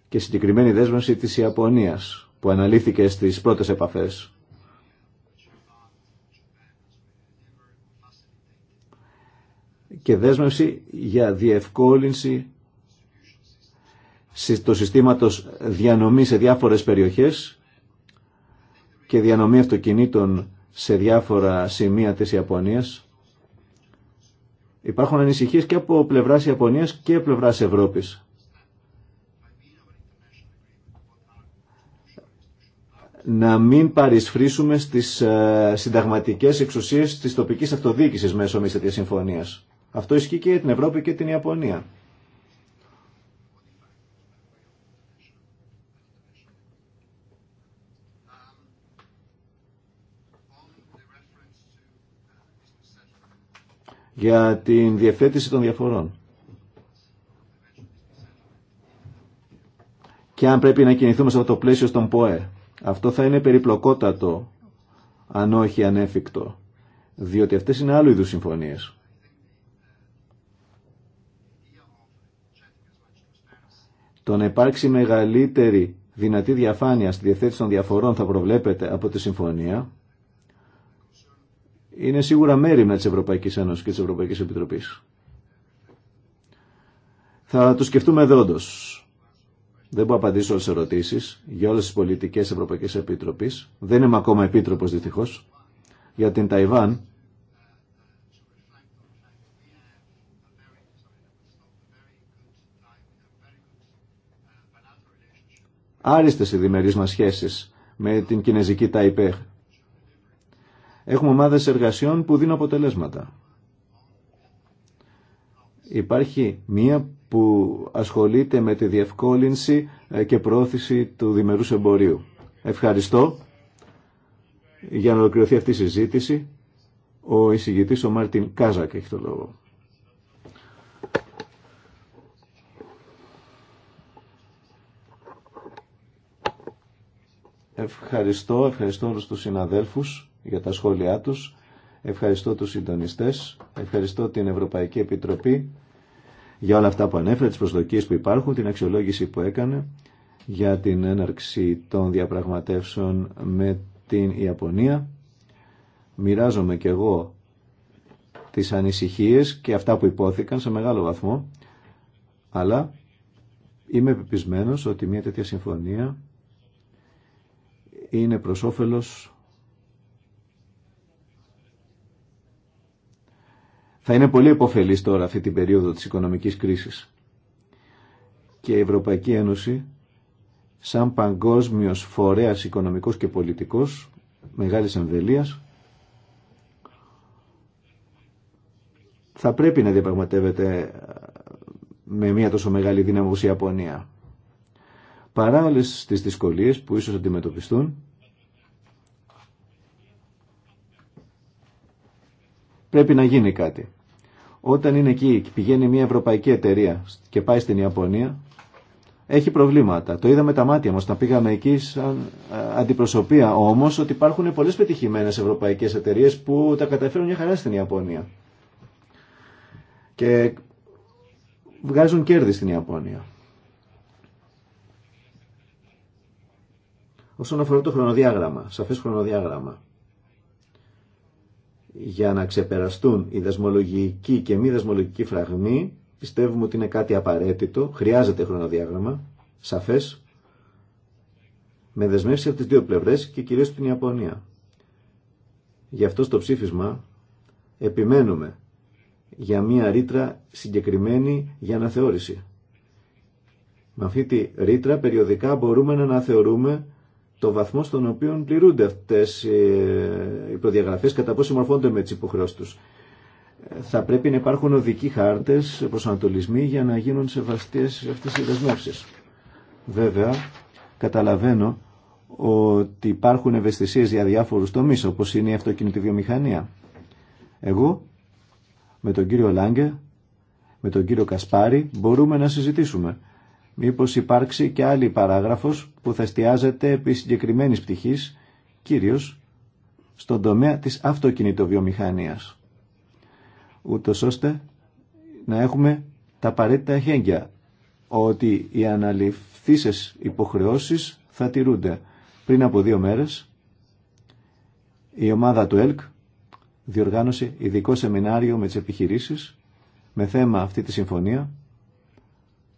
και συγκεκριμένη δέσμευση της Ιαπωνίας που αναλύθηκε στις πρώτες επαφές. και δέσμευση για διευκόλυνση το συστήματος διανομή σε διάφορες περιοχές και διανομή αυτοκινήτων σε διάφορα σημεία της Ιαπωνίας. Υπάρχουν ανησυχίες και από πλευράς Ιαπωνίας και πλευράς Ευρώπης. να μην παρισφρήσουμε στις ε, συνταγματικές εξουσίες της τοπικής αυτοδιοίκησης μέσω μιας τέτοιας συμφωνίας. Αυτό ισχύει και την Ευρώπη και την Ιαπωνία. για την διευθέτηση των διαφορών. Και αν πρέπει να κινηθούμε σε αυτό το πλαίσιο στον ΠΟΕ. Αυτό θα είναι περιπλοκότατο, αν όχι ανέφικτο, διότι αυτές είναι άλλου είδους συμφωνίες. Το να υπάρξει μεγαλύτερη δυνατή διαφάνεια στη διευθέτηση των διαφορών θα προβλέπεται από τη συμφωνία είναι σίγουρα με της Ευρωπαϊκής Ένωσης και της Ευρωπαϊκής Επιτροπής. Θα το σκεφτούμε όντως. Δεν μπορώ να απαντήσω όλες τις ερωτήσεις για όλες τις πολιτικές Ευρωπαϊκής Επιτροπής. Δεν είμαι ακόμα επίτροπος δυστυχώς. Για την Ταϊβάν, άριστες οι διμερείς μας σχέσεις με την Κινέζικη Ταϊπέ Έχουμε ομάδες εργασιών που δίνουν αποτελέσματα. Υπάρχει μία που ασχολείται με τη διευκόλυνση ε, και πρόθεση του διμερούς εμπορίου. Ευχαριστώ για να ολοκληρωθεί αυτή η συζήτηση. Ο εισηγητής ο Μάρτιν Κάζακ έχει το λόγο. Ευχαριστώ, ευχαριστώ όλους τους συναδέλφους για τα σχόλιά τους. Ευχαριστώ τους συντονιστές, ευχαριστώ την Ευρωπαϊκή Επιτροπή για όλα αυτά που ανέφερε, τις προσδοκίες που υπάρχουν, την αξιολόγηση που έκανε για την έναρξη των διαπραγματεύσεων με την Ιαπωνία. Μοιράζομαι και εγώ τις ανησυχίες και αυτά που υπόθηκαν σε μεγάλο βαθμό, αλλά είμαι πεπισμένος ότι μια τέτοια συμφωνία είναι προς όφελος θα είναι πολύ υποφελής τώρα αυτή την περίοδο της οικονομικής κρίσης. Και η Ευρωπαϊκή Ένωση, σαν παγκόσμιος φορέας οικονομικός και πολιτικός, μεγάλης εμβελίας, θα πρέπει να διαπραγματεύεται ε, με μια τόσο μεγάλη δύναμη όπως η Ιαπωνία. Παρά όλες τις δυσκολίες που ίσως αντιμετωπιστούν, Πρέπει να γίνει κάτι. Όταν είναι εκεί και πηγαίνει μια ευρωπαϊκή εταιρεία και πάει στην Ιαπωνία, έχει προβλήματα. Το είδαμε τα μάτια μας, τα πήγαμε εκεί σαν ε, αντιπροσωπεία όμως ότι υπάρχουν πολλές πετυχημένες ευρωπαϊκές εταιρείες που τα καταφέρουν μια χαρά στην Ιαπωνία. Και βγάζουν κέρδη στην Ιαπωνία. Όσον αφορά το χρονοδιάγραμμα, σαφές χρονοδιάγραμμα για να ξεπεραστούν οι δεσμολογικοί και μη δεσμολογικοί φραγμοί πιστεύουμε ότι είναι κάτι απαραίτητο, χρειάζεται χρονοδιάγραμμα, σαφές, με δεσμεύσει από τις δύο πλευρές και κυρίως την Ιαπωνία. Γι' αυτό στο ψήφισμα επιμένουμε για μία ρήτρα συγκεκριμένη για αναθεώρηση. Με αυτή τη ρήτρα περιοδικά μπορούμε να αναθεωρούμε το βαθμό στον οποίο πληρούνται αυτές ε, οι προδιαγραφές, κατά πόσο μορφώνται με τι υποχρεώσει του. Θα πρέπει να υπάρχουν οδικοί χάρτες, προσανατολισμοί για να γίνουν σεβαστέ αυτές οι δεσμεύσει. Βέβαια, καταλαβαίνω ότι υπάρχουν ευαισθησίες για διάφορους τομείς, όπως είναι η βιομηχανία. Εγώ, με τον κύριο Λάγκε, με τον κύριο Κασπάρη, μπορούμε να συζητήσουμε μήπως υπάρξει και άλλη παράγραφος που θα εστιάζεται επί συγκεκριμένης πτυχής, κυρίως στον τομέα της αυτοκινητοβιομηχανίας, ούτω ώστε να έχουμε τα απαραίτητα χέγγια ότι οι αναληφθήσεις υποχρεώσεις θα τηρούνται. Πριν από δύο μέρες, η ομάδα του ΕΛΚ διοργάνωσε ειδικό σεμινάριο με τις επιχειρήσεις με θέμα αυτή τη συμφωνία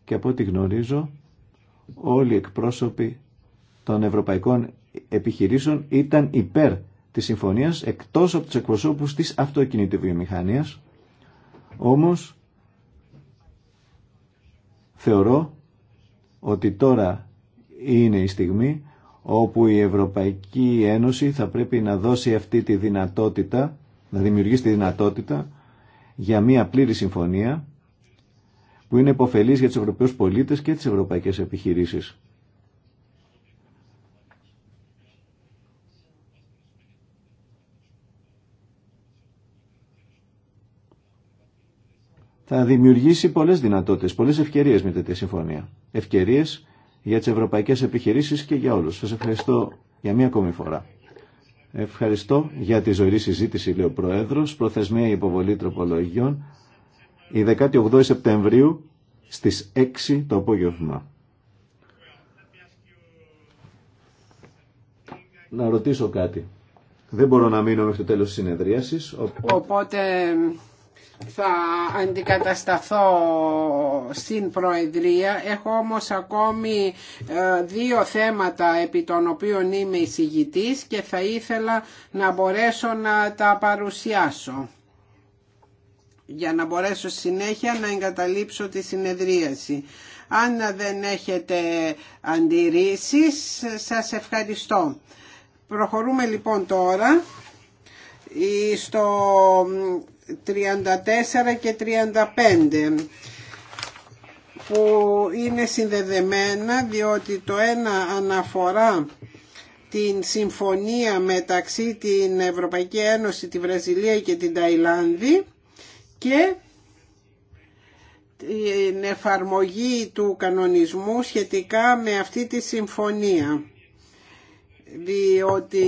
και από ό,τι γνωρίζω όλοι οι εκπρόσωποι των ευρωπαϊκών επιχειρήσεων ήταν υπέρ της συμφωνίας εκτός από τους εκπροσώπους της βιομηχανίας. Όμως θεωρώ ότι τώρα είναι η στιγμή όπου η Ευρωπαϊκή Ένωση θα πρέπει να δώσει αυτή τη δυνατότητα, να δημιουργήσει τη δυνατότητα για μια πλήρη συμφωνία που είναι υποφελής για τους Ευρωπαίους πολίτες και τις ευρωπαϊκές επιχειρήσεις. θα δημιουργήσει πολλές δυνατότητες, πολλές ευκαιρίες με τέτοια συμφωνία. Ευκαιρίες για τις Ευρωπαϊκές επιχειρήσεις και για όλους. Σα ευχαριστώ για μία ακόμη φορά. Ευχαριστώ για τη ζωή συζήτηση, λέει ο Προέδρο. Προθεσμία υποβολή τροπολογιών η 18 η Σεπτεμβρίου στις 6 το απόγευμα. Να ρωτήσω κάτι. Δεν μπορώ να μείνω μέχρι το τέλος της συνεδρίασης. Οπότε, οπότε θα αντικατασταθώ στην Προεδρία. Έχω όμως ακόμη ε, δύο θέματα επί των οποίων είμαι εισηγητής και θα ήθελα να μπορέσω να τα παρουσιάσω για να μπορέσω συνέχεια να εγκαταλείψω τη συνεδρίαση. Αν δεν έχετε αντιρρήσεις, σας ευχαριστώ. Προχωρούμε λοιπόν τώρα στο 34 και 35 που είναι συνδεδεμένα διότι το ένα αναφορά την συμφωνία μεταξύ την Ευρωπαϊκή Ένωση, τη Βραζιλία και την Ταϊλάνδη και την εφαρμογή του κανονισμού σχετικά με αυτή τη συμφωνία διότι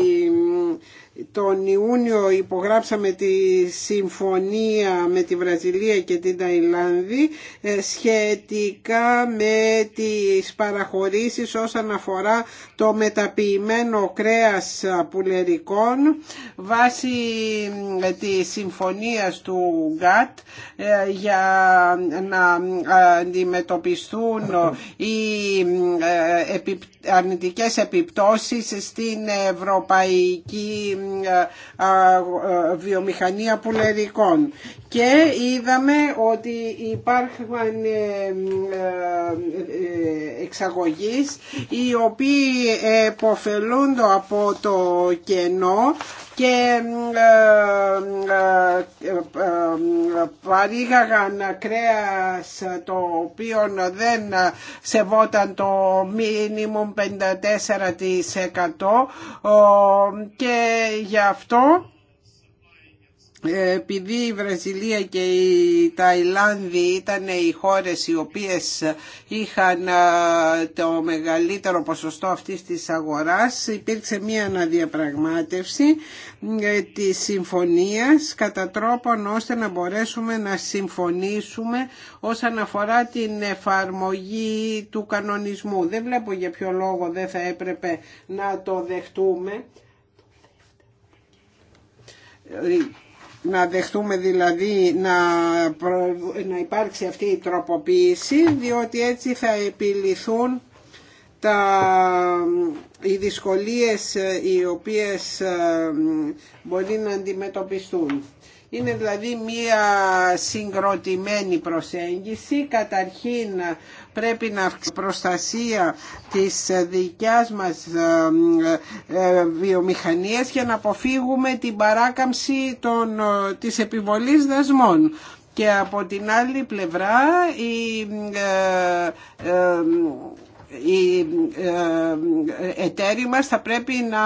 τον Ιούνιο υπογράψαμε τη συμφωνία με τη Βραζιλία και την Ταϊλάνδη ε, σχετικά με τις παραχωρήσεις όσον αφορά το μεταποιημένο κρέας πουλερικών βάσει τη συμφωνία του ΓΚΑΤ ε, για να αντιμετωπιστούν οι ε, αρνητικές επιπτώσεις στην ευρωπαϊκή ε, ε, ε, βιομηχανία πουλερικών και είδαμε ότι υπάρχουν ε, ε, εξαγωγείς οι οποίοι εποφελούνται από το κενό και ε, παρήγαγαν κρέας το οποίο δεν σεβόταν το μίνιμουμ 54% και γι' αυτό επειδή η Βραζιλία και η Ταϊλάνδη ήταν οι χώρες οι οποίες είχαν το μεγαλύτερο ποσοστό αυτής της αγοράς υπήρξε μια αναδιαπραγμάτευση ε, της συμφωνίας κατά τρόπον ώστε να μπορέσουμε να συμφωνήσουμε όσον αφορά την εφαρμογή του κανονισμού. Δεν βλέπω για ποιο λόγο δεν θα έπρεπε να το δεχτούμε. Ε, να δεχτούμε δηλαδή να, να υπάρξει αυτή η τροποποίηση διότι έτσι θα επιληθούν τα, οι δυσκολίες ε, οι οποίες ε, μπορεί να αντιμετωπιστούν. Είναι δηλαδή μία συγκροτημένη προσέγγιση. Καταρχήν πρέπει να προστασία της δικιάς μας ε, ε, βιομηχανίας για να αποφύγουμε την παράκαμψη των, ε, της επιβολής δασμών. Και από την άλλη πλευρά η, οι εταίροι μας θα πρέπει να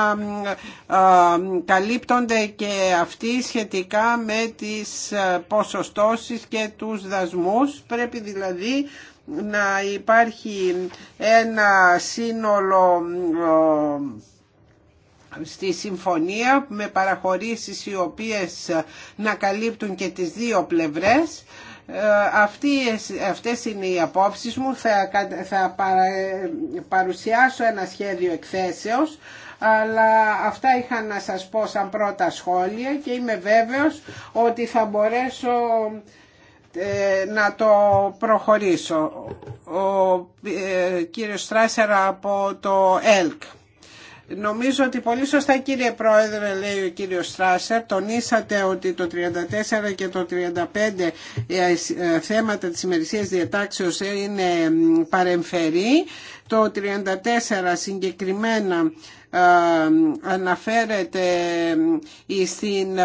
καλύπτονται και αυτοί σχετικά με τις ποσοστώσεις και τους δασμούς. Πρέπει δηλαδή να υπάρχει ένα σύνολο στη συμφωνία με παραχωρήσεις οι οποίες να καλύπτουν και τις δύο πλευρές ε, αυτές είναι οι απόψεις μου θα παρουσιάσω ένα σχέδιο εκθέσεως αλλά αυτά είχα να σας πω σαν πρώτα σχόλια και είμαι βέβαιος ότι θα μπορέσω ε, να το προχωρήσω. Ο ε, κύριος Στράσερα από το ΕΛΚ. Νομίζω ότι πολύ σωστά κύριε Πρόεδρε λέει ο κύριος Στράσερ τονίσατε ότι το 34 και το 35 ε, θέματα της ημερησίας διατάξεως είναι παρεμφερή το 34 συγκεκριμένα αναφέρεται στην ε,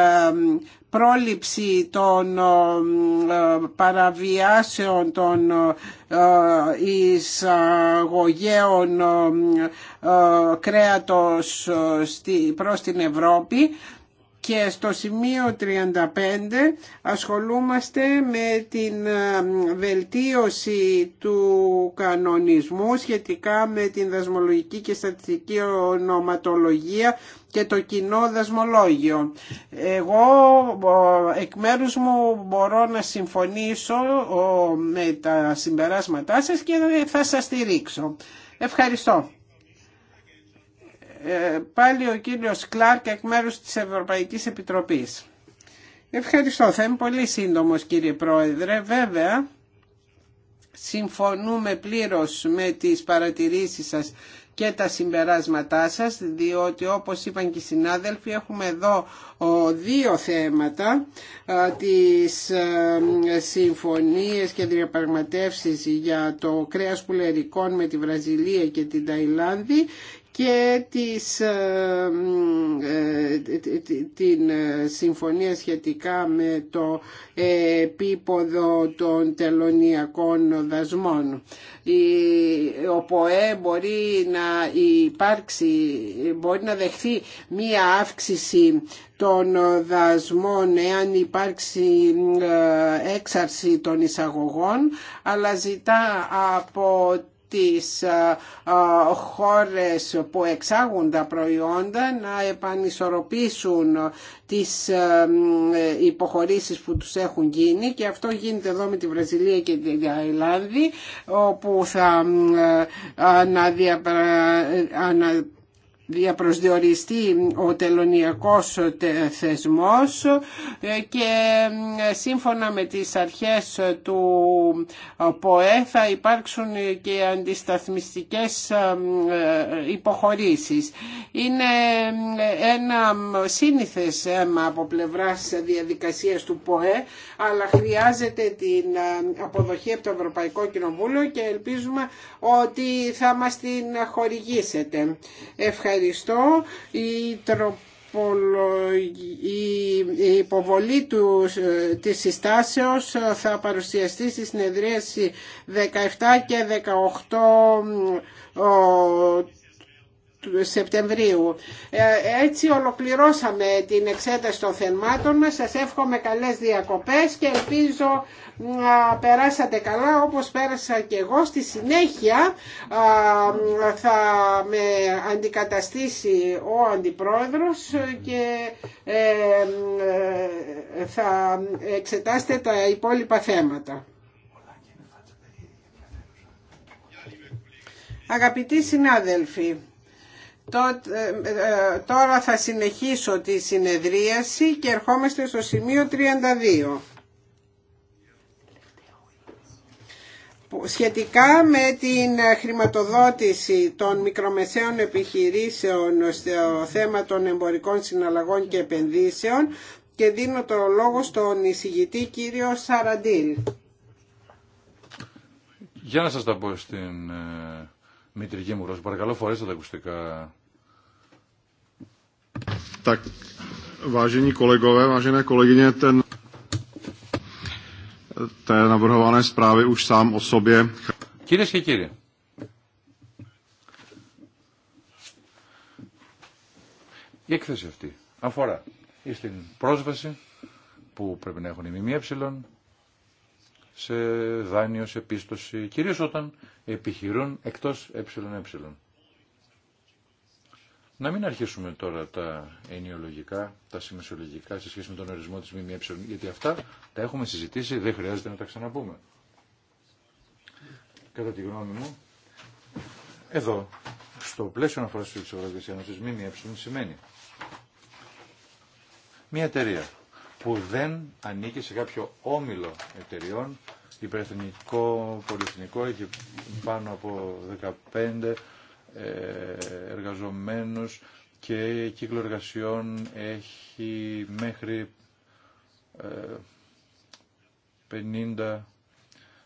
πρόληψη των ε, παραβιάσεων των ε, εισαγωγέων κρέατος προς την Ευρώπη και στο σημείο 35 ασχολούμαστε με την ε, βελτίωση του κανονισμού σχετικά με την δασμολογική και στατιστική ονοματολογία και το κοινό δασμολόγιο. Εγώ εκ μέρους μου μπορώ να συμφωνήσω με τα συμπεράσματά σας και θα σας στηρίξω. Ευχαριστώ. Ε, πάλι ο κύριος Κλάρκ εκ μέρους της Ευρωπαϊκής Επιτροπής. Ευχαριστώ. Θα είμαι πολύ σύντομος κύριε Πρόεδρε. Βέβαια, συμφωνούμε πλήρως με τις παρατηρήσεις σας και τα συμπεράσματά σας, διότι όπως είπαν και οι συνάδελφοι έχουμε εδώ δύο θέματα, τις συμφωνίες και διαπραγματεύσεις για το κρέας πουλερικών με τη Βραζιλία και την Ταϊλάνδη και ε, ε, την ε, συμφωνία σχετικά με το επίποδο των τελωνιακών δασμών. Ο ΠΟΕ μπορεί να υπάρξει, μπορεί να δεχθεί μία αύξηση των δασμών εάν υπάρξει έξαρση των εισαγωγών, αλλά ζητά από τις ε, ε, χώρες που εξάγουν τα προϊόντα να επανισορροπήσουν τις ε, υποχωρήσεις που τους έχουν γίνει και αυτό γίνεται εδώ με τη Βραζιλία και την Ιλάνδη όπου θα να διαπροσδιοριστεί ο τελωνιακός θεσμός ε, και ε, σύμφωνα με τις αρχές του ε, ΠΟΕ θα υπάρξουν και αντισταθμιστικές υποχωρήσεις. Είναι ένα σύνηθες αίμα από πλευράς διαδικασίας του ΠΟΕ αλλά χρειάζεται την αποδοχή από το Ευρωπαϊκό Κοινοβούλιο και ελπίζουμε ότι θα μας την χορηγήσετε. Ευχαριστώ ευχαριστώ. Η η υποβολή του, της συστάσεως θα παρουσιαστεί στη συνεδρίαση 17 και 18 του Σεπτεμβρίου. Ε, έτσι ολοκληρώσαμε την εξέταση των θεμάτων μας. Σας εύχομαι καλές διακοπές και ελπίζω να περάσατε καλά όπως πέρασα και εγώ. Στη συνέχεια θα με αντικαταστήσει ο Αντιπρόεδρος και ε, ε, θα εξετάσετε τα υπόλοιπα θέματα. Αγαπητοί συνάδελφοι, ε, ε, ε, τώρα θα συνεχίσω τη συνεδρίαση και ερχόμαστε στο σημείο 32. Σχετικά με την χρηματοδότηση των μικρομεσαίων επιχειρήσεων στο θέμα των εμπορικών συναλλαγών και επενδύσεων και δίνω το λόγο στον εισηγητή κύριο Σαραντήλ. Για να σας τα πω στην μητρική μου γλώσσα. Παρακαλώ φορέστε τα ακουστικά Tak, vážení kolegové, vážené kolegyně, ten té navrhované zprávy už sám o sobě. Κυρίες και κύριοι, η έκθεση αυτή αφορά στην πρόσβαση που πρέπει να έχουν οι ΜΜΕ σε δάνειο, σε πίστοση, κυρίως όταν επιχειρούν εκτός ΕΕ. Να μην αρχίσουμε τώρα τα ενιολογικά, τα συμμεσολογικά σε σχέση με τον ορισμό της ΜΜΕ, γιατί αυτά τα έχουμε συζητήσει, δεν χρειάζεται να τα ξαναπούμε. Κατά τη γνώμη μου, εδώ, στο πλαίσιο αναφορά τη Ευρωπαϊκή Ένωση, ΜΜΕ σημαίνει μια εταιρεία που δεν ανήκει σε κάποιο όμιλο εταιρεών, υπερεθνικό, πολυεθνικό, έχει πάνω από 15 ε, εργαζομένους και κύκλο εργασιών έχει μέχρι 50, ε,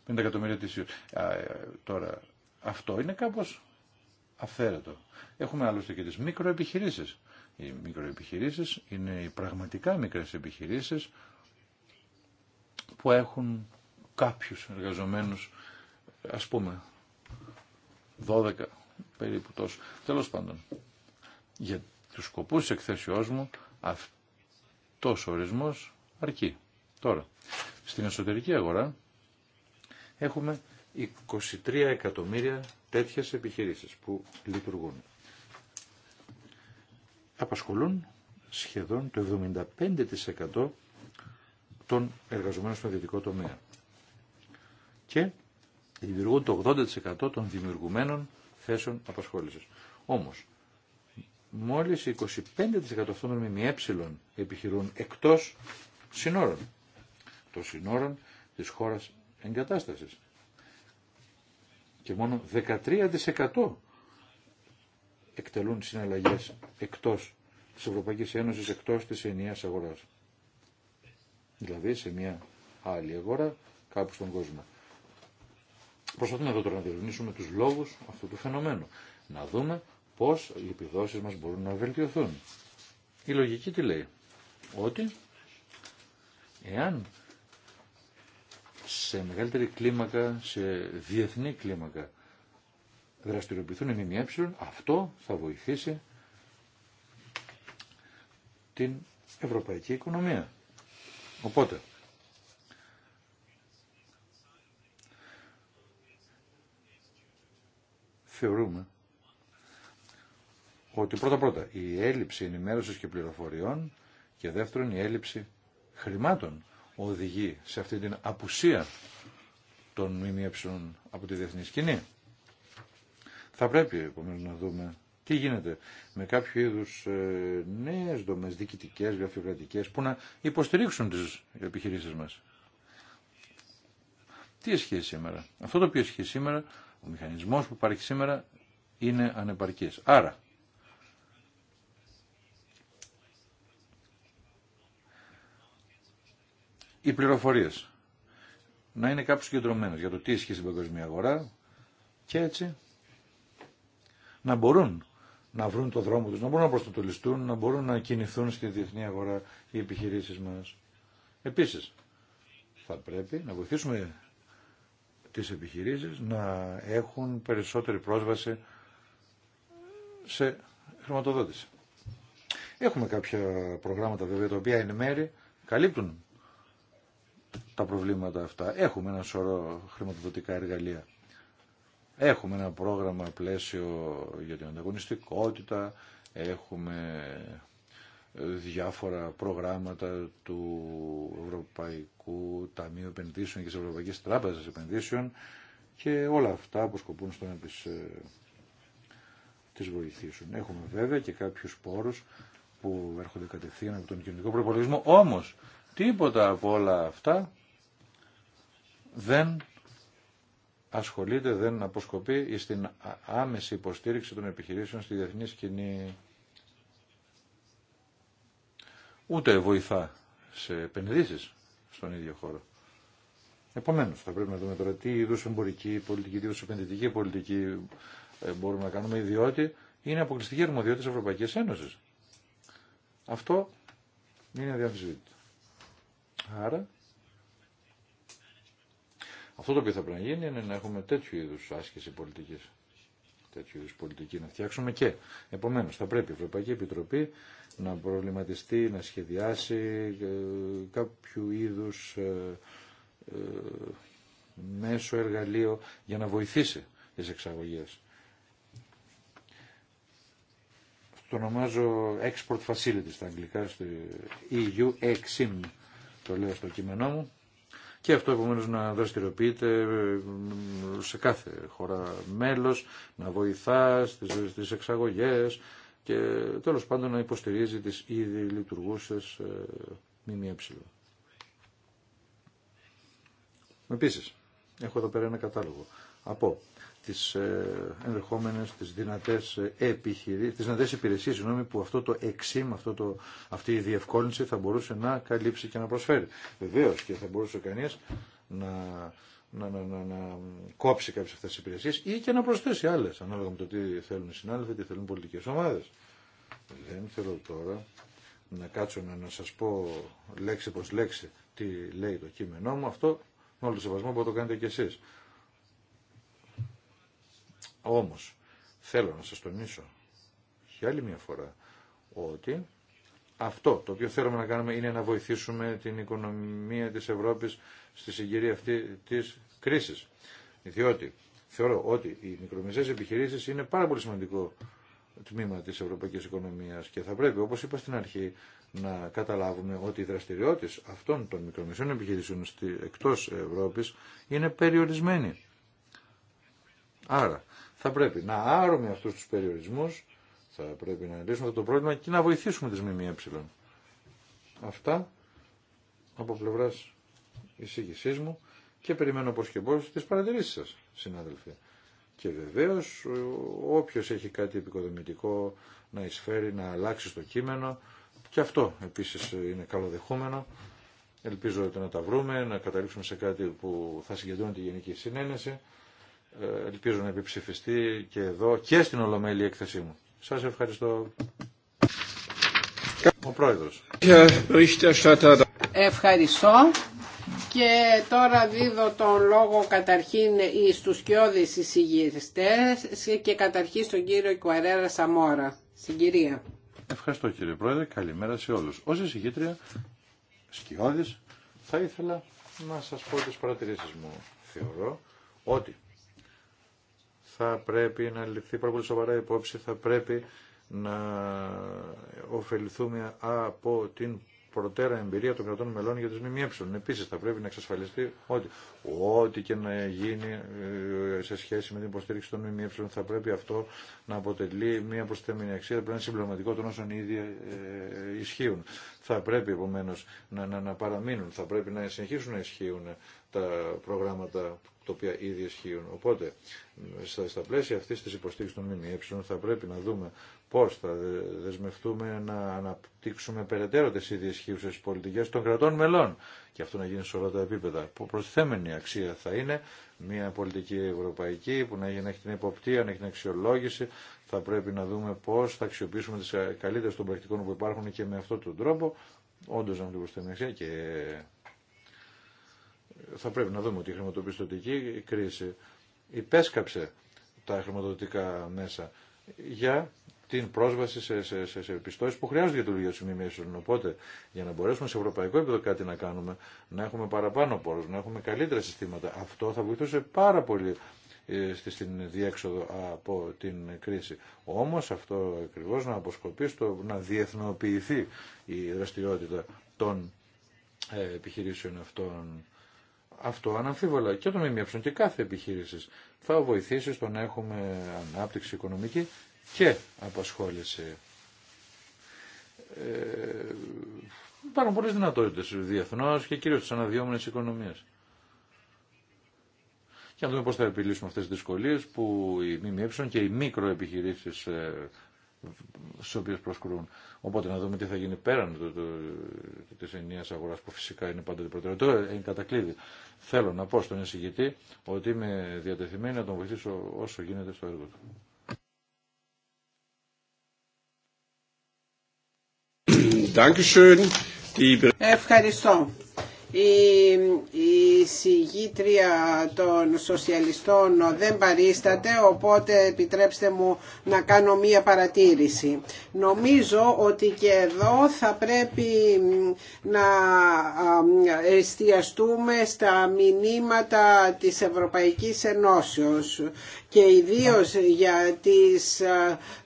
50 εκατομμύρια ετησίως. Ε, τώρα, αυτό είναι κάπως αφαίρετο. Έχουμε άλλωστε και τις μικροεπιχειρήσεις. Οι μικροεπιχειρήσεις είναι οι πραγματικά μικρές επιχειρήσεις που έχουν κάποιους εργαζομένους, ας πούμε, 12, περίπου Τέλος πάντων, για τους σκοπούς της εκθέσεώς μου αυτός ο ορισμός αρκεί. Τώρα, στην εσωτερική αγορά έχουμε 23 εκατομμύρια τέτοιες επιχειρήσεις που λειτουργούν. Απασχολούν σχεδόν το 75% των εργαζομένων στον δυτικό τομέα. Και δημιουργούν το 80% των δημιουργουμένων θέσεων απασχόληση. Όμως, μόλις 25% αυτών των ΜΜΕ επιχειρούν εκτός συνόρων. το συνόρων της χώρας εγκατάστασης. Και μόνο 13% εκτελούν συναλλαγές εκτός τη Ευρωπαϊκή Ένωση εκτός της ενιαίας αγοράς. Δηλαδή σε μια άλλη αγορά κάπου στον κόσμο. Προσπαθούμε εδώ τώρα να διερευνήσουμε τους λόγους αυτού του φαινομένου. Να δούμε πώς οι επιδόσεις μας μπορούν να βελτιωθούν. Η λογική τι λέει. Ότι εάν σε μεγαλύτερη κλίμακα, σε διεθνή κλίμακα δραστηριοποιηθούν οι ΜΜΕ, αυτό θα βοηθήσει την ευρωπαϊκή οικονομία. Οπότε, θεωρούμε ότι πρώτα πρώτα η έλλειψη ενημέρωσης και πληροφοριών και δεύτερον η έλλειψη χρημάτων οδηγεί σε αυτή την απουσία των ΜΜΕ από τη διεθνή σκηνή. Θα πρέπει επομένω να δούμε τι γίνεται με κάποιο είδους ε, νέε δομέ διοικητικέ, γραφειοκρατικές που να υποστηρίξουν τι επιχειρήσεις μας. Τι ισχύει σήμερα. Αυτό το οποίο ισχύει σήμερα ο μηχανισμός που υπάρχει σήμερα είναι ανεπαρκής. Άρα, οι πληροφορίες να είναι κάπως συγκεντρωμένες για το τι ισχύει στην παγκοσμία αγορά και έτσι να μπορούν να βρουν το δρόμο τους, να μπορούν να προστατολιστούν, να μπορούν να κινηθούν στη διεθνή αγορά οι επιχειρήσεις μας. Επίσης, θα πρέπει να βοηθήσουμε τις επιχειρήσεις να έχουν περισσότερη πρόσβαση σε χρηματοδότηση. Έχουμε κάποια προγράμματα βέβαια τα οποία είναι μέρη καλύπτουν τα προβλήματα αυτά. Έχουμε ένα σωρό χρηματοδοτικά εργαλεία. Έχουμε ένα πρόγραμμα πλαίσιο για την ανταγωνιστικότητα, έχουμε διάφορα προγράμματα του Ευρωπαϊκού Ταμείου Επενδύσεων και της Ευρωπαϊκής Τράπεζας Επενδύσεων και όλα αυτά που σκοπούν στο να ε, τις, βοηθήσουν. Έχουμε βέβαια και κάποιους πόρους που έρχονται κατευθείαν από τον κοινωνικό προπολογισμό, όμως τίποτα από όλα αυτά δεν ασχολείται, δεν αποσκοπεί στην άμεση υποστήριξη των επιχειρήσεων στη διεθνή σκηνή ούτε βοηθά σε επενδύσει στον ίδιο χώρο. Επομένω, θα πρέπει να δούμε τώρα τι είδου εμπορική πολιτική, τι είδου επενδυτική πολιτική ε, μπορούμε να κάνουμε, διότι είναι αποκλειστική αρμοδιότητα τη Ευρωπαϊκή Ένωση. Αυτό είναι αδιαμφισβήτητο. Άρα, αυτό το οποίο θα πρέπει να γίνει είναι να έχουμε τέτοιου είδου άσκηση πολιτική. Τέτοιου είδου πολιτική να φτιάξουμε και επομένω θα πρέπει η Ευρωπαϊκή Επιτροπή να προβληματιστεί, να σχεδιάσει ε, κάποιο είδους ε, ε, μέσο εργαλείο για να βοηθήσει τις εξαγωγές. Το ονομάζω Export Facility στα αγγλικά, στο EU Exim, το λέω στο κείμενό μου. Και αυτό επομένως να δραστηριοποιείται σε κάθε χώρα μέλος, να βοηθά στις, στις εξαγωγές, και τέλος πάντων να υποστηρίζει τις ήδη λειτουργούσες ε, ΜΜΕ. Επίσης, έχω εδώ πέρα ένα κατάλογο από τις ε, ενδεχόμενες, τις δυνατές ε, επιχειρήσεις, τις δυνατές υπηρεσίες, που αυτό το εξήμ, αυτό το, αυτή η διευκόλυνση θα μπορούσε να καλύψει και να προσφέρει. Βεβαίως και θα μπορούσε κανείς να να, να, να, να κόψει κάποιε αυτέ τι υπηρεσίε ή και να προσθέσει άλλε, ανάλογα με το τι θέλουν οι συνάδελφοι, τι θέλουν πολιτικέ ομάδε. Δεν θέλω τώρα να κάτσω να, να σα πω λέξη προ λέξη τι λέει το κείμενό μου. Αυτό με όλο το σεβασμό που το κάνετε κι εσεί. Όμω, θέλω να σα τονίσω για άλλη μια φορά ότι αυτό το οποίο θέλουμε να κάνουμε είναι να βοηθήσουμε την οικονομία της Ευρώπης στη συγκυρία αυτή της κρίσης. Διότι θεωρώ ότι οι μικρομεσαίες επιχειρήσεις είναι πάρα πολύ σημαντικό τμήμα της ευρωπαϊκής οικονομίας και θα πρέπει, όπως είπα στην αρχή, να καταλάβουμε ότι οι δραστηριότητες αυτών των μικρομεσαίων επιχειρήσεων εκτός Ευρώπης είναι περιορισμένοι. Άρα, θα πρέπει να άρουμε αυτούς τους περιορισμούς, θα πρέπει να λύσουμε αυτό το πρόβλημα και να βοηθήσουμε τις ΜΜΕ. Αυτά από πλευράς εισήγησή μου και περιμένω πώς και πώς τις παρατηρήσεις σας, συνάδελφοι. Και βεβαίως όποιος έχει κάτι επικοδομητικό να εισφέρει, να αλλάξει στο κείμενο και αυτό επίσης είναι καλοδεχούμενο. Ελπίζω ότι να τα βρούμε, να καταλήξουμε σε κάτι που θα συγκεντρώνει τη Γενική Συνένεση. Ε, ελπίζω να επιψηφιστεί και εδώ και στην Ολομέλη έκθεσή μου. Σας ευχαριστώ. Ο Πρόεδρος. Ευχαριστώ. Και τώρα δίδω τον λόγο καταρχήν στους κοιόδης εισηγητές και καταρχήν στον κύριο Κουαρέρα Σαμόρα. Συγκυρία. Ευχαριστώ κύριε Πρόεδρε. Καλημέρα σε όλους. Ως εισηγήτρια, σκιώδης, θα ήθελα να σας πω τις παρατηρήσεις μου. Θεωρώ ότι θα πρέπει να ληφθεί πάρα πολύ σοβαρά υπόψη, θα πρέπει να ωφεληθούμε από την προτέρα εμπειρία των κρατών μελών για τι ΜΜΕ. Επίση θα πρέπει να εξασφαλιστεί ότι ό,τι και να γίνει ε, σε σχέση με την υποστήριξη των ΜΜΕ θα πρέπει αυτό να αποτελεί μια προσθέμενη αξία, πρέπει να είναι συμπληρωματικό των όσων ήδη ε, ισχύουν. Θα πρέπει επομένω να, να, να παραμείνουν, θα πρέπει να συνεχίσουν να ισχύουν τα προγράμματα τα οποία ήδη ισχύουν. Οπότε, στα, πλαίσια αυτή τη υποστήριξη των ΜΜΕ θα πρέπει να δούμε πώς θα δεσμευτούμε να αναπτύξουμε περαιτέρω τις ίδιες χείουσες πολιτικές των κρατών μελών και αυτό να γίνει σε όλα τα επίπεδα. προσθέμενη αξία θα είναι μια πολιτική ευρωπαϊκή που να έχει την υποπτία, να έχει την αξιολόγηση. Θα πρέπει να δούμε πώς θα αξιοποιήσουμε τις καλύτερες των πρακτικών που υπάρχουν και με αυτόν τον τρόπο όντως να μην αξία και θα πρέπει να δούμε ότι η χρηματοπιστωτική κρίση υπέσκαψε τα χρηματοδοτικά μέσα για την πρόσβαση σε, σε, σε, σε που χρειάζονται για τη λειτουργία τη Οπότε, για να μπορέσουμε σε ευρωπαϊκό επίπεδο κάτι να κάνουμε, να έχουμε παραπάνω πόρους, να έχουμε καλύτερα συστήματα, αυτό θα βοηθούσε πάρα πολύ ε, στην διέξοδο από την κρίση. Όμω αυτό ακριβώ να αποσκοπεί στο να διεθνοποιηθεί η δραστηριότητα των ε, επιχειρήσεων αυτών. Αυτό αναμφίβολα και των ΜΜΕ και κάθε επιχείρηση θα βοηθήσει στο να έχουμε ανάπτυξη οικονομική και απασχόληση. Ε, υπάρχουν πολλές δυνατότητες διεθνώς και κυρίως στις αναδυόμενες οικονομίες. Και να δούμε πώς θα επιλύσουμε αυτές τις δυσκολίες που οι ΜΜΕ και οι μικροεπιχειρήσεις ε, στις οποίες προσκρούν. Οπότε να δούμε τι θα γίνει πέραν το, το, της ενιαίας αγοράς που φυσικά είναι πάντα την προτεραιότητα. Είναι κατακλείδη. Θέλω να πω στον εισηγητή ότι είμαι διατεθειμένη να τον βοηθήσω όσο γίνεται στο έργο του. Ευχαριστώ. Η, η συγγήτρια των σοσιαλιστών δεν παρίσταται, οπότε επιτρέψτε μου να κάνω μία παρατήρηση. Νομίζω ότι και εδώ θα πρέπει να εστιαστούμε στα μηνύματα της Ευρωπαϊκής Ενώσεως και ιδίως για τις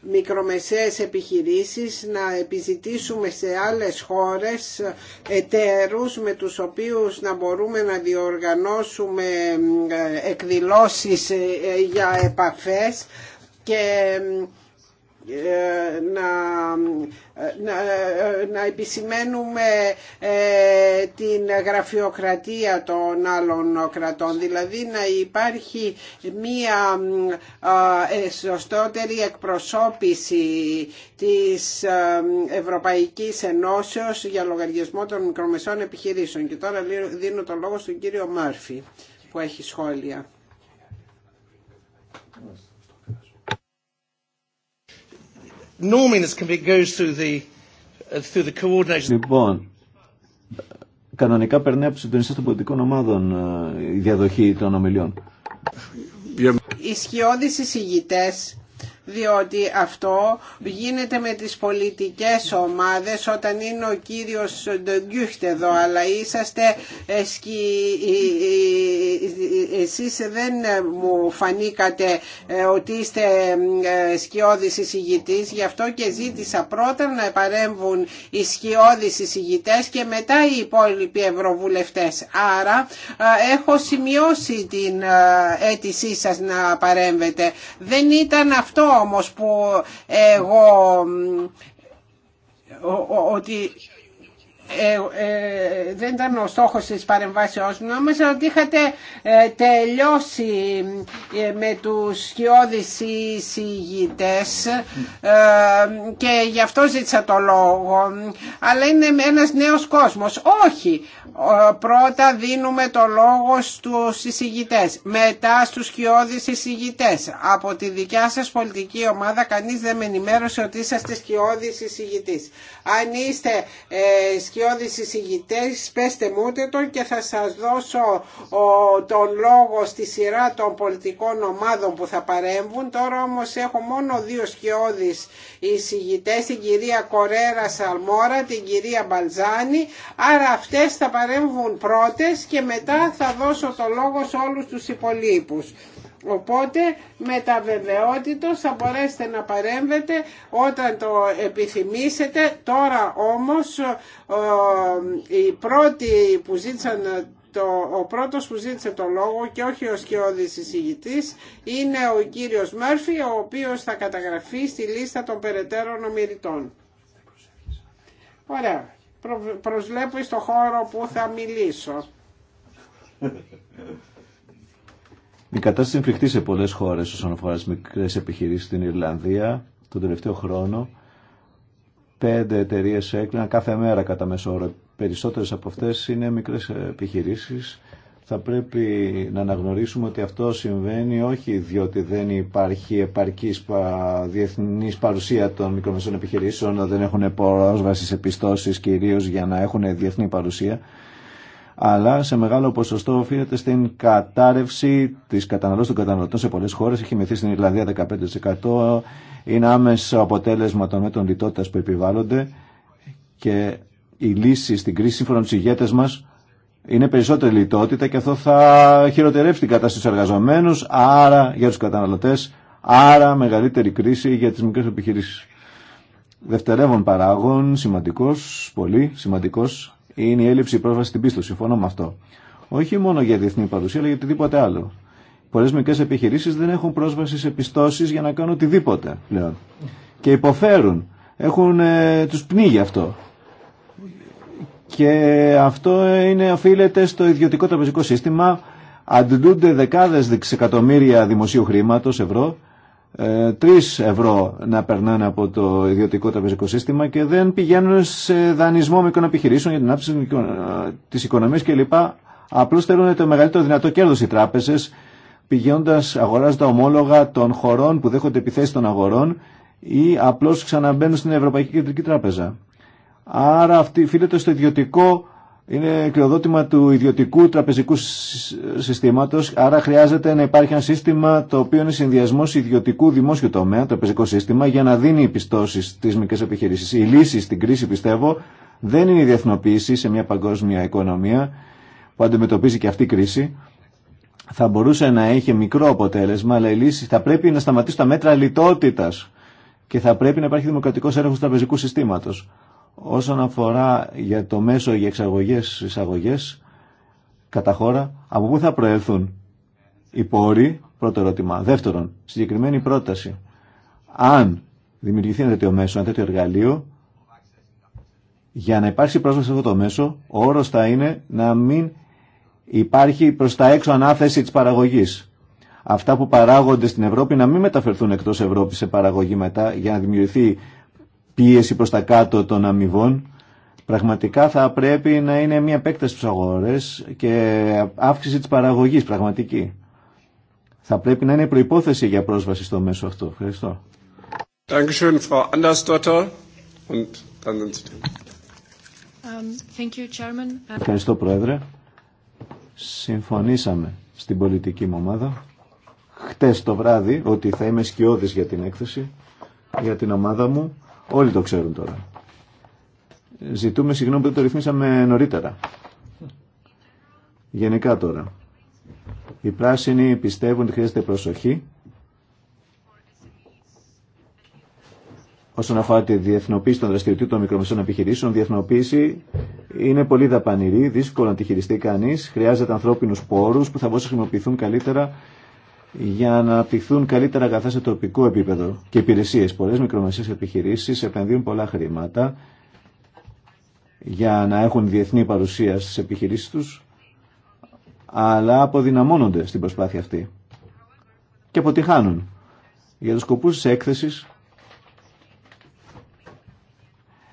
μικρομεσαίες επιχειρήσεις να επιζητήσουμε σε άλλες χώρες εταίρους με τους οποίους να μπορούμε να διοργανώσουμε ε, εκδηλώσεις ε, για επαφές και ε, να, επισημαίνουμε ε, την γραφειοκρατία των άλλων κρατών δηλαδή να υπάρχει μία ε, σωστότερη εκπροσώπηση της Ευρωπαϊκής Ενώσεως για λογαριασμό των μικρομεσών επιχειρήσεων και τώρα δίνω το λόγο στον κύριο Μάρφη που έχει σχόλια. Uh, λοιπόν, κανονικά περνάει από του συντονιστέ των πολιτικών ομάδων ε, η διαδοχή των ομιλιών διότι αυτό γίνεται με τις πολιτικές ομάδες όταν είναι ο κύριος Ντογκιούχτε εδώ αλλά είσαστε εσκι... εσείς δεν μου φανήκατε ε, ότι είστε ε, σκιώδης εισηγητής γι' αυτό και ζήτησα πρώτα να παρέμβουν οι σκιώδης εισηγητές και μετά οι υπόλοιποι ευρωβουλευτές άρα ε, έχω σημειώσει την αίτησή σας να παρέμβετε δεν ήταν αυτό όμως που εγώ ότι ε, ε, δεν ήταν ο στόχος τη παρεμβάσεώς μου, νόμιζα ότι είχατε ε, τελειώσει με τους σκιώδη ε, και γι' αυτό ζήτησα το λόγο. Αλλά είναι ένα νέος κόσμος. Όχι, πρώτα δίνουμε το λόγο στους εισηγητέ. μετά στους σκιώδη εισηγητέ. Από τη δικιά σας πολιτική ομάδα κανείς δεν με ενημέρωσε ότι είσαστε σκιώδη εισηγητή. Αν είστε ε, οι εισηγητές, πέστε μου τον και θα σας δώσω τον λόγο στη σειρά των πολιτικών ομάδων που θα παρέμβουν. Τώρα όμως έχω μόνο δύο σκιώδεις εισηγητές, την κυρία Κορέρα Σαλμόρα, την κυρία Μπαλζάνη. Άρα αυτές θα παρέμβουν πρώτες και μετά θα δώσω το λόγο σε όλους τους υπολείπους. Οπότε με τα βεβαιότητα, θα μπορέσετε να παρέμβετε όταν το επιθυμήσετε. Τώρα όμως οι πρώτοι που ζήτησαν το, ο πρώτος που ζήτησε το λόγο και όχι ο σκιώδης εισηγητής είναι ο κύριος Μέρφυ ο οποίος θα καταγραφεί στη λίστα των περαιτέρων ομιλητών. Ωραία. Προ, προσβλέπω στο χώρο που θα μιλήσω. (laughs) Η κατάσταση είναι σε πολλές χώρες όσον αφορά τις μικρές επιχειρήσεις στην Ιρλανδία. Τον τελευταίο χρόνο πέντε εταιρείε έκλειναν κάθε μέρα κατά μέσο όρο. Περισσότερες από αυτές είναι μικρές επιχειρήσεις. Θα πρέπει να αναγνωρίσουμε ότι αυτό συμβαίνει όχι διότι δεν υπάρχει επαρκής διεθνής παρουσία των μικρομεσαίων επιχειρήσεων, δεν έχουν πρόσβαση σε πιστώσει κυρίως για να έχουν διεθνή παρουσία αλλά σε μεγάλο ποσοστό οφείλεται στην κατάρρευση τη καταναλώση των καταναλωτών σε πολλέ χώρε. Έχει μειωθεί στην Ιρλανδία 15%. Είναι άμεσα αποτέλεσμα των μέτρων λιτότητα που επιβάλλονται και η λύση στην κρίση σύμφωνα με του ηγέτε μα είναι περισσότερη λιτότητα και αυτό θα χειροτερεύσει την κατάσταση στους εργαζομένους, άρα για τους καταναλωτές, άρα μεγαλύτερη κρίση για τις μικρές επιχειρήσεις. Δευτερεύον παράγων, σημαντικός, πολύ σημαντικός, είναι η έλλειψη πρόσβαση στην πίστοση. Συμφωνώ με αυτό. Όχι μόνο για διεθνή παρουσία, αλλά για οτιδήποτε άλλο. Πολλέ μικρέ επιχειρήσει δεν έχουν πρόσβαση σε πιστώσει για να κάνουν οτιδήποτε πλέον. Και υποφέρουν. Έχουν, ε, τους πνίγει αυτό. Και αυτό είναι, οφείλεται στο ιδιωτικό τραπεζικό σύστημα. Αντιλούνται δεκάδε δισεκατομμύρια δημοσίου χρήματο, ευρώ, 3 ε, ευρώ να περνάνε από το ιδιωτικό τραπεζικό σύστημα και δεν πηγαίνουν σε δανεισμό μικρών επιχειρήσεων για την άψη της ε, οικονομίας κλπ. Απλώς θέλουν το μεγαλύτερο δυνατό κέρδος οι τράπεζες πηγαίνοντας αγοράζοντα ομόλογα των χωρών που δέχονται επιθέσεις των αγορών ή απλώς ξαναμπαίνουν στην Ευρωπαϊκή Κεντρική Τράπεζα. Άρα αυτή φίλεται στο ιδιωτικό είναι κλειοδότημα του ιδιωτικού τραπεζικού συστήματο, άρα χρειάζεται να υπάρχει ένα σύστημα το οποίο είναι συνδυασμό ιδιωτικού δημόσιου τομέα, τραπεζικό σύστημα, για να δίνει πιστώσει στι μικρέ επιχειρήσει. Η λύση στην κρίση, πιστεύω, δεν είναι η διεθνοποίηση σε μια παγκόσμια οικονομία που αντιμετωπίζει και αυτή η κρίση. Θα μπορούσε να έχει μικρό αποτέλεσμα, αλλά η λύση θα πρέπει να σταματήσει τα μέτρα λιτότητα και θα πρέπει να υπάρχει δημοκρατικό έλεγχο τραπεζικού συστήματο. Όσον αφορά για το μέσο για εξαγωγές, εισαγωγές, κατά χώρα, από πού θα προέλθουν οι πόροι, πρώτο ερώτημα. Δεύτερον, συγκεκριμένη πρόταση. Αν δημιουργηθεί ένα τέτοιο μέσο, ένα τέτοιο εργαλείο, για να υπάρξει πρόσβαση σε αυτό το μέσο, ο όρος θα είναι να μην υπάρχει προς τα έξω ανάθεση της παραγωγής. Αυτά που παράγονται στην Ευρώπη να μην μεταφερθούν εκτός Ευρώπης σε παραγωγή μετά για να δημιουργηθεί πίεση προς τα κάτω των αμοιβών, πραγματικά θα πρέπει να είναι μια επέκταση στους αγορές και αύξηση της παραγωγής πραγματική. Θα πρέπει να είναι προϋπόθεση για πρόσβαση στο μέσο αυτό. Ευχαριστώ. Um, uh, Ευχαριστώ, Πρόεδρε. Συμφωνήσαμε στην πολιτική μου ομάδα χτες το βράδυ ότι θα είμαι σκιώδης για την έκθεση, για την ομάδα μου Όλοι το ξέρουν τώρα. Ζητούμε συγγνώμη που το ρυθμίσαμε νωρίτερα. Γενικά τώρα. Οι πράσινοι πιστεύουν ότι χρειάζεται προσοχή όσον αφορά τη διεθνοποίηση των δραστηριοτήτων των μικρομεσαίων επιχειρήσεων. Διεθνοποίηση είναι πολύ δαπανηρή, δύσκολο να τη χειριστεί κανεί. Χρειάζεται ανθρώπινου πόρου που θα μπορούσαν να χρησιμοποιηθούν καλύτερα για να αναπτυχθούν καλύτερα αγαθά σε τοπικό επίπεδο και υπηρεσίες. Πολλές μικρομεσαίες επιχειρήσεις επενδύουν πολλά χρήματα για να έχουν διεθνή παρουσία στις επιχειρήσεις τους, αλλά αποδυναμώνονται στην προσπάθεια αυτή και αποτυχάνουν. Για τους σκοπούς της έκθεσης,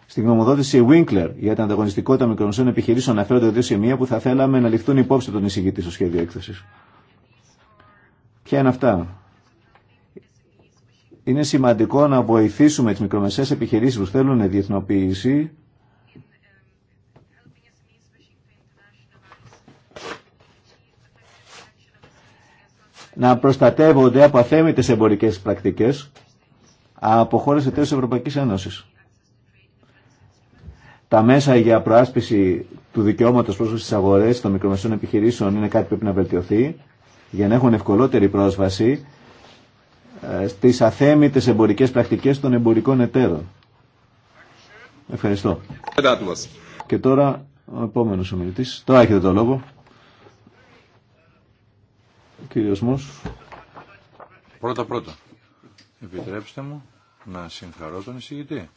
στην γνωμοδότηση Winkler για την ανταγωνιστικότητα μικρομεσαίων επιχειρήσεων αναφέρονται δύο σημεία που θα θέλαμε να ληφθούν υπόψη τον εισηγητή στο σχέδιο έκθεση. Ποια είναι αυτά. Είναι σημαντικό να βοηθήσουμε τις μικρομεσαίες επιχειρήσεις που θέλουν διεθνοποίηση να προστατεύονται από αθέμητες εμπορικές πρακτικές από χώρες εταίρους της Ευρωπαϊκής Ένωσης. Τα μέσα για προάσπιση του δικαιώματος πρόσβασης στις αγορές των μικρομεσαίων επιχειρήσεων είναι κάτι που πρέπει να βελτιωθεί για να έχουν ευκολότερη πρόσβαση ε, στις αθέμητες εμπορικές πρακτικές των εμπορικών εταίρων. Ευχαριστώ. Και τώρα ο επόμενος ομιλητής. Τώρα έχετε το λόγο. κύριος Μος. Πρώτα πρώτα. Επιτρέψτε μου να συγχαρώ τον εισηγητή.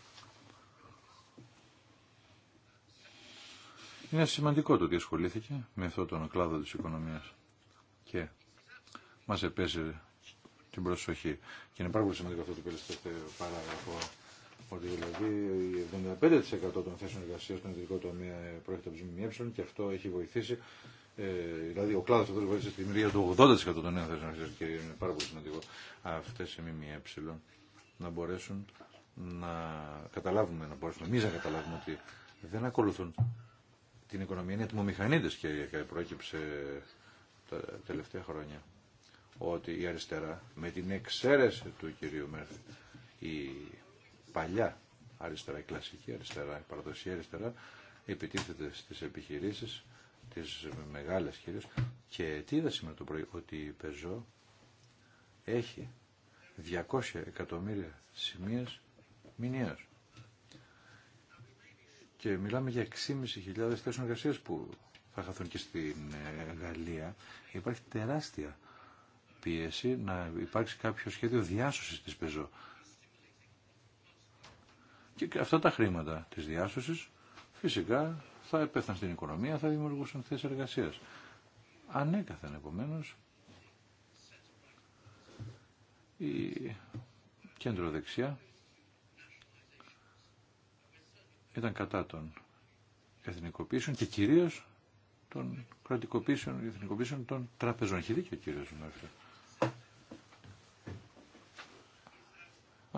Είναι σημαντικό το ότι ασχολήθηκε με αυτό τον κλάδο της οικονομίας. Και Μα επέσε την προσοχή. Και είναι πάρα πολύ σημαντικό αυτό το τελευταίο παράγραφο ότι δηλαδή 75% των θέσεων εργασία στον ιδρυτικό τομέα πρόκειται από ΜΜΕ και αυτό έχει βοηθήσει. Ε, δηλαδή ο κλάδο αυτό βοήθησε στη δημιουργία του 80% των νέων θέσεων εργασία και είναι πάρα πολύ σημαντικό αυτέ οι ΜΜΕ να μπορέσουν να καταλάβουμε, να μπορέσουμε εμεί να καταλάβουμε ότι δεν ακολουθούν την οικονομία. Είναι ατμομηχανίτε και προέκυψε τα τελευταία χρόνια ότι η αριστερά με την εξαίρεση του κυρίου Μέρφη η παλιά αριστερά, η κλασική αριστερά, η παραδοσιακή αριστερά επιτίθεται στις επιχειρήσεις, τις μεγάλες κυρίως και τι είδα σήμερα το πρωί ότι η Πεζό έχει 200 εκατομμύρια σημείες μηνιαίως. Και μιλάμε για 6.500 θέσει που θα χαθούν και στην ε, Γαλλία. Υπάρχει τεράστια πίεση να υπάρξει κάποιο σχέδιο διάσωσης της πεζό. Και αυτά τα χρήματα της διάσωσης φυσικά θα επέθαν στην οικονομία, θα δημιουργούσαν θέσεις εργασία. Ανέκαθεν επομένως η κέντρο δεξιά ήταν κατά των εθνικοποίησεων και κυρίως των κρατικοποίησεων και εθνικοποίησεων των τραπεζών. Έχει δίκιο ο κύριος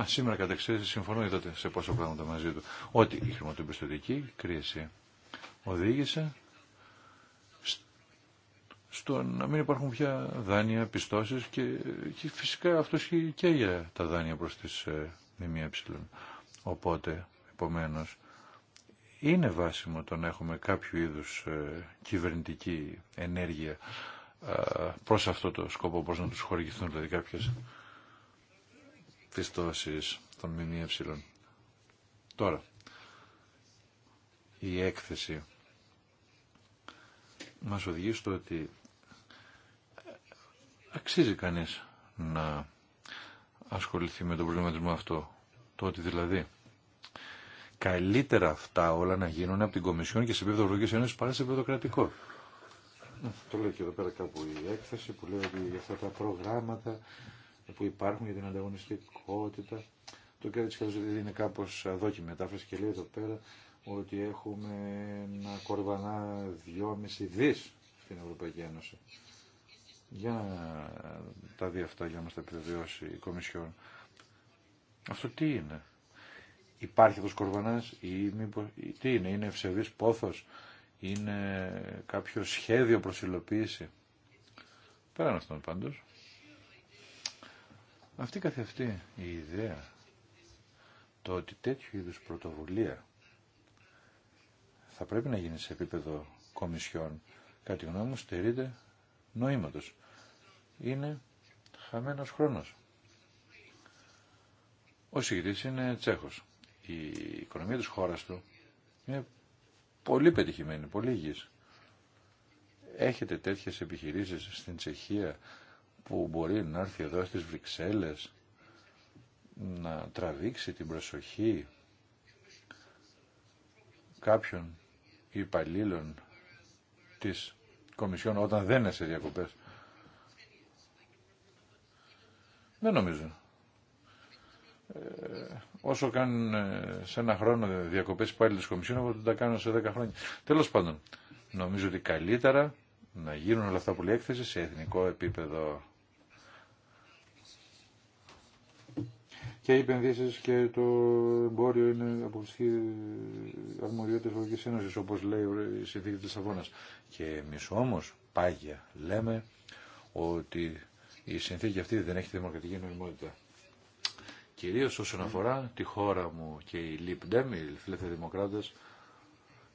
Α, σήμερα κατ' εξαίρεση συμφωνώ, είδατε σε πόσα πράγματα μαζί του. Ότι η χρηματοπιστωτική κρίση οδήγησε στο να μην υπάρχουν πια δάνεια, πιστώσεις και, και φυσικά αυτό ισχύει και για τα δάνεια προς τις ε, ΜΜΕ. Οπότε, επομένως, είναι βάσιμο το να έχουμε κάποιο είδους ε, κυβερνητική ενέργεια ε, προς αυτό το σκοπό, πώς να τους χορηγηθούν δηλαδή κάποιες πιστώσεις των ΜΜΕ. Τώρα, η έκθεση μας οδηγεί στο ότι αξίζει κανείς να ασχοληθεί με τον προβληματισμό αυτό. Το ότι δηλαδή καλύτερα αυτά όλα να γίνουν από την Κομισιόν και σε επίπεδο Ευρωπαϊκή Ένωση παρά σε επίπεδο κρατικό. Το λέει και εδώ πέρα κάπου η έκθεση που λέει ότι για αυτά τα προγράμματα που υπάρχουν για την ανταγωνιστικότητα. Το κέντρο τη είναι είναι κάπως αδόκη μετάφραση και λέει εδώ πέρα ότι έχουμε ένα κορβανά 2,5 δι στην Ευρωπαϊκή Ένωση. Για τα δει αυτά για να μας τα επιβεβαιώσει η Κομισιόν. Αυτό τι είναι. Υπάρχει αυτός κορβανάς ή μήπως, τι είναι, είναι ευσεβής πόθος, είναι κάποιο σχέδιο προς Πέραν αυτόν πάντως. Αυτή καθ' αυτή η ιδέα, το ότι τέτοιου είδους πρωτοβουλία θα πρέπει να γίνει σε επίπεδο κομισιών, κάτι γνώμη μου στερείται νοήματος. Είναι χαμένος χρόνος. Ο συγκριτής είναι Τσέχος. Η οικονομία της χώρας του είναι πολύ πετυχημένη, πολύ υγιής. Έχετε τέτοιες επιχειρήσεις στην Τσεχία, που μπορεί να έρθει εδώ στις Βρυξέλλες να τραβήξει την προσοχή κάποιων υπαλλήλων της Κομισιόν όταν δεν είναι σε διακοπές. Δεν νομίζω. Ε, όσο κάνουν ε, σε ένα χρόνο διακοπές πάλι της Κομισιόν, εγώ τα κάνουν σε δέκα χρόνια. Τέλος πάντων, νομίζω ότι καλύτερα να γίνουν όλα αυτά που λέει έκθεση σε εθνικό επίπεδο. και οι επενδύσει και το εμπόριο είναι αποκλειστική αρμοδιότητα τη Ευρωπαϊκή Ένωση, όπω λέει η συνθήκη τη Λισαβόνα. Και εμεί όμω πάγια λέμε ότι η συνθήκη αυτή δεν έχει δημοκρατική νομιμότητα. Κυρίω όσον αφορά τη χώρα μου και οι ΛΥΠΔΕΜ, οι Φιλελεύθεροι Δημοκράτες,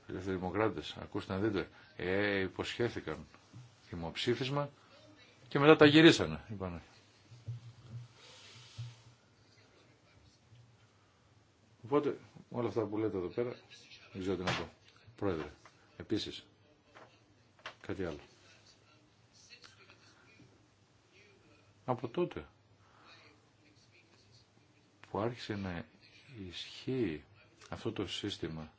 Δημοκράτες, ακούστε να δείτε, ε, υποσχέθηκαν δημοψήφισμα και μετά τα γυρίσανε. Οπότε όλα αυτά που λέτε εδώ πέρα δεν ξέρω τι να πω. Πρόεδρε, επίσης κάτι άλλο. Από τότε που άρχισε να ισχύει αυτό το σύστημα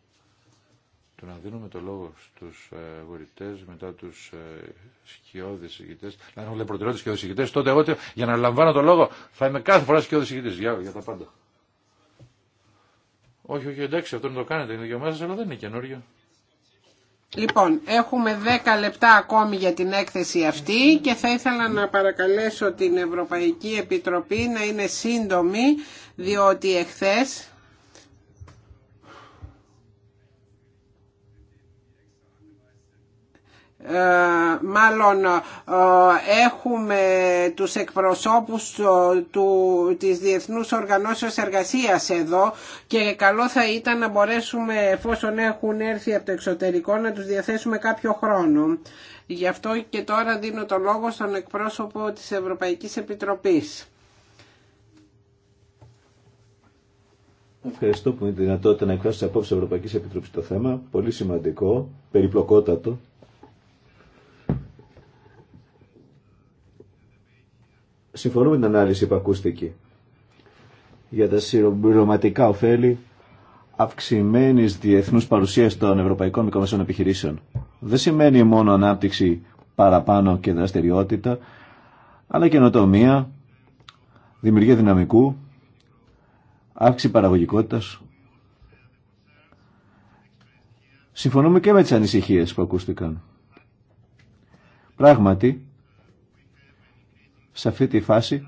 του να δίνουμε το λόγο στους ε, αγορητές, μετά τους ε, σκιώδεις ηγητές, να έχουμε προτεραιότητες σκιώδεις ηγητές, τότε εγώ για να λαμβάνω το λόγο θα είμαι κάθε φορά σκιώδης ηγητής για, για τα πάντα. Όχι, όχι, εντάξει, αυτό να το κάνετε, είναι αλλά δεν είναι καινούριο. Λοιπόν, έχουμε 10 λεπτά ακόμη για την έκθεση αυτή και θα ήθελα να παρακαλέσω την Ευρωπαϊκή Επιτροπή να είναι σύντομη, διότι εχθές Ε, μάλλον ε, έχουμε τους εκπροσώπους ε, του, της Διεθνούς Οργανώσεως Εργασίας εδώ και καλό θα ήταν να μπορέσουμε εφόσον έχουν έρθει από το εξωτερικό να τους διαθέσουμε κάποιο χρόνο. Γι' αυτό και τώρα δίνω το λόγο στον εκπρόσωπο της Ευρωπαϊκής Επιτροπής. Ευχαριστώ που είναι δυνατότητα να εκφράσει απόψη τη Ευρωπαϊκή Επιτροπή το θέμα. Πολύ σημαντικό, περιπλοκότατο, συμφωνούμε με την ανάλυση που ακούστηκε για τα συμπληρωματικά ωφέλη αυξημένη διεθνού παρουσία των ευρωπαϊκών μικρομεσαίων επιχειρήσεων. Δεν σημαίνει μόνο ανάπτυξη παραπάνω και δραστηριότητα, αλλά καινοτομία, δημιουργία δυναμικού, αύξηση παραγωγικότητας. Συμφωνούμε και με τι ανησυχίε που ακούστηκαν. Πράγματι, σε αυτή τη φάση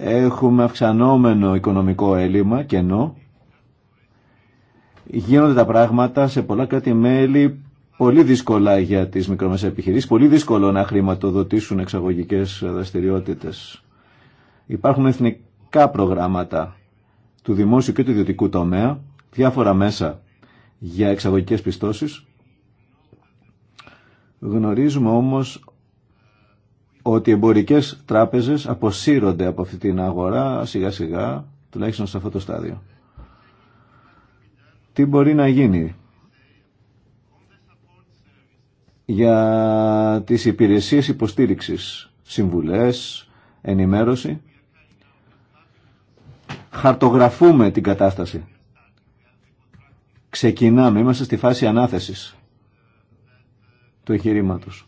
έχουμε αυξανόμενο οικονομικό έλλειμμα, κενό. Γίνονται τα πράγματα σε πολλά κράτη-μέλη πολύ δύσκολα για τις μικρομεσαίες επιχειρήσεις, πολύ δύσκολο να χρηματοδοτήσουν εξαγωγικές δραστηριότητες. Υπάρχουν εθνικά προγράμματα του δημόσιου και του ιδιωτικού τομέα, διάφορα μέσα για εξαγωγικές πιστώσεις. Γνωρίζουμε όμως ότι οι εμπορικές τράπεζες αποσύρονται από αυτή την αγορά σιγά σιγά, τουλάχιστον σε αυτό το στάδιο. Τι μπορεί να γίνει για τις υπηρεσίες υποστήριξης, συμβουλές, ενημέρωση. Χαρτογραφούμε την κατάσταση. Ξεκινάμε, είμαστε στη φάση ανάθεσης του εγχειρήματος.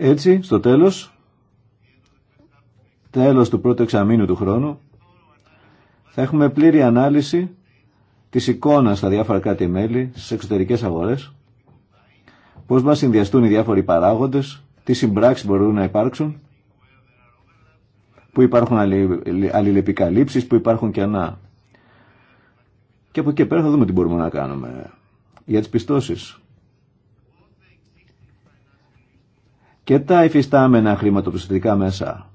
Έτσι, στο τέλος, τέλος του πρώτου εξαμήνου του χρόνου, θα έχουμε πλήρη ανάλυση της εικόνας στα διάφορα κράτη-μέλη, στις εξωτερικές αγορές, πώς μας συνδυαστούν οι διάφοροι παράγοντες, τι συμπράξεις μπορούν να υπάρξουν, που υπάρχουν αλληλεπικαλύψεις, που υπάρχουν κενά. Και από εκεί πέρα θα δούμε τι μπορούμε να κάνουμε για τις πιστώσεις. και τα υφιστάμενα χρηματοπιστωτικά μέσα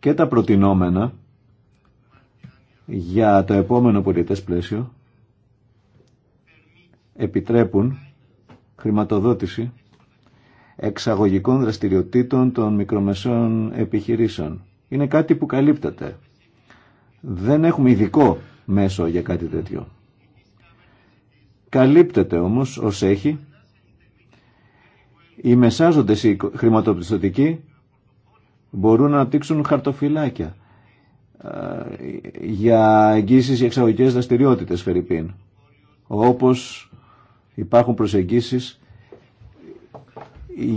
και τα προτινόμενα για το επόμενο πολιτές πλαίσιο επιτρέπουν χρηματοδότηση εξαγωγικών δραστηριοτήτων των μικρομεσών επιχειρήσεων. Είναι κάτι που καλύπτεται. Δεν έχουμε ειδικό μέσο για κάτι τέτοιο. Καλύπτεται όμως ως έχει οι μεσάζοντες οι χρηματοπιστωτικοί μπορούν να αναπτύξουν χαρτοφυλάκια ε, για εγγύσεις για εξαγωγικές δραστηριότητες Φερρυπίν όπως υπάρχουν προσεγγίσεις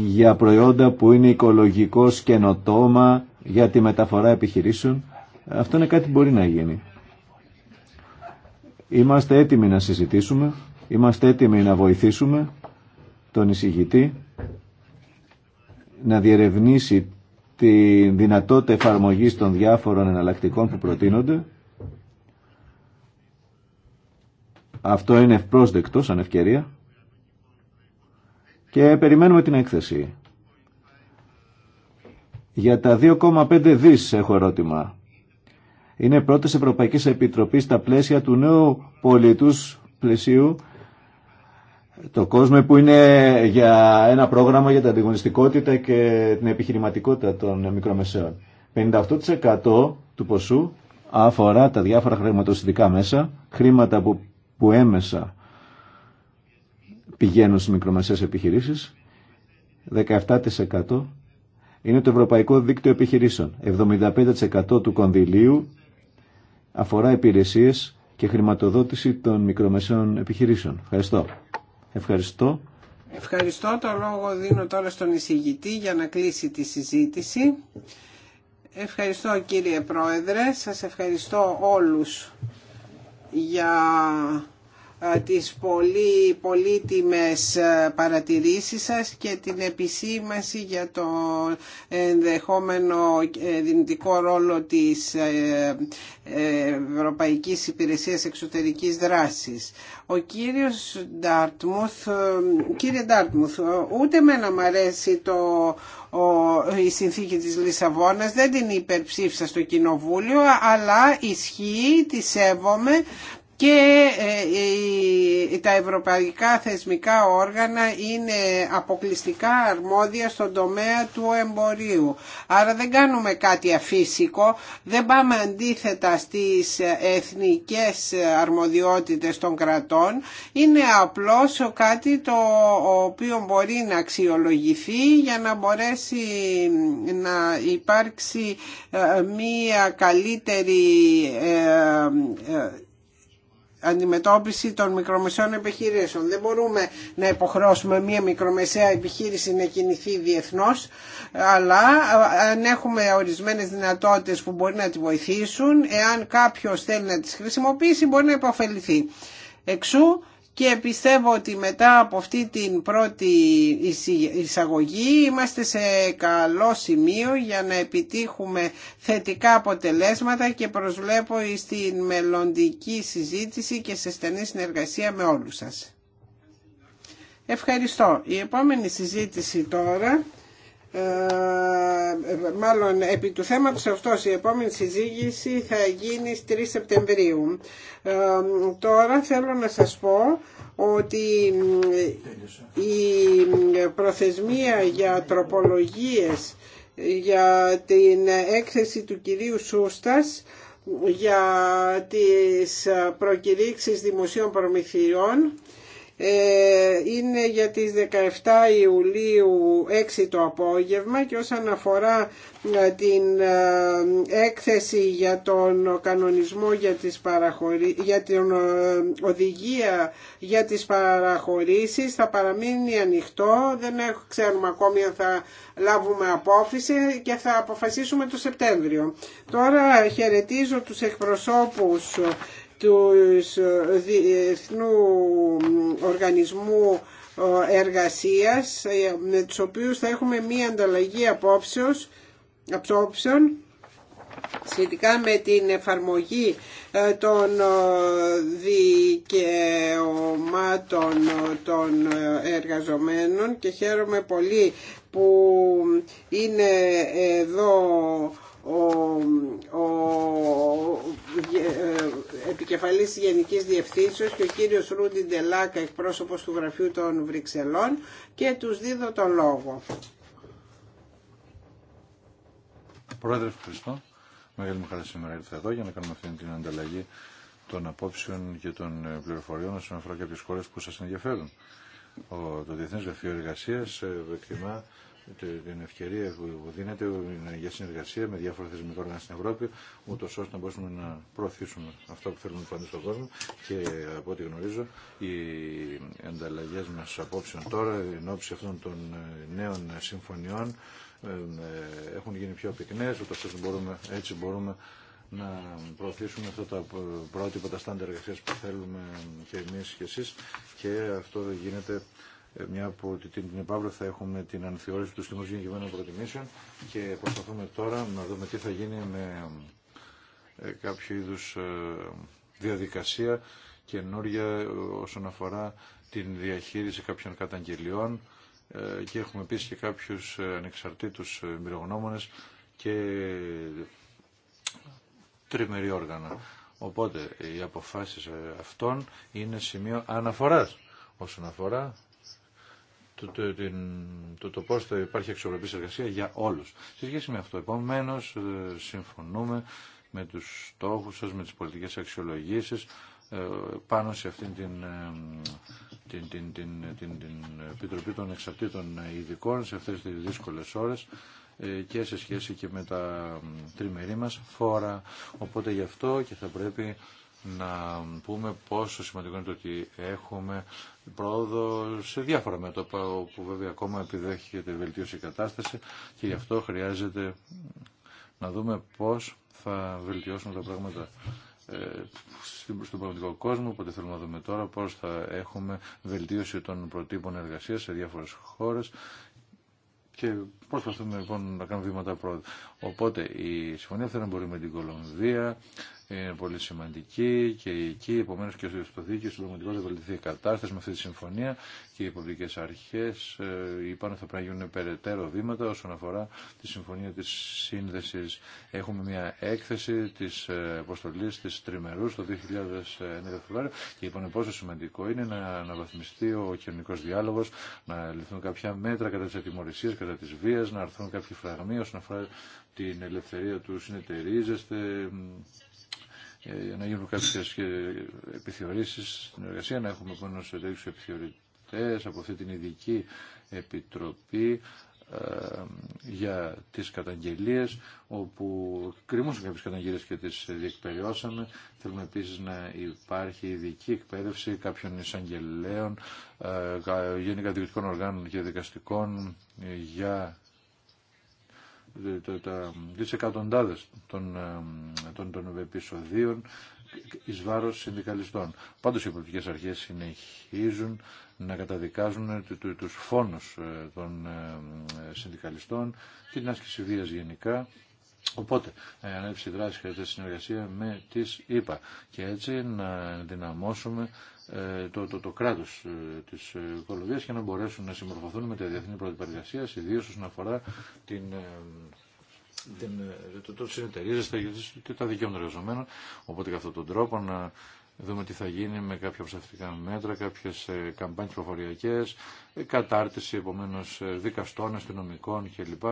για προϊόντα που είναι οικολογικός καινοτόμα για τη μεταφορά επιχειρήσεων αυτό είναι κάτι που μπορεί να γίνει είμαστε έτοιμοι να συζητήσουμε είμαστε έτοιμοι να βοηθήσουμε τον εισηγητή να διερευνήσει τη δυνατότητα εφαρμογής των διάφορων εναλλακτικών που προτείνονται. Αυτό είναι ευπρόσδεκτο σαν ευκαιρία. Και περιμένουμε την έκθεση. Για τα 2,5 δις έχω ερώτημα. Είναι πρώτες Ευρωπαϊκής Επιτροπής στα πλαίσια του νέου πολιτούς πλαισίου το κόσμο που είναι για ένα πρόγραμμα για την ανταγωνιστικότητα και την επιχειρηματικότητα των μικρομεσαίων. 58% του ποσού αφορά τα διάφορα χρηματοσυντικά μέσα, χρήματα που, που έμεσα πηγαίνουν στις μικρομεσαίες επιχειρήσεις, 17% είναι το Ευρωπαϊκό Δίκτυο Επιχειρήσεων. 75% του κονδυλίου αφορά υπηρεσίες και χρηματοδότηση των μικρομεσαίων επιχειρήσεων. Ευχαριστώ. Ευχαριστώ. Ευχαριστώ. Το λόγο δίνω τώρα στον εισηγητή για να κλείσει τη συζήτηση. Ευχαριστώ κύριε Πρόεδρε. Σας ευχαριστώ όλους για ε, τις πολύ πολύτιμες ε, παρατηρήσεις σας και την επισήμαση για το ενδεχόμενο ε, δυνητικό ρόλο της Ευρωπαϊκής Υπηρεσίας Εξωτερικής Δράσης. Ο κύριος Ντάρτμουθ, κύριε Ντάρτμουθ, ούτε να μ' αρέσει το, η συνθήκη της Λισαβόνας, δεν την υπερψήφισα στο Κοινοβούλιο, αλλά ισχύει, τη σέβομαι, και ε, ε, τα ευρωπαϊκά θεσμικά όργανα είναι αποκλειστικά αρμόδια στον τομέα του εμπορίου. Άρα δεν κάνουμε κάτι αφύσικο, δεν πάμε αντίθετα στις εθνικές αρμοδιότητες των κρατών. Είναι απλώς κάτι το οποίο μπορεί να αξιολογηθεί για να μπορέσει να υπάρξει ε, μία καλύτερη αντιμετώπιση των μικρομεσαίων επιχειρήσεων. Δεν μπορούμε να υποχρώσουμε μία μικρομεσαία επιχείρηση να κινηθεί διεθνώς, αλλά ε, αν έχουμε ορισμένες δυνατότητες που μπορεί να τη βοηθήσουν, εάν κάποιος θέλει να τις χρησιμοποιήσει μπορεί να υποφεληθεί. Εξού και πιστεύω ότι μετά από αυτή την πρώτη εισαγωγή είμαστε σε καλό σημείο για να επιτύχουμε θετικά αποτελέσματα και προσβλέπω στην μελλοντική συζήτηση και σε στενή συνεργασία με όλους σας. Ευχαριστώ. Η επόμενη συζήτηση τώρα ε, μάλλον επί του θέματος αυτός η επόμενη συζήτηση θα γίνει στις 3 Σεπτεμβρίου. Ε, τώρα θέλω να σας πω ότι η προθεσμία για τροπολογίες για την έκθεση του κυρίου Σούστας για τις προκηρύξεις δημοσίων προμηθειών ε, είναι για τις 17 Ιουλίου 6 το απόγευμα και όσον αφορά ε, την ε, έκθεση για τον κανονισμό για, τις για την οδηγία για τις παραχωρήσεις θα παραμείνει ανοιχτό δεν ξέρουμε ακόμη αν θα λάβουμε απόφαση και θα αποφασίσουμε το Σεπτέμβριο τώρα χαιρετίζω τους εκπροσώπους του ε, Διεθνού Οργανισμού ε, Εργασίας ε, με τους οποίους θα έχουμε μία ανταλλαγή απόψεως, απόψεων σχετικά με την εφαρμογή των δικαιωμάτων των εργαζομένων και χαίρομαι πολύ που είναι εδώ ο, ο ε, επικεφαλής Γενικής Διευθύνσεως και ο κύριος Ρούντι Ντελάκα, εκπρόσωπος του Γραφείου των Βρυξελών και τους δίδω τον λόγο. Πρόεδρε, ευχαριστώ. Μεγάλη μου χαρά σήμερα ήρθα εδώ για να κάνουμε αυτή την ανταλλαγή των απόψεων και των ε, πληροφοριών όσον αφορά κάποιε χώρε που σας ενδιαφέρουν. Ο, το Διεθνέ Γραφείο Εργασία. Ε, εκτιμά την ευκαιρία που δίνεται για συνεργασία με διάφορα θεσμικά όργανα στην Ευρώπη, ούτω ώστε να μπορούμε να προωθήσουμε αυτό που θέλουμε πάντα στον κόσμο. Και από ό,τι γνωρίζω, οι ανταλλαγέ μα απόψεων τώρα, εν ώψη αυτών των νέων συμφωνιών, ε, ε, έχουν γίνει πιο πυκνές, ούτω ώστε μπορούμε, έτσι μπορούμε να προωθήσουμε αυτά τα πρότυπα, τα στάντα εργασία που θέλουμε και εμεί και εσείς και αυτό γίνεται ε, μια από την, την θα έχουμε την ανθεώρηση του στιγμούς Γενικευμένων Προτιμήσεων και προσπαθούμε τώρα να δούμε τι θα γίνει με ε, κάποιο είδους ε, διαδικασία καινούργια όσον αφορά την διαχείριση κάποιων καταγγελιών και έχουμε επίσης και κάποιους ανεξαρτήτους εμπειρογνώμονες και τριμερή όργανα. Οπότε οι αποφάσεις αυτών είναι σημείο αναφοράς όσον αφορά το, το, το, το πώς θα υπάρχει αξιοπρεπής εργασία για όλους. Σε σχέση με αυτό, επομένως, ε, συμφωνούμε με τους στόχους σας, με τις πολιτικές αξιολογήσεις, ε, πάνω σε αυτήν ε, την, την, την, την, την, Επιτροπή των Εξαρτήτων Ειδικών σε αυτές τις δύσκολες ώρες και σε σχέση και με τα τριμερή μας φόρα. Οπότε γι' αυτό και θα πρέπει να πούμε πόσο σημαντικό είναι το ότι έχουμε πρόοδο σε διάφορα μέτωπα όπου βέβαια ακόμα επιδέχεται βελτίωση η κατάσταση και γι' αυτό χρειάζεται να δούμε πώς θα βελτιώσουμε τα πράγματα ε, στον πραγματικό κόσμο, οπότε θέλουμε να δούμε τώρα πώς θα έχουμε βελτίωση των προτύπων εργασίας σε διάφορες χώρες και προσπαθούμε λοιπόν να κάνουμε βήματα πρώτα. Οπότε η συμφωνία αυτή να μπορεί με την Κολομβία, είναι πολύ σημαντική και εκεί επομένως και στο δίκαιο στο δημοτικό θα βελτιθεί κατάσταση με αυτή τη συμφωνία και οι υποπτικές αρχές ε, είπαν ότι θα πρέπει να γίνουν περαιτέρω βήματα όσον αφορά τη συμφωνία της σύνδεσης. Έχουμε μια έκθεση της ε, αποστολής της Τριμερού το 2009 και είπαν πόσο σημαντικό είναι να αναβαθμιστεί ο κοινωνικό διάλογος, να ληφθούν κάποια μέτρα κατά της ατιμορρησίας, κατά της βίας, να αρθούν κάποιοι φραγμοί όσον αφορά την ελευθερία του συνεταιρίζεστε, ε, για να γίνουν κάποιες ε, επιθεωρήσεις στην εργασία, να έχουμε μόνο σε τέτοιους από αυτή την ειδική επιτροπή ε, για τις καταγγελίες όπου κρυμούσαν κάποιες καταγγελίες και τις διεκπαιριώσαμε. Θέλουμε επίσης να υπάρχει ειδική εκπαίδευση κάποιων εισαγγελέων, γενικά διοικητικών οργάνων και δικαστικών για τα δισεκατοντάδες των, ε, των, των επεισοδίων ει βάρος συνδικαλιστών. Πάντως οι πολιτικές αρχές συνεχίζουν να καταδικάζουν τους φόνους ε, των ε, συνδικαλιστών και την άσκηση βία γενικά Οπότε, να ανέψει δράση χρειάζεται συνεργασία με τις ΗΠΑ και έτσι να δυναμώσουμε ε, το, το, το κράτος ε, της ε, Κολομβίας και να μπορέσουν να συμμορφωθούν με τα διεθνή πρότυπα ιδίω ιδίως όσον αφορά την, την, το, το και τα δικαιώματα εργαζομένων. Οπότε, κατά αυτόν τον τρόπο να δούμε τι θα γίνει με κάποια προστατευτικά μέτρα, κάποιες καμπάνιες προφοριακές, κατάρτιση επομένως δικαστών, αστυνομικών κλπ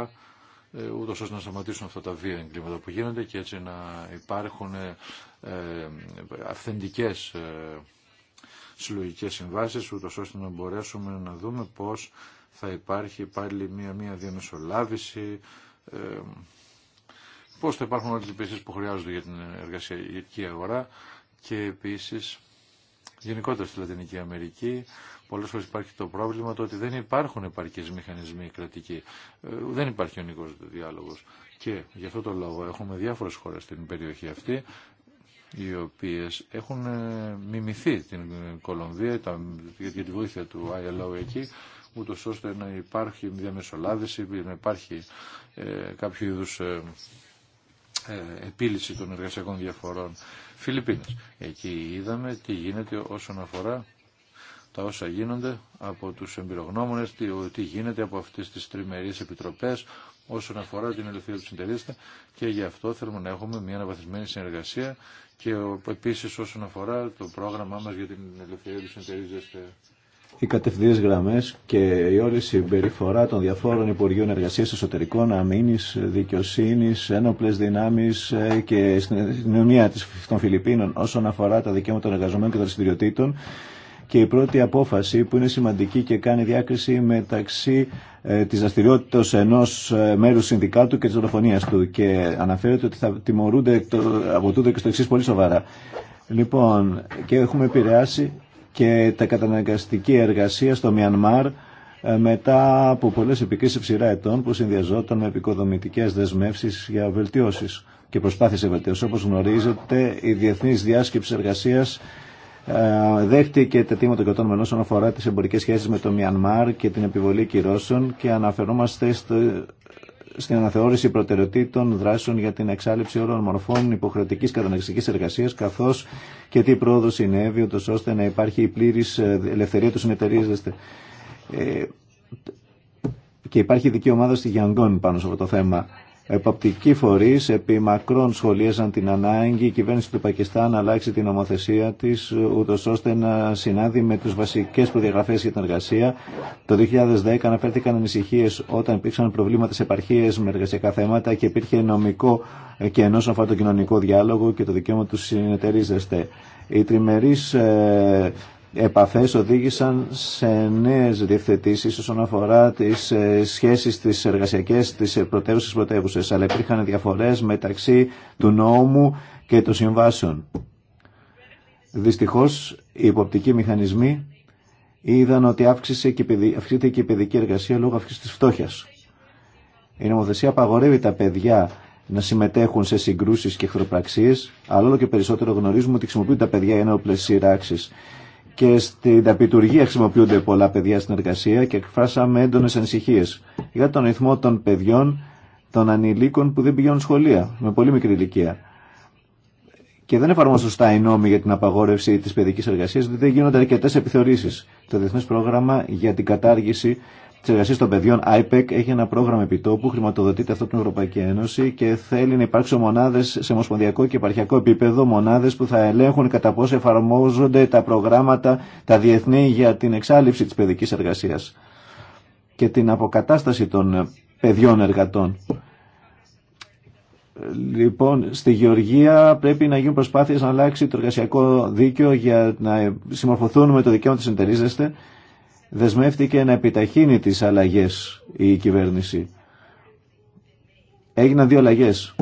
ε, ούτω ώστε να σταματήσουν αυτά τα βία εγκλήματα που γίνονται και έτσι να υπάρχουν ε, ε, αυθεντικές συλλογικές συμβάσεις ούτως ώστε να μπορέσουμε να δούμε πώς θα υπάρχει πάλι μία, μία διαμεσολάβηση πώς θα υπάρχουν όλες τις υπηρεσίες που χρειάζονται για την εργασιακή αγορά και επίσης Γενικότερα στη Λατινική Αμερική πολλές φορές υπάρχει το πρόβλημα το ότι δεν υπάρχουν επαρκείς μηχανισμοί κρατικοί. Ε, δεν υπάρχει ονικό διάλογος. Και γι' αυτό το λόγο έχουμε διάφορες χώρες στην περιοχή αυτή οι οποίες έχουν ε, μιμηθεί την Κολομβία για τη βοήθεια του ILO εκεί ούτω ώστε να υπάρχει διαμεσολάβηση, να υπάρχει ε, κάποιο είδου ε, επίλυση των εργασιακών διαφορών. Φιλιππίνες. Εκεί είδαμε τι γίνεται όσον αφορά τα όσα γίνονται από τους εμπειρογνώμονες, τι, γίνεται από αυτές τις τριμερείς επιτροπές όσον αφορά την ελευθερία του συντελείστα και γι' αυτό θέλουμε να έχουμε μια αναβαθμισμένη συνεργασία και επίσης όσον αφορά το πρόγραμμά μας για την ελευθερία του συντελέστα οι κατευθυντέ γραμμέ και η όλη συμπεριφορά των διαφόρων Υπουργείων Εργασία Εσωτερικών, Αμήνη, δικαιοσύνη, ένοπλε δυνάμει ε, και στην κοινωνία των Φιλιππίνων όσον αφορά τα δικαιώματα των εργαζομένων και των δραστηριοτήτων και η πρώτη απόφαση που είναι σημαντική και κάνει διάκριση μεταξύ ε, της δραστηριότητα ενός ε, μέρους συνδικάτου και τη δολοφονία του και αναφέρεται ότι θα τιμωρούνται από τούτο και στο εξή πολύ σοβαρά. Λοιπόν, και έχουμε επηρεάσει και τα καταναγκαστική εργασία στο Μιανμάρ ε, μετά από πολλές επικρίσεις ψηρά ετών που συνδυαζόταν με επικοδομητικέ δεσμεύσεις για βελτιώσει και προσπάθειες βελτιώσει. Όπως γνωρίζετε, η Διεθνής Διάσκεψη Εργασίας ε, δέχτηκε τα τίματα των μελών όσον αφορά τι εμπορικές σχέσεις με το Μιανμάρ και την επιβολή κυρώσεων και αναφερόμαστε στο, στην αναθεώρηση προτεραιοτήτων δράσεων για την εξάλληψη όλων μορφών υποχρεωτική καταναγκαστική εργασία, καθώ και τι πρόοδο συνέβη, ώστε να υπάρχει η πλήρη ε, ελευθερία του συνεταιρίζεστε. Ε, και υπάρχει ειδική ομάδα στη Γιανγκόν πάνω σε αυτό το θέμα. Εποπτικοί φορεί επί μακρόν σχολίαζαν την ανάγκη η κυβέρνηση του Πακιστάν να αλλάξει την νομοθεσία τη, ούτω ώστε να συνάδει με τι βασικέ προδιαγραφέ για την εργασία. Το 2010 αναφέρθηκαν ανησυχίε όταν υπήρξαν προβλήματα σε επαρχίε με εργασιακά θέματα και υπήρχε νομικό και ενό αφορά το κοινωνικό διάλογο και το δικαίωμα του συνεταιρίζεστε. Οι τριμερεί ε, επαφές οδήγησαν σε νέες διευθετήσεις όσον αφορά τις ε, σχέσεις της εργασιακές της πρωτεύουσας πρωτεύουσας, αλλά υπήρχαν διαφορές μεταξύ του νόμου και των συμβάσεων. Δυστυχώς, οι υποπτικοί μηχανισμοί είδαν ότι αύξησε και αυξήθηκε και η παιδική εργασία λόγω αύξησης της φτώχειας. Η νομοθεσία απαγορεύει τα παιδιά να συμμετέχουν σε συγκρούσεις και εχθροπραξίες, αλλά όλο και περισσότερο γνωρίζουμε ότι χρησιμοποιούν τα παιδιά για ενόπλες σειράξεις και στην ταπιτουργία χρησιμοποιούνται πολλά παιδιά στην εργασία και εκφράσαμε έντονες ανησυχίες για τον αριθμό των παιδιών, των ανηλίκων που δεν πηγαίνουν σχολεία με πολύ μικρή ηλικία. Και δεν εφαρμόζουν σωστά οι νόμοι για την απαγόρευση τη παιδική εργασία, διότι δεν γίνονται αρκετέ επιθεωρήσει. Το Διεθνέ Πρόγραμμα για την Κατάργηση Εργασία των Παιδιών, IPEC, έχει ένα πρόγραμμα επιτόπου, χρηματοδοτείται αυτό από την Ευρωπαϊκή Ένωση και θέλει να υπάρξουν μονάδε σε ομοσπονδιακό και επαρχιακό επίπεδο, μονάδε που θα ελέγχουν κατά πόσο εφαρμόζονται τα προγράμματα, τα διεθνή για την εξάλληψη τη παιδική εργασία και την αποκατάσταση των παιδιών εργατών. Λοιπόν, στη Γεωργία πρέπει να γίνουν προσπάθειες να αλλάξει το εργασιακό δίκαιο για να συμμορφωθούν με το δικαίωμα της συντερίζεστε δεσμεύτηκε να επιταχύνει τις αλλαγές η κυβέρνηση. Έγιναν δύο αλλαγές.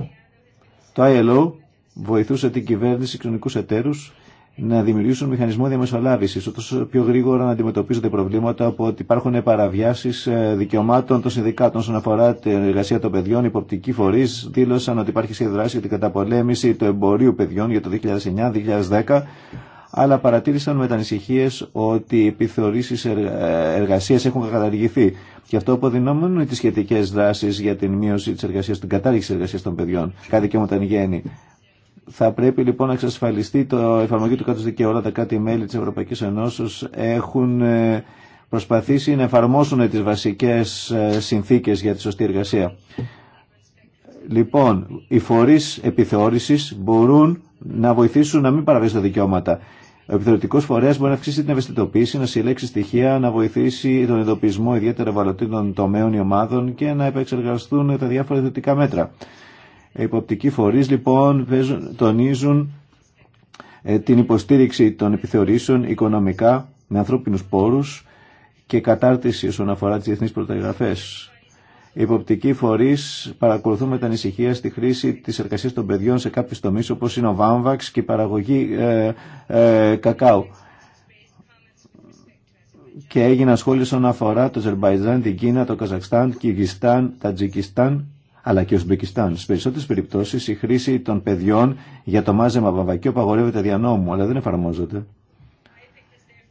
Το ILO βοηθούσε την κυβέρνηση κοινωνικού εταίρους να δημιουργήσουν μηχανισμό διαμεσολάβηση, ώστε πιο γρήγορα να αντιμετωπίζονται προβλήματα από ότι υπάρχουν παραβιάσει ε, δικαιωμάτων των συνδικάτων όσον αφορά την εργασία των παιδιών. Οι υποπτικοί φορεί δήλωσαν ότι υπάρχει σχέδιο δράση για την καταπολέμηση του εμπορίου παιδιών για το 2009-2010 αλλά παρατήρησαν με τα ότι οι επιθεωρήσεις εργασίας έχουν καταργηθεί και αυτό αποδεινόμενο τις σχετικές δράσεις για την μείωση της εργασίας, την κατάργηση της εργασίας των παιδιών, κάτι και όταν γέννη. Θα πρέπει λοιπόν να εξασφαλιστεί το εφαρμογή του κράτους δικαιώματα τα κράτη-μέλη της Ευρωπαϊκής Ενώσεως έχουν ε, προσπαθήσει να εφαρμόσουν τις βασικές ε, συνθήκες για τη σωστή εργασία. Λοιπόν, οι φορείς επιθεώρησης μπορούν να βοηθήσουν να μην τα δικαιώματα. Ο επιθεωρητικό φορέα μπορεί να αυξήσει την ευαισθητοποίηση, να συλλέξει στοιχεία, να βοηθήσει τον εντοπισμό ιδιαίτερα βαλωτήτων τομέων ή ομάδων και να επεξεργαστούν τα διάφορα ιδιωτικά μέτρα. Οι υποπτικοί φορεί λοιπόν τονίζουν ε, την υποστήριξη των επιθεωρήσεων οικονομικά με ανθρώπινου πόρου και κατάρτιση όσον αφορά τι διεθνεί πρωτογραφέ. Οι υποπτικοί φορεί παρακολουθούν με τα ανησυχία στη χρήση τη εργασία των παιδιών σε κάποιου τομεί όπω είναι ο βάμβαξ και η παραγωγή ε, ε, κακάου. Και έγιναν σχόλια όσον αφορά το Ζερμπαϊζάν, την Κίνα, το Καζακστάν, Κυργιστάν, Τατζικιστάν αλλά και ο Ουσμπεκιστάν. Σε περισσότερε περιπτώσει η χρήση των παιδιών για το μάζεμα βαμβακίου απαγορεύεται δια νόμου, αλλά δεν εφαρμόζεται.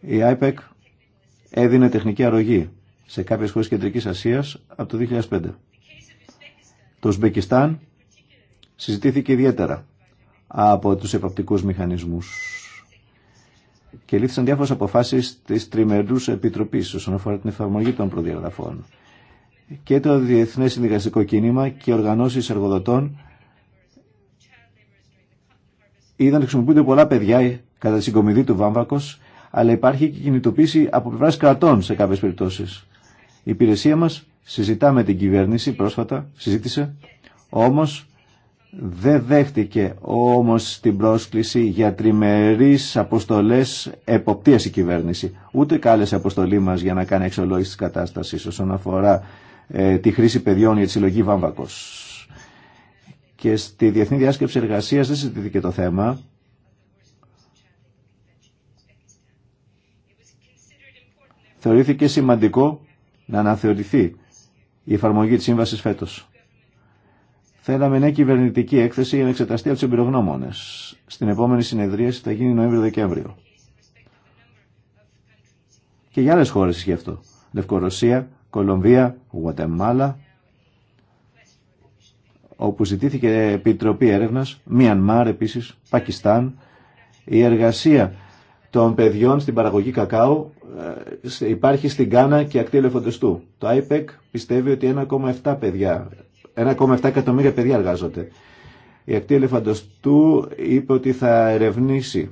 Η IPEC έδινε τεχνική αρρωγή σε κάποιες χώρες Κεντρικής Ασίας από το 2005. Το Σμπεκιστάν συζητήθηκε ιδιαίτερα από τους επαπτικούς μηχανισμούς και λήφθησαν διάφορες αποφάσεις της τριμερούς επιτροπής όσον αφορά την εφαρμογή των προδιαγραφών. Και το Διεθνές Συνδικαστικό Κίνημα και οργανώσεις εργοδοτών είδαν να χρησιμοποιούνται πολλά παιδιά κατά τη συγκομιδή του βάμβακος αλλά υπάρχει και κινητοποίηση από πλευρά κρατών σε κάποιες περιπτώσεις. Η υπηρεσία μας συζητά με την κυβέρνηση πρόσφατα, συζήτησε, όμως δεν δέχτηκε όμως την πρόσκληση για τριμερείς αποστολές εποπτείας η κυβέρνηση. Ούτε κάλεσε αποστολή μας για να κάνει εξολόγηση της κατάστασης όσον αφορά ε, τη χρήση παιδιών για τη συλλογή βάμβακος. Και στη Διεθνή Διάσκεψη Εργασίας δεν συζητήθηκε το θέμα. Θεωρήθηκε σημαντικό να αναθεωρηθεί η εφαρμογή της σύμβασης φέτος. Θέλαμε νέα κυβερνητική έκθεση για να εξεταστεί από του εμπειρογνώμονε. Στην επόμενη συνεδρίαση θα γίνει Νοέμβριο-Δεκέμβριο. Και για άλλε χώρε ισχύει αυτό. Λευκορωσία, Κολομβία, Γουατεμάλα, όπου ζητήθηκε επιτροπή έρευνα, Μιανμάρ επίση, Πακιστάν. Η εργασία των παιδιών στην παραγωγή κακάου ε, υπάρχει στην Κάνα και ακτή ελεφοντεστού. Το IPEC πιστεύει ότι 1,7 παιδιά, 1,7 εκατομμύρια παιδιά εργάζονται. Η ακτή ελεφαντοστού είπε ότι θα ερευνήσει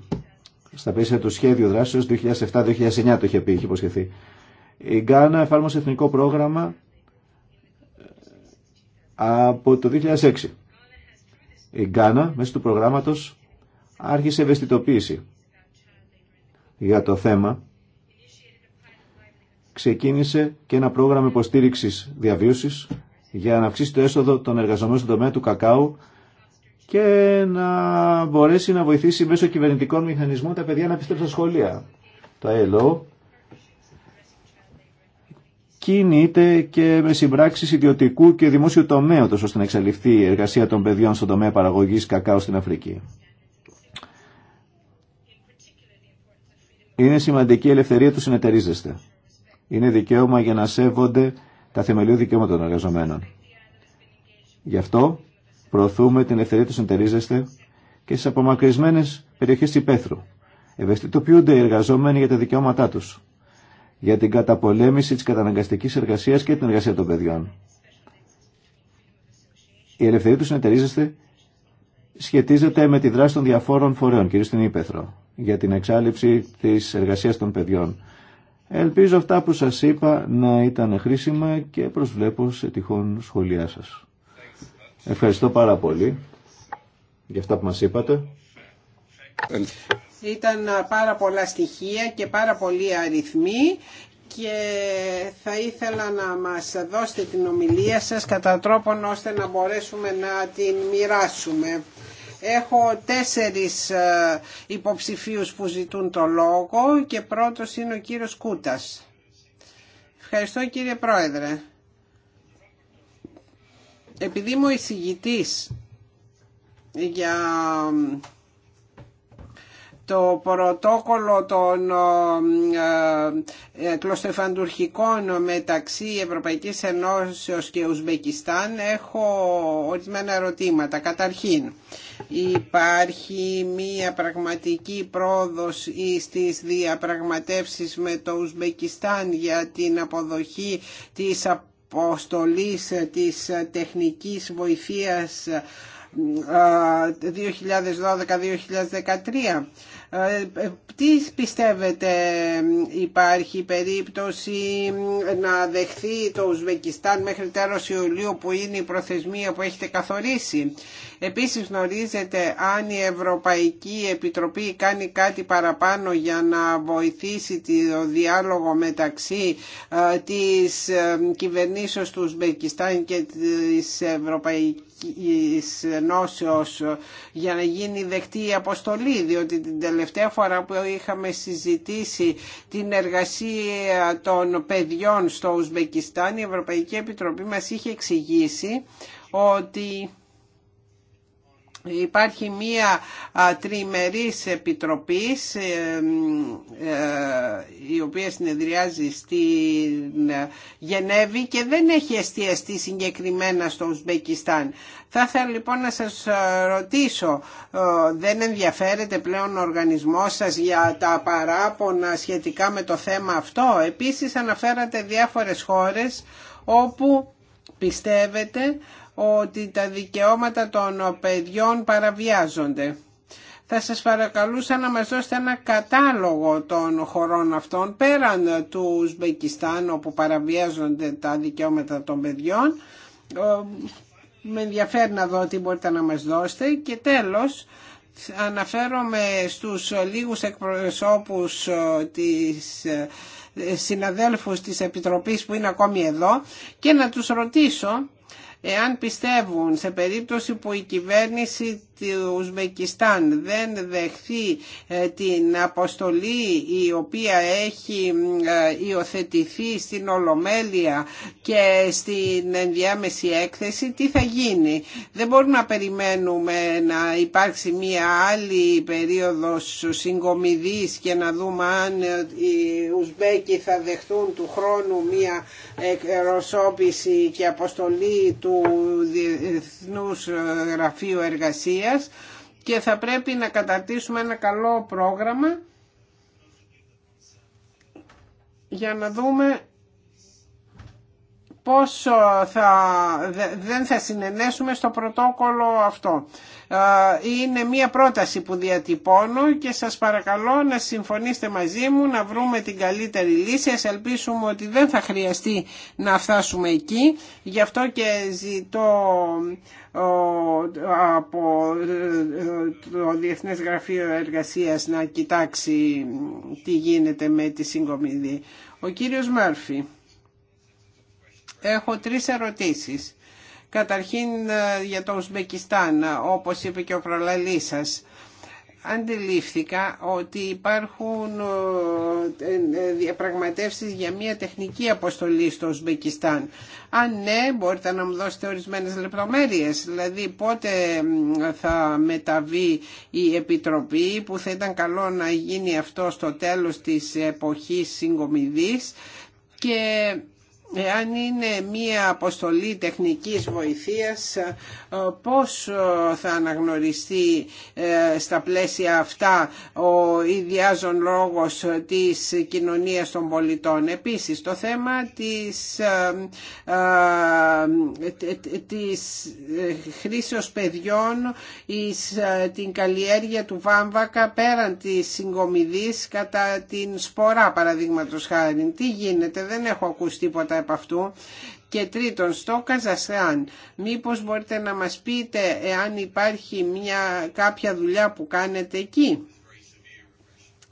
στα πλαίσια του σχεδιου δρασεω δράσεως 2007-2009 το είχε πει, είχε υποσχεθεί. Η Γκάνα εφάρμοσε εθνικό πρόγραμμα ε, από το 2006. Η Γκάνα μέσω του προγράμματος άρχισε ευαισθητοποίηση για το θέμα ξεκίνησε και ένα πρόγραμμα υποστήριξη διαβίωση για να αυξήσει το έσοδο των εργαζομένων στον τομέα του κακάου και να μπορέσει να βοηθήσει μέσω κυβερνητικών μηχανισμών τα παιδιά να επιστρέψουν στα σχολεία. Το ΑΕΛΟ κινείται και με συμπράξει ιδιωτικού και δημόσιου τομέα, ώστε να εξαλειφθεί η εργασία των παιδιών στον τομέα παραγωγή κακάου στην Αφρική. Είναι σημαντική η ελευθερία του συνεταιρίζεστε είναι δικαίωμα για να σέβονται τα θεμελιώδη δικαιώματα των εργαζομένων. Γι' αυτό προωθούμε την ελευθερία του συντερίζεστε και στι απομακρυσμένε περιοχέ τη Υπέθρου. Ευαισθητοποιούνται οι εργαζόμενοι για τα δικαιώματά του, για την καταπολέμηση τη καταναγκαστική εργασία και την εργασία των παιδιών. Η ελευθερία του συνεταιρίζεστε σχετίζεται με τη δράση των διαφόρων φορέων, κυρίω στην Υπέθρο, για την εξάλληψη τη εργασία των παιδιών. Ελπίζω αυτά που σας είπα να ήταν χρήσιμα και προσβλέπω σε τυχόν σχολιά σας. Ευχαριστώ πάρα πολύ για αυτά που μας είπατε. Ήταν πάρα πολλά στοιχεία και πάρα πολλοί αριθμοί και θα ήθελα να μας δώσετε την ομιλία σας κατά τρόπον ώστε να μπορέσουμε να την μοιράσουμε. Έχω τέσσερις ε, υποψηφίους που ζητούν το λόγο και πρώτος είναι ο κύριος Κούτας. Ευχαριστώ κύριε Πρόεδρε. Επειδή είμαι ο εισηγητής για το πρωτόκολλο των ε, ε, κλωστεφαντουρχικών μεταξύ Ευρωπαϊκής Ενώσεως και Ουσμπεκιστάν έχω ορισμένα ερωτήματα. Καταρχήν, υπάρχει μία πραγματική πρόοδος στις διαπραγματεύσεις με το Ουσμπεκιστάν για την αποδοχή της αποστολής της τεχνικής βοηθείας 2012-2013 ε, ε, ε, τι πιστεύετε υπάρχει περίπτωση να δεχθεί το Ουσβεκιστάν μέχρι τέλος Ιουλίου που είναι η προθεσμία που έχετε καθορίσει Επίσης γνωρίζετε αν η Ευρωπαϊκή Επιτροπή κάνει κάτι παραπάνω για να βοηθήσει το διάλογο μεταξύ ε, της ε, κυβερνήσεως του Ουσμπεκιστάν και της Ευρωπαϊκής της για να γίνει δεκτή η αποστολή διότι την τελευταία φορά που είχαμε συζητήσει την εργασία των παιδιών στο Ουσμπεκιστάν η Ευρωπαϊκή Επιτροπή μας είχε εξηγήσει ότι Υπάρχει μία τριμερής επιτροπής ε, ε, η οποία συνεδριάζει στην ε, Γενέβη και δεν έχει εστιαστεί συγκεκριμένα στο Ουσμπεκιστάν. Θα ήθελα λοιπόν να σας ρωτήσω, δεν ενδιαφέρεται πλέον ο οργανισμός σας για τα παράπονα σχετικά με το θέμα αυτό. Επίσης αναφέρατε διάφορες χώρες όπου πιστεύετε ότι τα δικαιώματα των παιδιών παραβιάζονται. Θα σας παρακαλούσα να μας δώσετε ένα κατάλογο των χωρών αυτών πέραν του Ουσμπεκιστάν όπου παραβιάζονται τα δικαιώματα των παιδιών. Με ενδιαφέρει να δω τι μπορείτε να μας δώσετε και τέλος αναφέρομαι στους λίγους εκπροσώπους ε, της ε, συναδέλφους της Επιτροπής που είναι ακόμη εδώ και να τους ρωτήσω εάν πιστεύουν σε περίπτωση που η κυβέρνηση του Ουσβεκιστάν δεν δεχθεί ε, την αποστολή η οποία έχει ε, υιοθετηθεί στην Ολομέλεια και στην ενδιάμεση έκθεση, τι θα γίνει. Δεν μπορούμε να περιμένουμε να υπάρξει μία άλλη περίοδος συγκομιδής και να δούμε αν ε, οι Ουσμπέκοι θα δεχθούν του χρόνου μία εκπροσώπηση και αποστολή του Διεθνούς Γραφείου Εργασίας και θα πρέπει να κατατίσουμε ένα καλό πρόγραμμα για να δούμε πώς θα, δεν θα συνενέσουμε στο πρωτόκολλο αυτό. Είναι μία πρόταση που διατυπώνω και σας παρακαλώ να συμφωνήσετε μαζί μου να βρούμε την καλύτερη λύση. Ας ελπίσουμε ότι δεν θα χρειαστεί να φτάσουμε εκεί. Γι' αυτό και ζητώ από ε, το Διεθνές Γραφείο Εργασίας να κοιτάξει τι γίνεται με τη συγκομιδή. Ο κύριος Μάρφη. Έχω τρεις ερωτήσεις. Καταρχήν ε, για το Ουσμπεκιστάν, ε, όπως είπε και ο Φραλαλής σας αντιλήφθηκα ότι υπάρχουν ε, διαπραγματεύσεις για μια τεχνική αποστολή στο Ουσμπεκιστάν. Αν ναι, μπορείτε να μου δώσετε ορισμένες λεπτομέρειες, δηλαδή πότε θα μεταβεί η Επιτροπή που θα ήταν καλό να γίνει αυτό στο τέλος της εποχής συγκομιδής και εάν είναι μία αποστολή τεχνικής βοηθείας ε, πώς ε, θα αναγνωριστεί ε, στα πλαίσια αυτά ο ιδιάζων λόγος της κοινωνίας των πολιτών. Επίσης το θέμα της, της χρήσεως παιδιών την καλλιέργεια του βάμβακα πέραν της συγκομιδής κατά την σπορά παραδείγματος χάρη. Τι γίνεται, δεν έχω ακούσει τίποτα και τρίτον, στο Καζαστάν, μήπως μπορείτε να μας πείτε εάν υπάρχει μια, κάποια δουλειά που κάνετε εκεί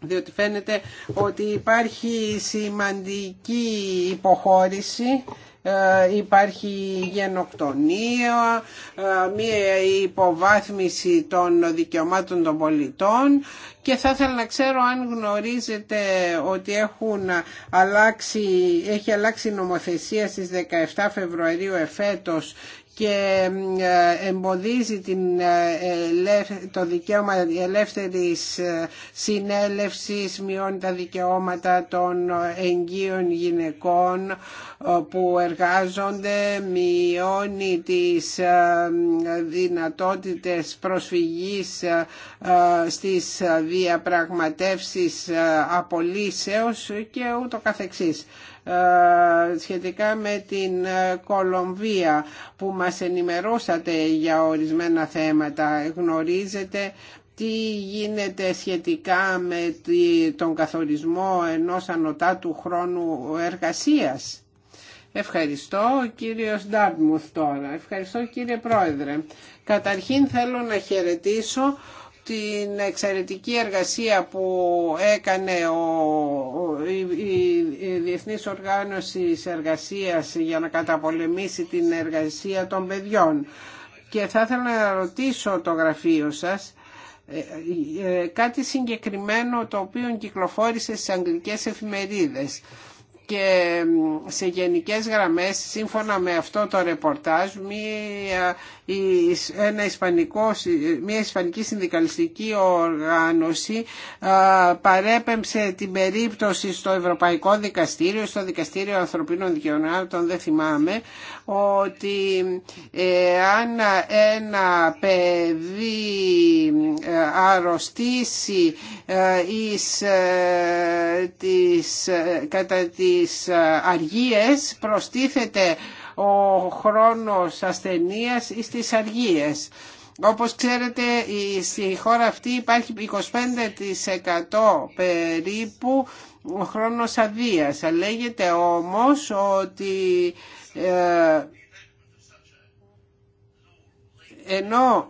διότι φαίνεται ότι υπάρχει σημαντική υποχώρηση ε, υπάρχει γενοκτονία, ε, μία υποβάθμιση των δικαιωμάτων των πολιτών και θα ήθελα να ξέρω αν γνωρίζετε ότι έχουν αλλάξει, έχει αλλάξει η νομοθεσία στις 17 Φεβρουαρίου εφέτος και ε, εμποδίζει την, ε, το δικαίωμα ελεύθερης ε, συνέλευσης, μειώνει τα δικαιώματα των εγγύων γυναικών που εργάζονται, μειώνει τις δυνατότητες προσφυγής στις διαπραγματεύσεις απολύσεως και ούτω καθεξής. Ε, σχετικά με την ε, Κολομβία που μας ενημερώσατε για ορισμένα θέματα. Γνωρίζετε τι γίνεται σχετικά με τον καθορισμό ενός ανωτάτου χρόνου εργασίας. Ευχαριστώ κύριος Ντάρμουθ τώρα. Ευχαριστώ κύριε Πρόεδρε. Καταρχήν θέλω να χαιρετήσω την εξαιρετική εργασία που έκανε ο, η, Διεθνής Οργάνωση Εργασίας για να καταπολεμήσει την εργασία των παιδιών. Και θα ήθελα να ρωτήσω το γραφείο σας ε, ε, ε, κάτι συγκεκριμένο το οποίο κυκλοφόρησε στις αγγλικές εφημερίδες και σε γενικές γραμμές σύμφωνα με αυτό το ρεπορτάζ μία, ένα ισπανικό, μια ισπανική συνδικαλιστική οργάνωση παρέπεμψε την περίπτωση στο Ευρωπαϊκό Δικαστήριο, στο Δικαστήριο Ανθρωπίνων Δικαιωμάτων, δεν θυμάμαι, ότι ε, αν ένα παιδί ε, αρρωστήσει ε, εις, της, κατά τη τις ε, αργίες προστίθεται ο χρόνος ασθενείας ή στις αργίες. Όπως ξέρετε στη χώρα αυτή υπάρχει 25% περίπου ο χρόνος αδείας. Λέγεται όμως ότι ε, ενώ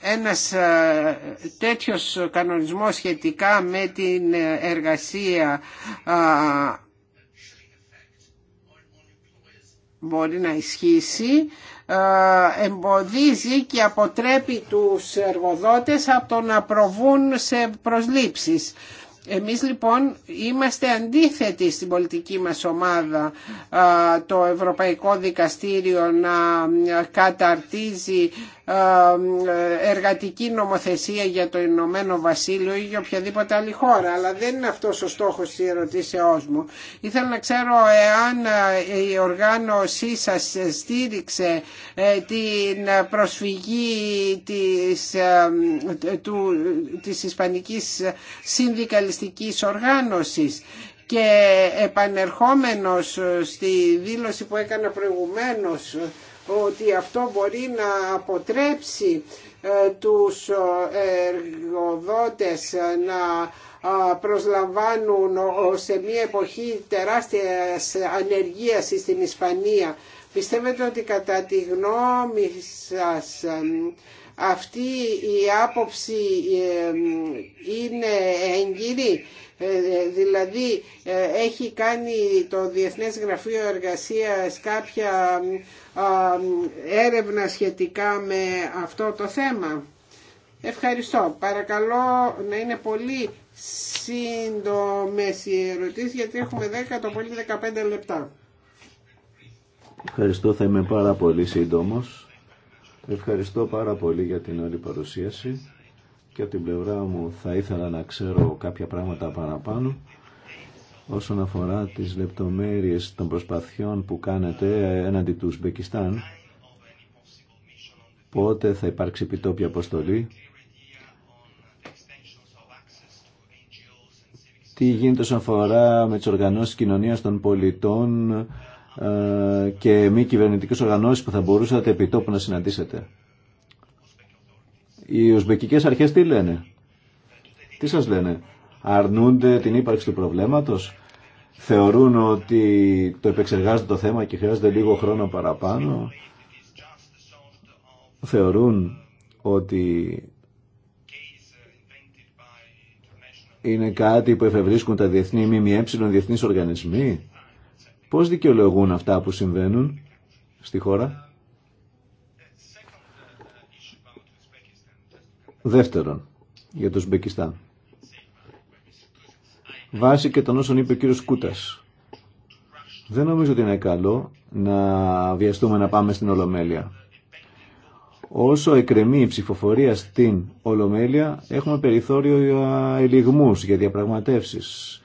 ένας ε, τέτοιος κανονισμός σχετικά με την εργασία ε, μπορεί να ισχύσει ε, εμποδίζει και αποτρέπει τους εργοδότες από το να προβούν σε προσλήψεις. Εμείς λοιπόν είμαστε αντίθετοι στην πολιτική μας ομάδα το Ευρωπαϊκό Δικαστήριο να καταρτίζει ε, εργατική νομοθεσία για το Ηνωμένο Βασίλειο ή για οποιαδήποτε άλλη χώρα. Αλλά δεν είναι αυτός ο στόχος της ερωτήσεώς μου. Ήθελα να ξέρω εάν ε, η για οποιαδηποτε αλλη χωρα αλλα δεν ειναι αυτος ο στοχος τη ερωτησεω μου ηθελα να ξερω εαν η οργανωση σα στήριξε ε, την προσφυγή της, του, της Ισπανικής Συνδικαλιστικής Οργάνωσης και επανερχόμενος στη δήλωση που έκανα προηγουμένως ότι αυτό μπορεί να αποτρέψει ε, τους ε, εργοδότες να ε, προσλαμβάνουν σε μια εποχή τεράστιας ανεργίας στην Ισπανία. Πιστεύετε ότι κατά τη γνώμη σας αυτή η άποψη είναι εγκυρή ε, ε, δηλαδή ε, έχει κάνει το Διεθνές Γραφείο Εργασίας κάποια έρευνα σχετικά με αυτό το θέμα. Ευχαριστώ. Παρακαλώ να είναι πολύ σύντομες οι ερωτήσεις γιατί έχουμε 10 το πολύ 15 λεπτά. Ευχαριστώ, θα είμαι πάρα πολύ σύντομος. Ευχαριστώ πάρα πολύ για την όλη παρουσίαση και από την πλευρά μου θα ήθελα να ξέρω κάποια πράγματα παραπάνω όσον αφορά τις λεπτομέρειες των προσπαθειών που κάνετε έναντι του Σμπεκιστάν. πότε θα υπάρξει επιτόπια αποστολή τι γίνεται όσον αφορά με τις οργανώσεις κοινωνίας των πολιτών ε, και μη κυβερνητικέ οργανώσεις που θα μπορούσατε επιτόπου να συναντήσετε. Οι ουσμπεκικές αρχές τι λένε. Τι σας λένε. Αρνούνται την ύπαρξη του προβλέματος. Θεωρούν ότι το επεξεργάζονται το θέμα και χρειάζεται λίγο χρόνο παραπάνω. Θεωρούν ότι είναι κάτι που εφευρίσκουν τα διεθνή ΜΜΕ, διεθνείς οργανισμοί. Πώς δικαιολογούν αυτά που συμβαίνουν στη χώρα. Δεύτερον, για το Σμπεκιστάν. Βάσει και των όσων είπε ο κύριος Κούτας. Δεν νομίζω ότι είναι καλό να βιαστούμε να πάμε στην Ολομέλεια. Όσο εκρεμεί η ψηφοφορία στην Ολομέλεια, έχουμε περιθώριο για ελιγμούς, για διαπραγματεύσεις.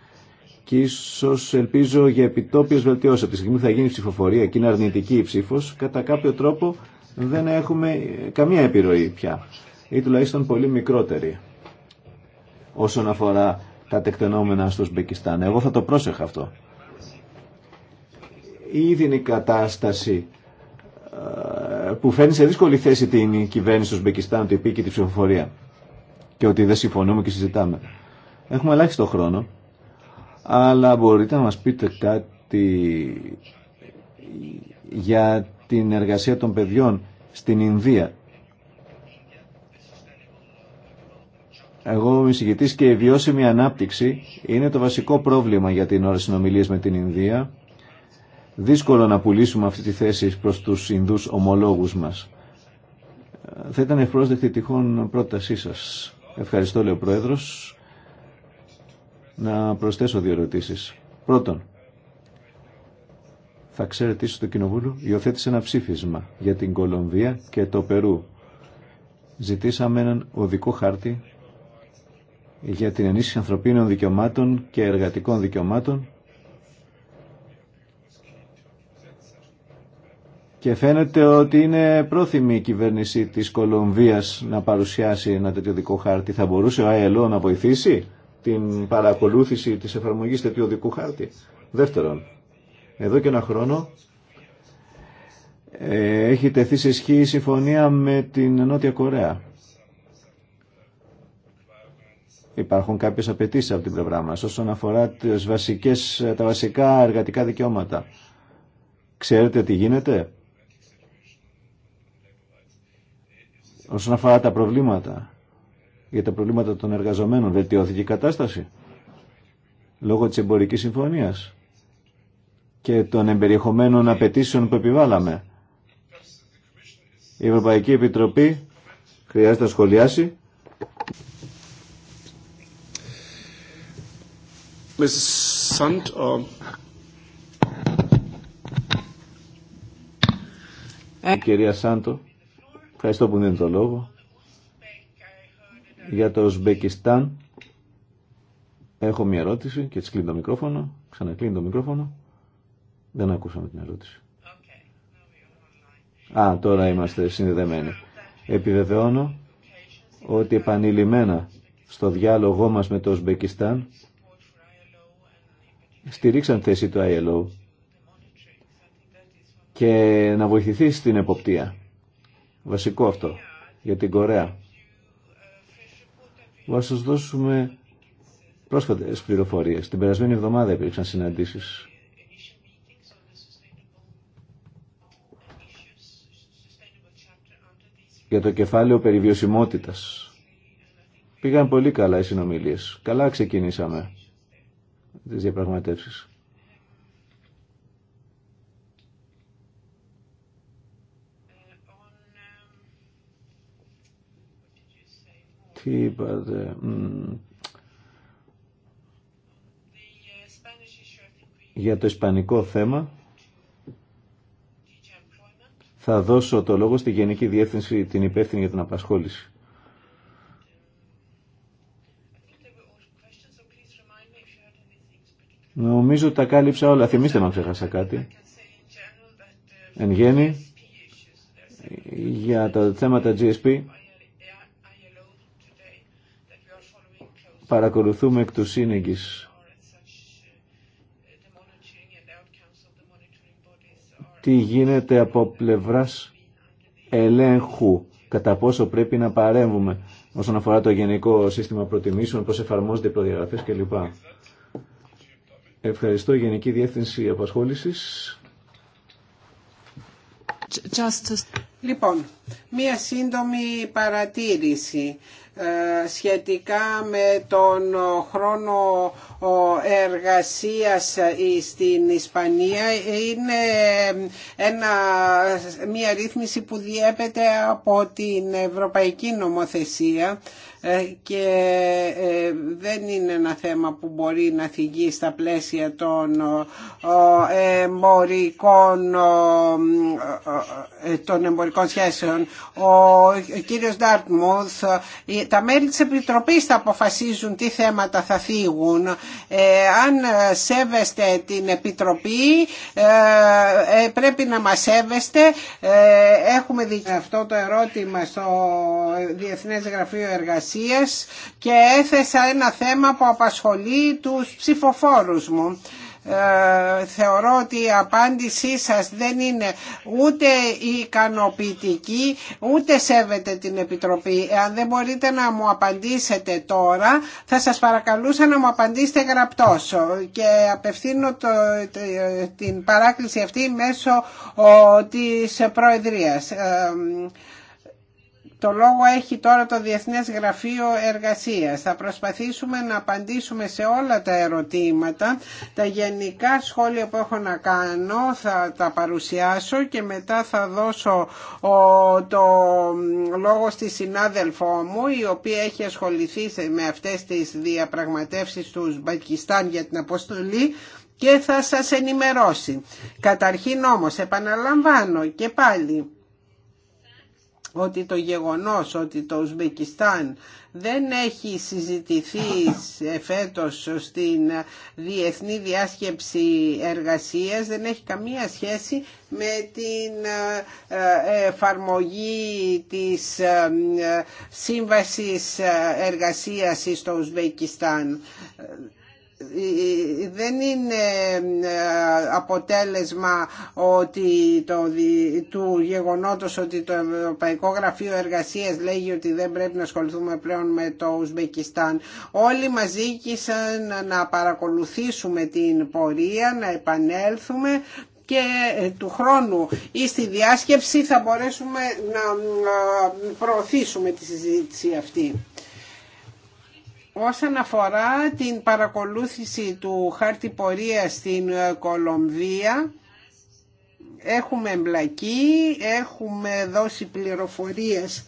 Και ίσω ελπίζω για επιτόπιε βελτιώσει. Από τη στιγμή που θα γίνει η ψηφοφορία και είναι αρνητική η ψήφο, κατά κάποιο τρόπο δεν έχουμε καμία επιρροή πια ή τουλάχιστον πολύ μικρότερη όσον αφορά τα τεκτενόμενα στο Σμπεκιστάν. Εγώ θα το πρόσεχα αυτό. Ήδη είναι η κατάσταση ε, που φέρνει σε δύσκολη θέση την κυβέρνηση του Σμπεκιστάν ότι υπήρχε τη ψηφοφορία και ότι δεν συμφωνούμε και συζητάμε. Έχουμε ελάχιστο χρόνο, αλλά μπορείτε να μας πείτε κάτι για την εργασία των παιδιών στην Ινδία Εγώ είμαι συγκεκριτής και η βιώσιμη ανάπτυξη είναι το βασικό πρόβλημα για την ώρα συνομιλίε με την Ινδία. Δύσκολο να πουλήσουμε αυτή τη θέση προ τους Ινδούς ομολόγους μας. Θα ήταν ευπρόσδεκτη τυχόν πρότασή σα. Ευχαριστώ, λέει ο Πρόεδρος. Να προσθέσω δύο ερωτήσει. Πρώτον, θα ξέρετε ίσως το Κοινοβούλιο υιοθέτησε ένα ψήφισμα για την Κολομβία και το Περού. Ζητήσαμε έναν οδικό χάρτη για την ενίσχυση ανθρωπίνων δικαιωμάτων και εργατικών δικαιωμάτων και φαίνεται ότι είναι πρόθυμη η κυβέρνηση της Κολομβίας να παρουσιάσει ένα τέτοιο δικό χάρτη. Θα μπορούσε ο ΑΕΛΟ να βοηθήσει την παρακολούθηση της εφαρμογής τέτοιου δικού χάρτη. Δεύτερον, εδώ και ένα χρόνο ε, έχει τεθεί σε ισχύ η συμφωνία με την Νότια Κορέα Υπάρχουν κάποιες απαιτήσει από την πλευρά μας όσον αφορά τις βασικές, τα βασικά εργατικά δικαιώματα. Ξέρετε τι γίνεται όσον αφορά τα προβλήματα για τα προβλήματα των εργαζομένων. Βελτιώθηκε η κατάσταση λόγω της εμπορικής συμφωνίας και των εμπεριεχομένων απαιτήσεων που επιβάλαμε. Η Ευρωπαϊκή Επιτροπή χρειάζεται να σχολιάσει. Η κυρία Σάντο, ευχαριστώ που δίνει το λόγο. Για το Ουσμπεκιστάν, έχω μια ερώτηση και έτσι κλείνει το μικρόφωνο. Ξανακλείνει το μικρόφωνο. Δεν ακούσαμε την ερώτηση. Α, τώρα είμαστε συνδεδεμένοι. Επιβεβαιώνω ότι επανειλημμένα στο διάλογό μας με το Ουσμπεκιστάν στηρίξαν θέση του ILO και να βοηθηθεί στην εποπτεία. Βασικό αυτό για την Κορέα. Θα σας δώσουμε πρόσφατες πληροφορίες. Την περασμένη εβδομάδα υπήρξαν συναντήσεις. για το κεφάλαιο περιβιωσιμότητας. Πήγαν πολύ καλά οι συνομιλίες. Καλά ξεκινήσαμε τις διαπραγματεύσεις. Τι είπατε... Για το ισπανικό θέμα θα δώσω το λόγο στη Γενική Διεύθυνση την υπεύθυνη για την απασχόληση. Νομίζω τα κάλυψα όλα. Θυμήστε να ξέχασα κάτι. Εν γέννη, για τα θέματα GSP, παρακολουθούμε εκ του σύνεγγυς τι γίνεται από πλευράς ελέγχου, κατά πόσο πρέπει να παρέμβουμε όσον αφορά το γενικό σύστημα προτιμήσεων, πώς εφαρμόζονται οι προδιαγραφές κλπ. Ευχαριστώ Γενική Διεύθυνση Απασχόλησης. Λοιπόν, μία σύντομη παρατήρηση ε, σχετικά με τον χρόνο εργασίας ε, στην Ισπανία είναι μια ε, ρύθμιση που διέπεται από την Ευρωπαϊκή Νομοθεσία ε, και ε, δεν είναι ένα θέμα που μπορεί να θυγεί στα πλαίσια των εμπορικών, ε, των εμπορικών σχέσεων. Ο κύριος Ντάρτμουθ, τα μέλη της Επιτροπής θα αποφασίζουν τι θέματα θα φύγουν. Αν σέβεστε την Επιτροπή, πρέπει να μας σέβεστε. Έχουμε δει αυτό το ερώτημα στο Διεθνές Γραφείο Εργασίας και έθεσα ένα θέμα που απασχολεί τους ψηφοφόρους μου. Ε, θεωρώ ότι η απάντησή σας δεν είναι ούτε ικανοποιητική ούτε σέβεται την Επιτροπή εάν δεν μπορείτε να μου απαντήσετε τώρα θα σας παρακαλούσα να μου απαντήσετε γραπτός και απευθύνω την παράκληση αυτή μέσω ο, της Προεδρίας ε, το λόγο έχει τώρα το Διεθνές Γραφείο Εργασίας. Θα προσπαθήσουμε να απαντήσουμε σε όλα τα ερωτήματα. Τα γενικά σχόλια που έχω να κάνω θα τα παρουσιάσω και μετά θα δώσω το λόγο στη συνάδελφό μου η οποία έχει ασχοληθεί με αυτές τις διαπραγματεύσεις του Μπακιστάν για την αποστολή και θα σας ενημερώσει. Καταρχήν όμως επαναλαμβάνω και πάλι ότι το γεγονός ότι το Ουσμπεκιστάν δεν έχει συζητηθεί φέτος στην Διεθνή Διάσκεψη Εργασίας δεν έχει καμία σχέση με την ε, εφαρμογή της ε, Σύμβασης Εργασίας στο Ουσμπεκιστάν. Ε, ε, δεν είναι ε, αποτέλεσμα ότι το, του γεγονότος ότι το Ευρωπαϊκό Γραφείο Εργασίας λέγει ότι δεν πρέπει να ασχοληθούμε πλέον με το Ουσμπεκιστάν. Όλοι μαζί ζήτησαν να παρακολουθήσουμε την πορεία, να επανέλθουμε και του χρόνου ή στη διάσκεψη θα μπορέσουμε να προωθήσουμε τη συζήτηση αυτή. Όσον αφορά την παρακολούθηση του χάρτη πορείας στην Κολομβία, έχουμε εμπλακεί, έχουμε δώσει πληροφορίες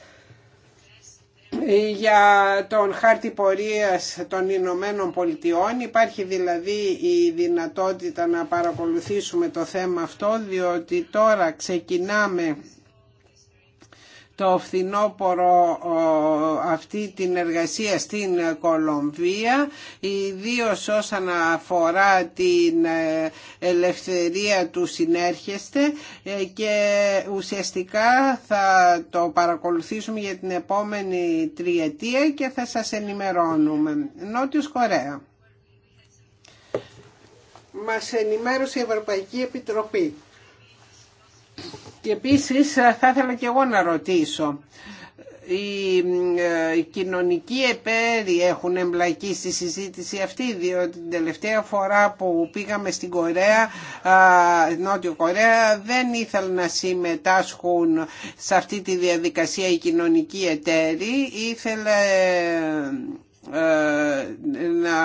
ε, για τον χάρτη πορείας των Ηνωμένων Πολιτειών. Υπάρχει δηλαδή η δυνατότητα να παρακολουθήσουμε το θέμα αυτό, διότι τώρα ξεκινάμε το φθινόπωρο αυτή την εργασία στην Κολομβία ιδίω όσον αφορά την ε, ελευθερία του συνέρχεστε ε, και ουσιαστικά θα το παρακολουθήσουμε για την επόμενη τριετία και θα σας ενημερώνουμε. Νότιος Κορέα. Μας ενημέρωσε η Ευρωπαϊκή Επιτροπή και επίσης ε, θα ήθελα και εγώ να ρωτήσω ε, οι κοινωνικοί επέροι έχουν εμπλακεί στη συζήτηση αυτή διότι την τελευταία φορά που πήγαμε στην Κορέα Νότιο Κορέα δεν ήθελαν να συμμετάσχουν σε αυτή τη διαδικασία οι κοινωνικοί εταίροι ήθελε ε, να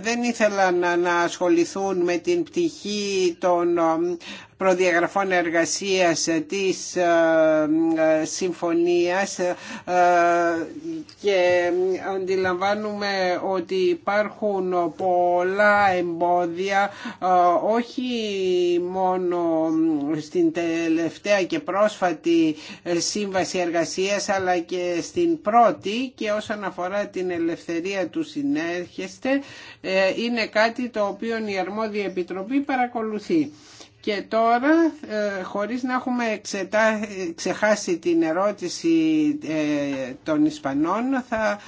δεν ήθελαν να ασχοληθούν με την πτυχή των προδιαγραφών εργασίας της συμφωνίας και αντιλαμβάνουμε ότι υπάρχουν πολλά εμπόδια όχι μόνο στην τελευταία και πρόσφατη σύμβαση εργασίας αλλά και στην πρώτη και όσον αφορά την ελευθερία του συνέχεια ε, είναι κάτι το οποίο η αρμόδια επιτροπή παρακολουθεί. Και τώρα, ε, χωρίς να έχουμε ξεχάσει την ερώτηση ε, των Ισπανών, θα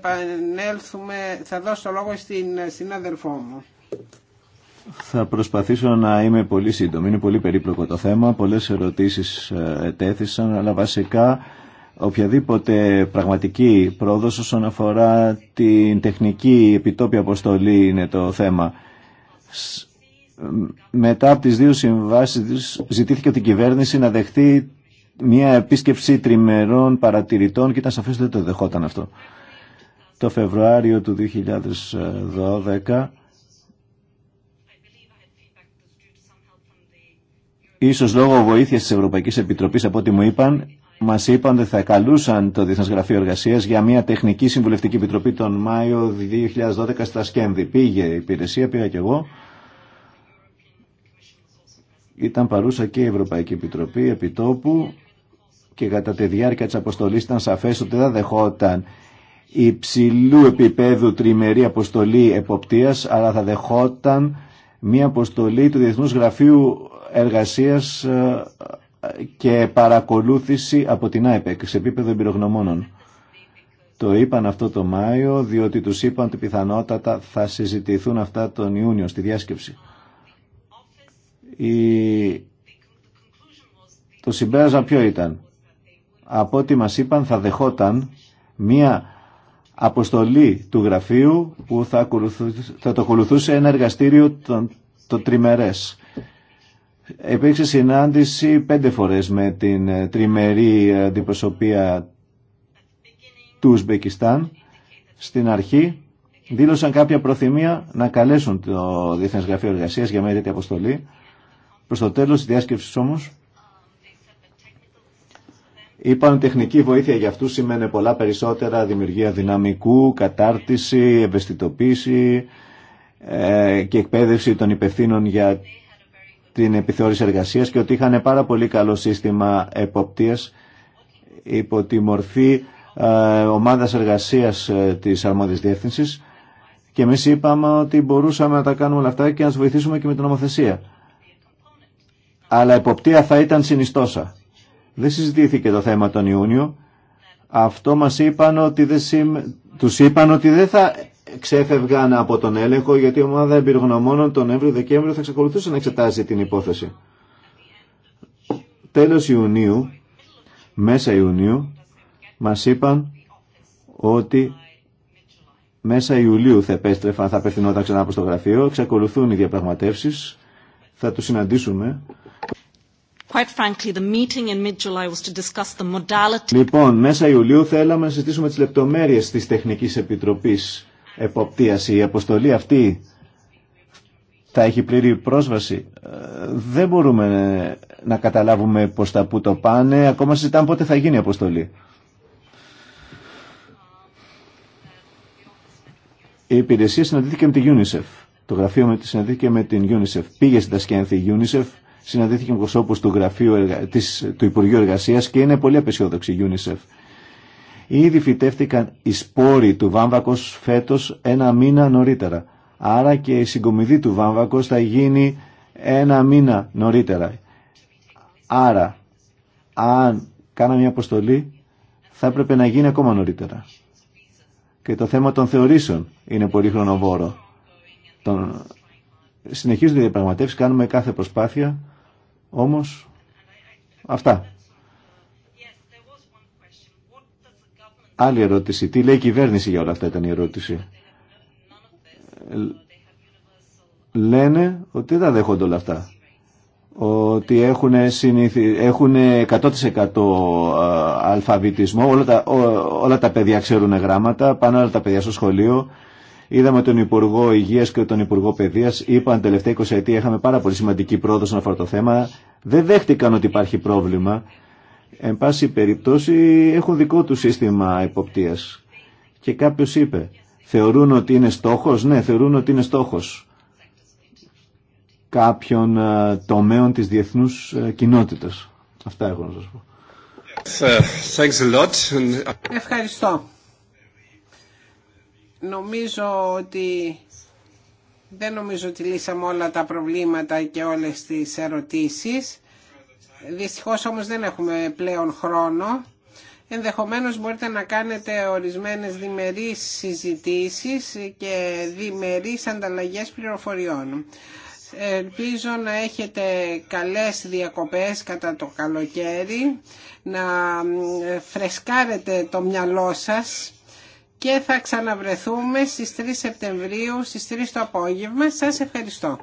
πανέλθουμε, θα δώσω λόγο στην συνάδελφό μου. Θα προσπαθήσω να είμαι πολύ σύντομη. Είναι πολύ περίπλοκο το θέμα. Πολλές ερωτήσεις ετέθησαν, αλλά βασικά οποιαδήποτε πραγματική πρόοδος όσον αφορά την τεχνική επιτόπια αποστολή είναι το θέμα. Μετά από τις δύο συμβάσεις ζητήθηκε από την κυβέρνηση να δεχτεί μια επίσκεψη τριμερών παρατηρητών και ήταν σαφές ότι δεν το δεχόταν αυτό. Το Φεβρουάριο του 2012 ίσως λόγω βοήθειας της Ευρωπαϊκής Επιτροπής από ό,τι μου είπαν Μα είπαν ότι θα καλούσαν το Διεθνέ Γραφείο Εργασία για μια τεχνική συμβουλευτική επιτροπή τον Μάιο 2012 στα Σκένδη. Πήγε η υπηρεσία, πήγα κι εγώ. Ήταν παρούσα και η Ευρωπαϊκή Επιτροπή επιτόπου και κατά τη διάρκεια τη αποστολή ήταν σαφέ ότι δεν δεχόταν υψηλού επίπεδου τριμερή αποστολή εποπτεία αλλά θα δεχόταν μια αποστολή του διεθνού Γραφείου Εργασία. Ε, και παρακολούθηση από την ΆΕΠΕΚ σε επίπεδο εμπειρογνωμόνων. Το είπαν αυτό το Μάιο διότι τους είπαν ότι πιθανότατα θα συζητηθούν αυτά τον Ιούνιο στη διάσκεψη. Η... Το συμπέρασμα ποιο ήταν. Από ό,τι μας είπαν θα δεχόταν μία αποστολή του γραφείου που θα, το ακολουθούσε ένα εργαστήριο το τριμερές. Υπήρξε συνάντηση πέντε φορές με την ε, τριμερή αντιπροσωπεία του Ουσμπεκιστάν. Στην αρχή δήλωσαν κάποια προθυμία να καλέσουν το Διεθνές Γραφείο Εργασίας για μια τέτοια αποστολή. Προς το τέλος της διάσκεψης όμως είπαν τεχνική βοήθεια για αυτούς σημαίνει πολλά περισσότερα δημιουργία δυναμικού, κατάρτιση, ευαισθητοποίηση ε, και εκπαίδευση των υπευθύνων για την επιθεώρηση εργασία και ότι είχαν πάρα πολύ καλό σύστημα εποπτείας υπό τη μορφή ε, ομάδας εργασίας ε, της αρμόδιας διεύθυνσης και εμεί είπαμε ότι μπορούσαμε να τα κάνουμε όλα αυτά και να του βοηθήσουμε και με την νομοθεσία. Αλλά εποπτεία θα ήταν συνιστόσα. Δεν συζητήθηκε το θέμα τον Ιούνιο. Αυτό μας είπαν ότι δεν τους είπαν ότι δεν θα ξέφευγαν από τον έλεγχο γιατί η ομάδα εμπειρογνωμόνων τον Νοέμβριο-Δεκέμβριο θα εξακολουθούσε να εξετάζει την υπόθεση. Τέλος Ιουνίου, μέσα Ιουνίου, μας είπαν ότι μέσα Ιουλίου θα επέστρεφαν, θα απευθυνόταν ξανά προς το γραφείο, εξακολουθούν οι διαπραγματεύσεις, θα τους συναντήσουμε. Λοιπόν, μέσα Ιουλίου θέλαμε να συζητήσουμε τις λεπτομέρειες της Τεχνικής Επιτροπής εποπτείας. Η αποστολή αυτή θα έχει πλήρη πρόσβαση. Ε, δεν μπορούμε να καταλάβουμε πώς τα που το πάνε. Ακόμα συζητάμε πότε θα γίνει η αποστολή. Η υπηρεσία συναντήθηκε με την UNICEF. Το γραφείο με τη συναντήθηκε με την UNICEF. Πήγε στην Τασκένθη η UNICEF, συναντήθηκε με προσώπου του, γραφείου, της, του Υπουργείου Εργασία και είναι πολύ απεσιόδοξη η UNICEF. Ήδη φυτεύτηκαν οι σπόροι του βάμβακος φέτος ένα μήνα νωρίτερα. Άρα και η συγκομιδή του βάμβακος θα γίνει ένα μήνα νωρίτερα. Άρα, αν κάνα μια αποστολή, θα έπρεπε να γίνει ακόμα νωρίτερα. Και το θέμα των θεωρήσεων είναι πολύ χρονοβόρο. Τον... Συνεχίζονται οι διαπραγματεύσεις, κάνουμε κάθε προσπάθεια, όμως αυτά. Άλλη ερώτηση. Τι λέει η κυβέρνηση για όλα αυτά ήταν η ερώτηση. Λένε ότι δεν δέχονται όλα αυτά. Ότι έχουν, έχουν 100% αλφαβητισμό. Όλα τα, όλα τα παιδιά ξέρουν γράμματα. Πάνω όλα τα παιδιά στο σχολείο. Είδαμε τον Υπουργό Υγεία και τον Υπουργό Παιδεία. Είπαν τελευταία 20 ετία είχαμε πάρα πολύ σημαντική πρόοδο σε αυτό το θέμα. Δεν δέχτηκαν ότι υπάρχει πρόβλημα. Εν πάση περιπτώσει έχουν δικό του σύστημα εποπτείας. Και κάποιος είπε, θεωρούν ότι είναι στόχος. Ναι, θεωρούν ότι είναι στόχος κάποιων ε, τομέων της διεθνούς ε, κοινότητας. Αυτά έχω να σας πω. Uh, Ευχαριστώ. Νομίζω ότι δεν νομίζω ότι λύσαμε όλα τα προβλήματα και όλες τις ερωτήσεις. Δυστυχώς όμως δεν έχουμε πλέον χρόνο. Ενδεχομένως μπορείτε να κάνετε ορισμένες διμερείς συζητήσεις και διμερείς ανταλλαγές πληροφοριών. Ελπίζω να έχετε καλές διακοπές κατά το καλοκαίρι, να φρεσκάρετε το μυαλό σας και θα ξαναβρεθούμε στις 3 Σεπτεμβρίου στις 3 το απόγευμα. Σας ευχαριστώ.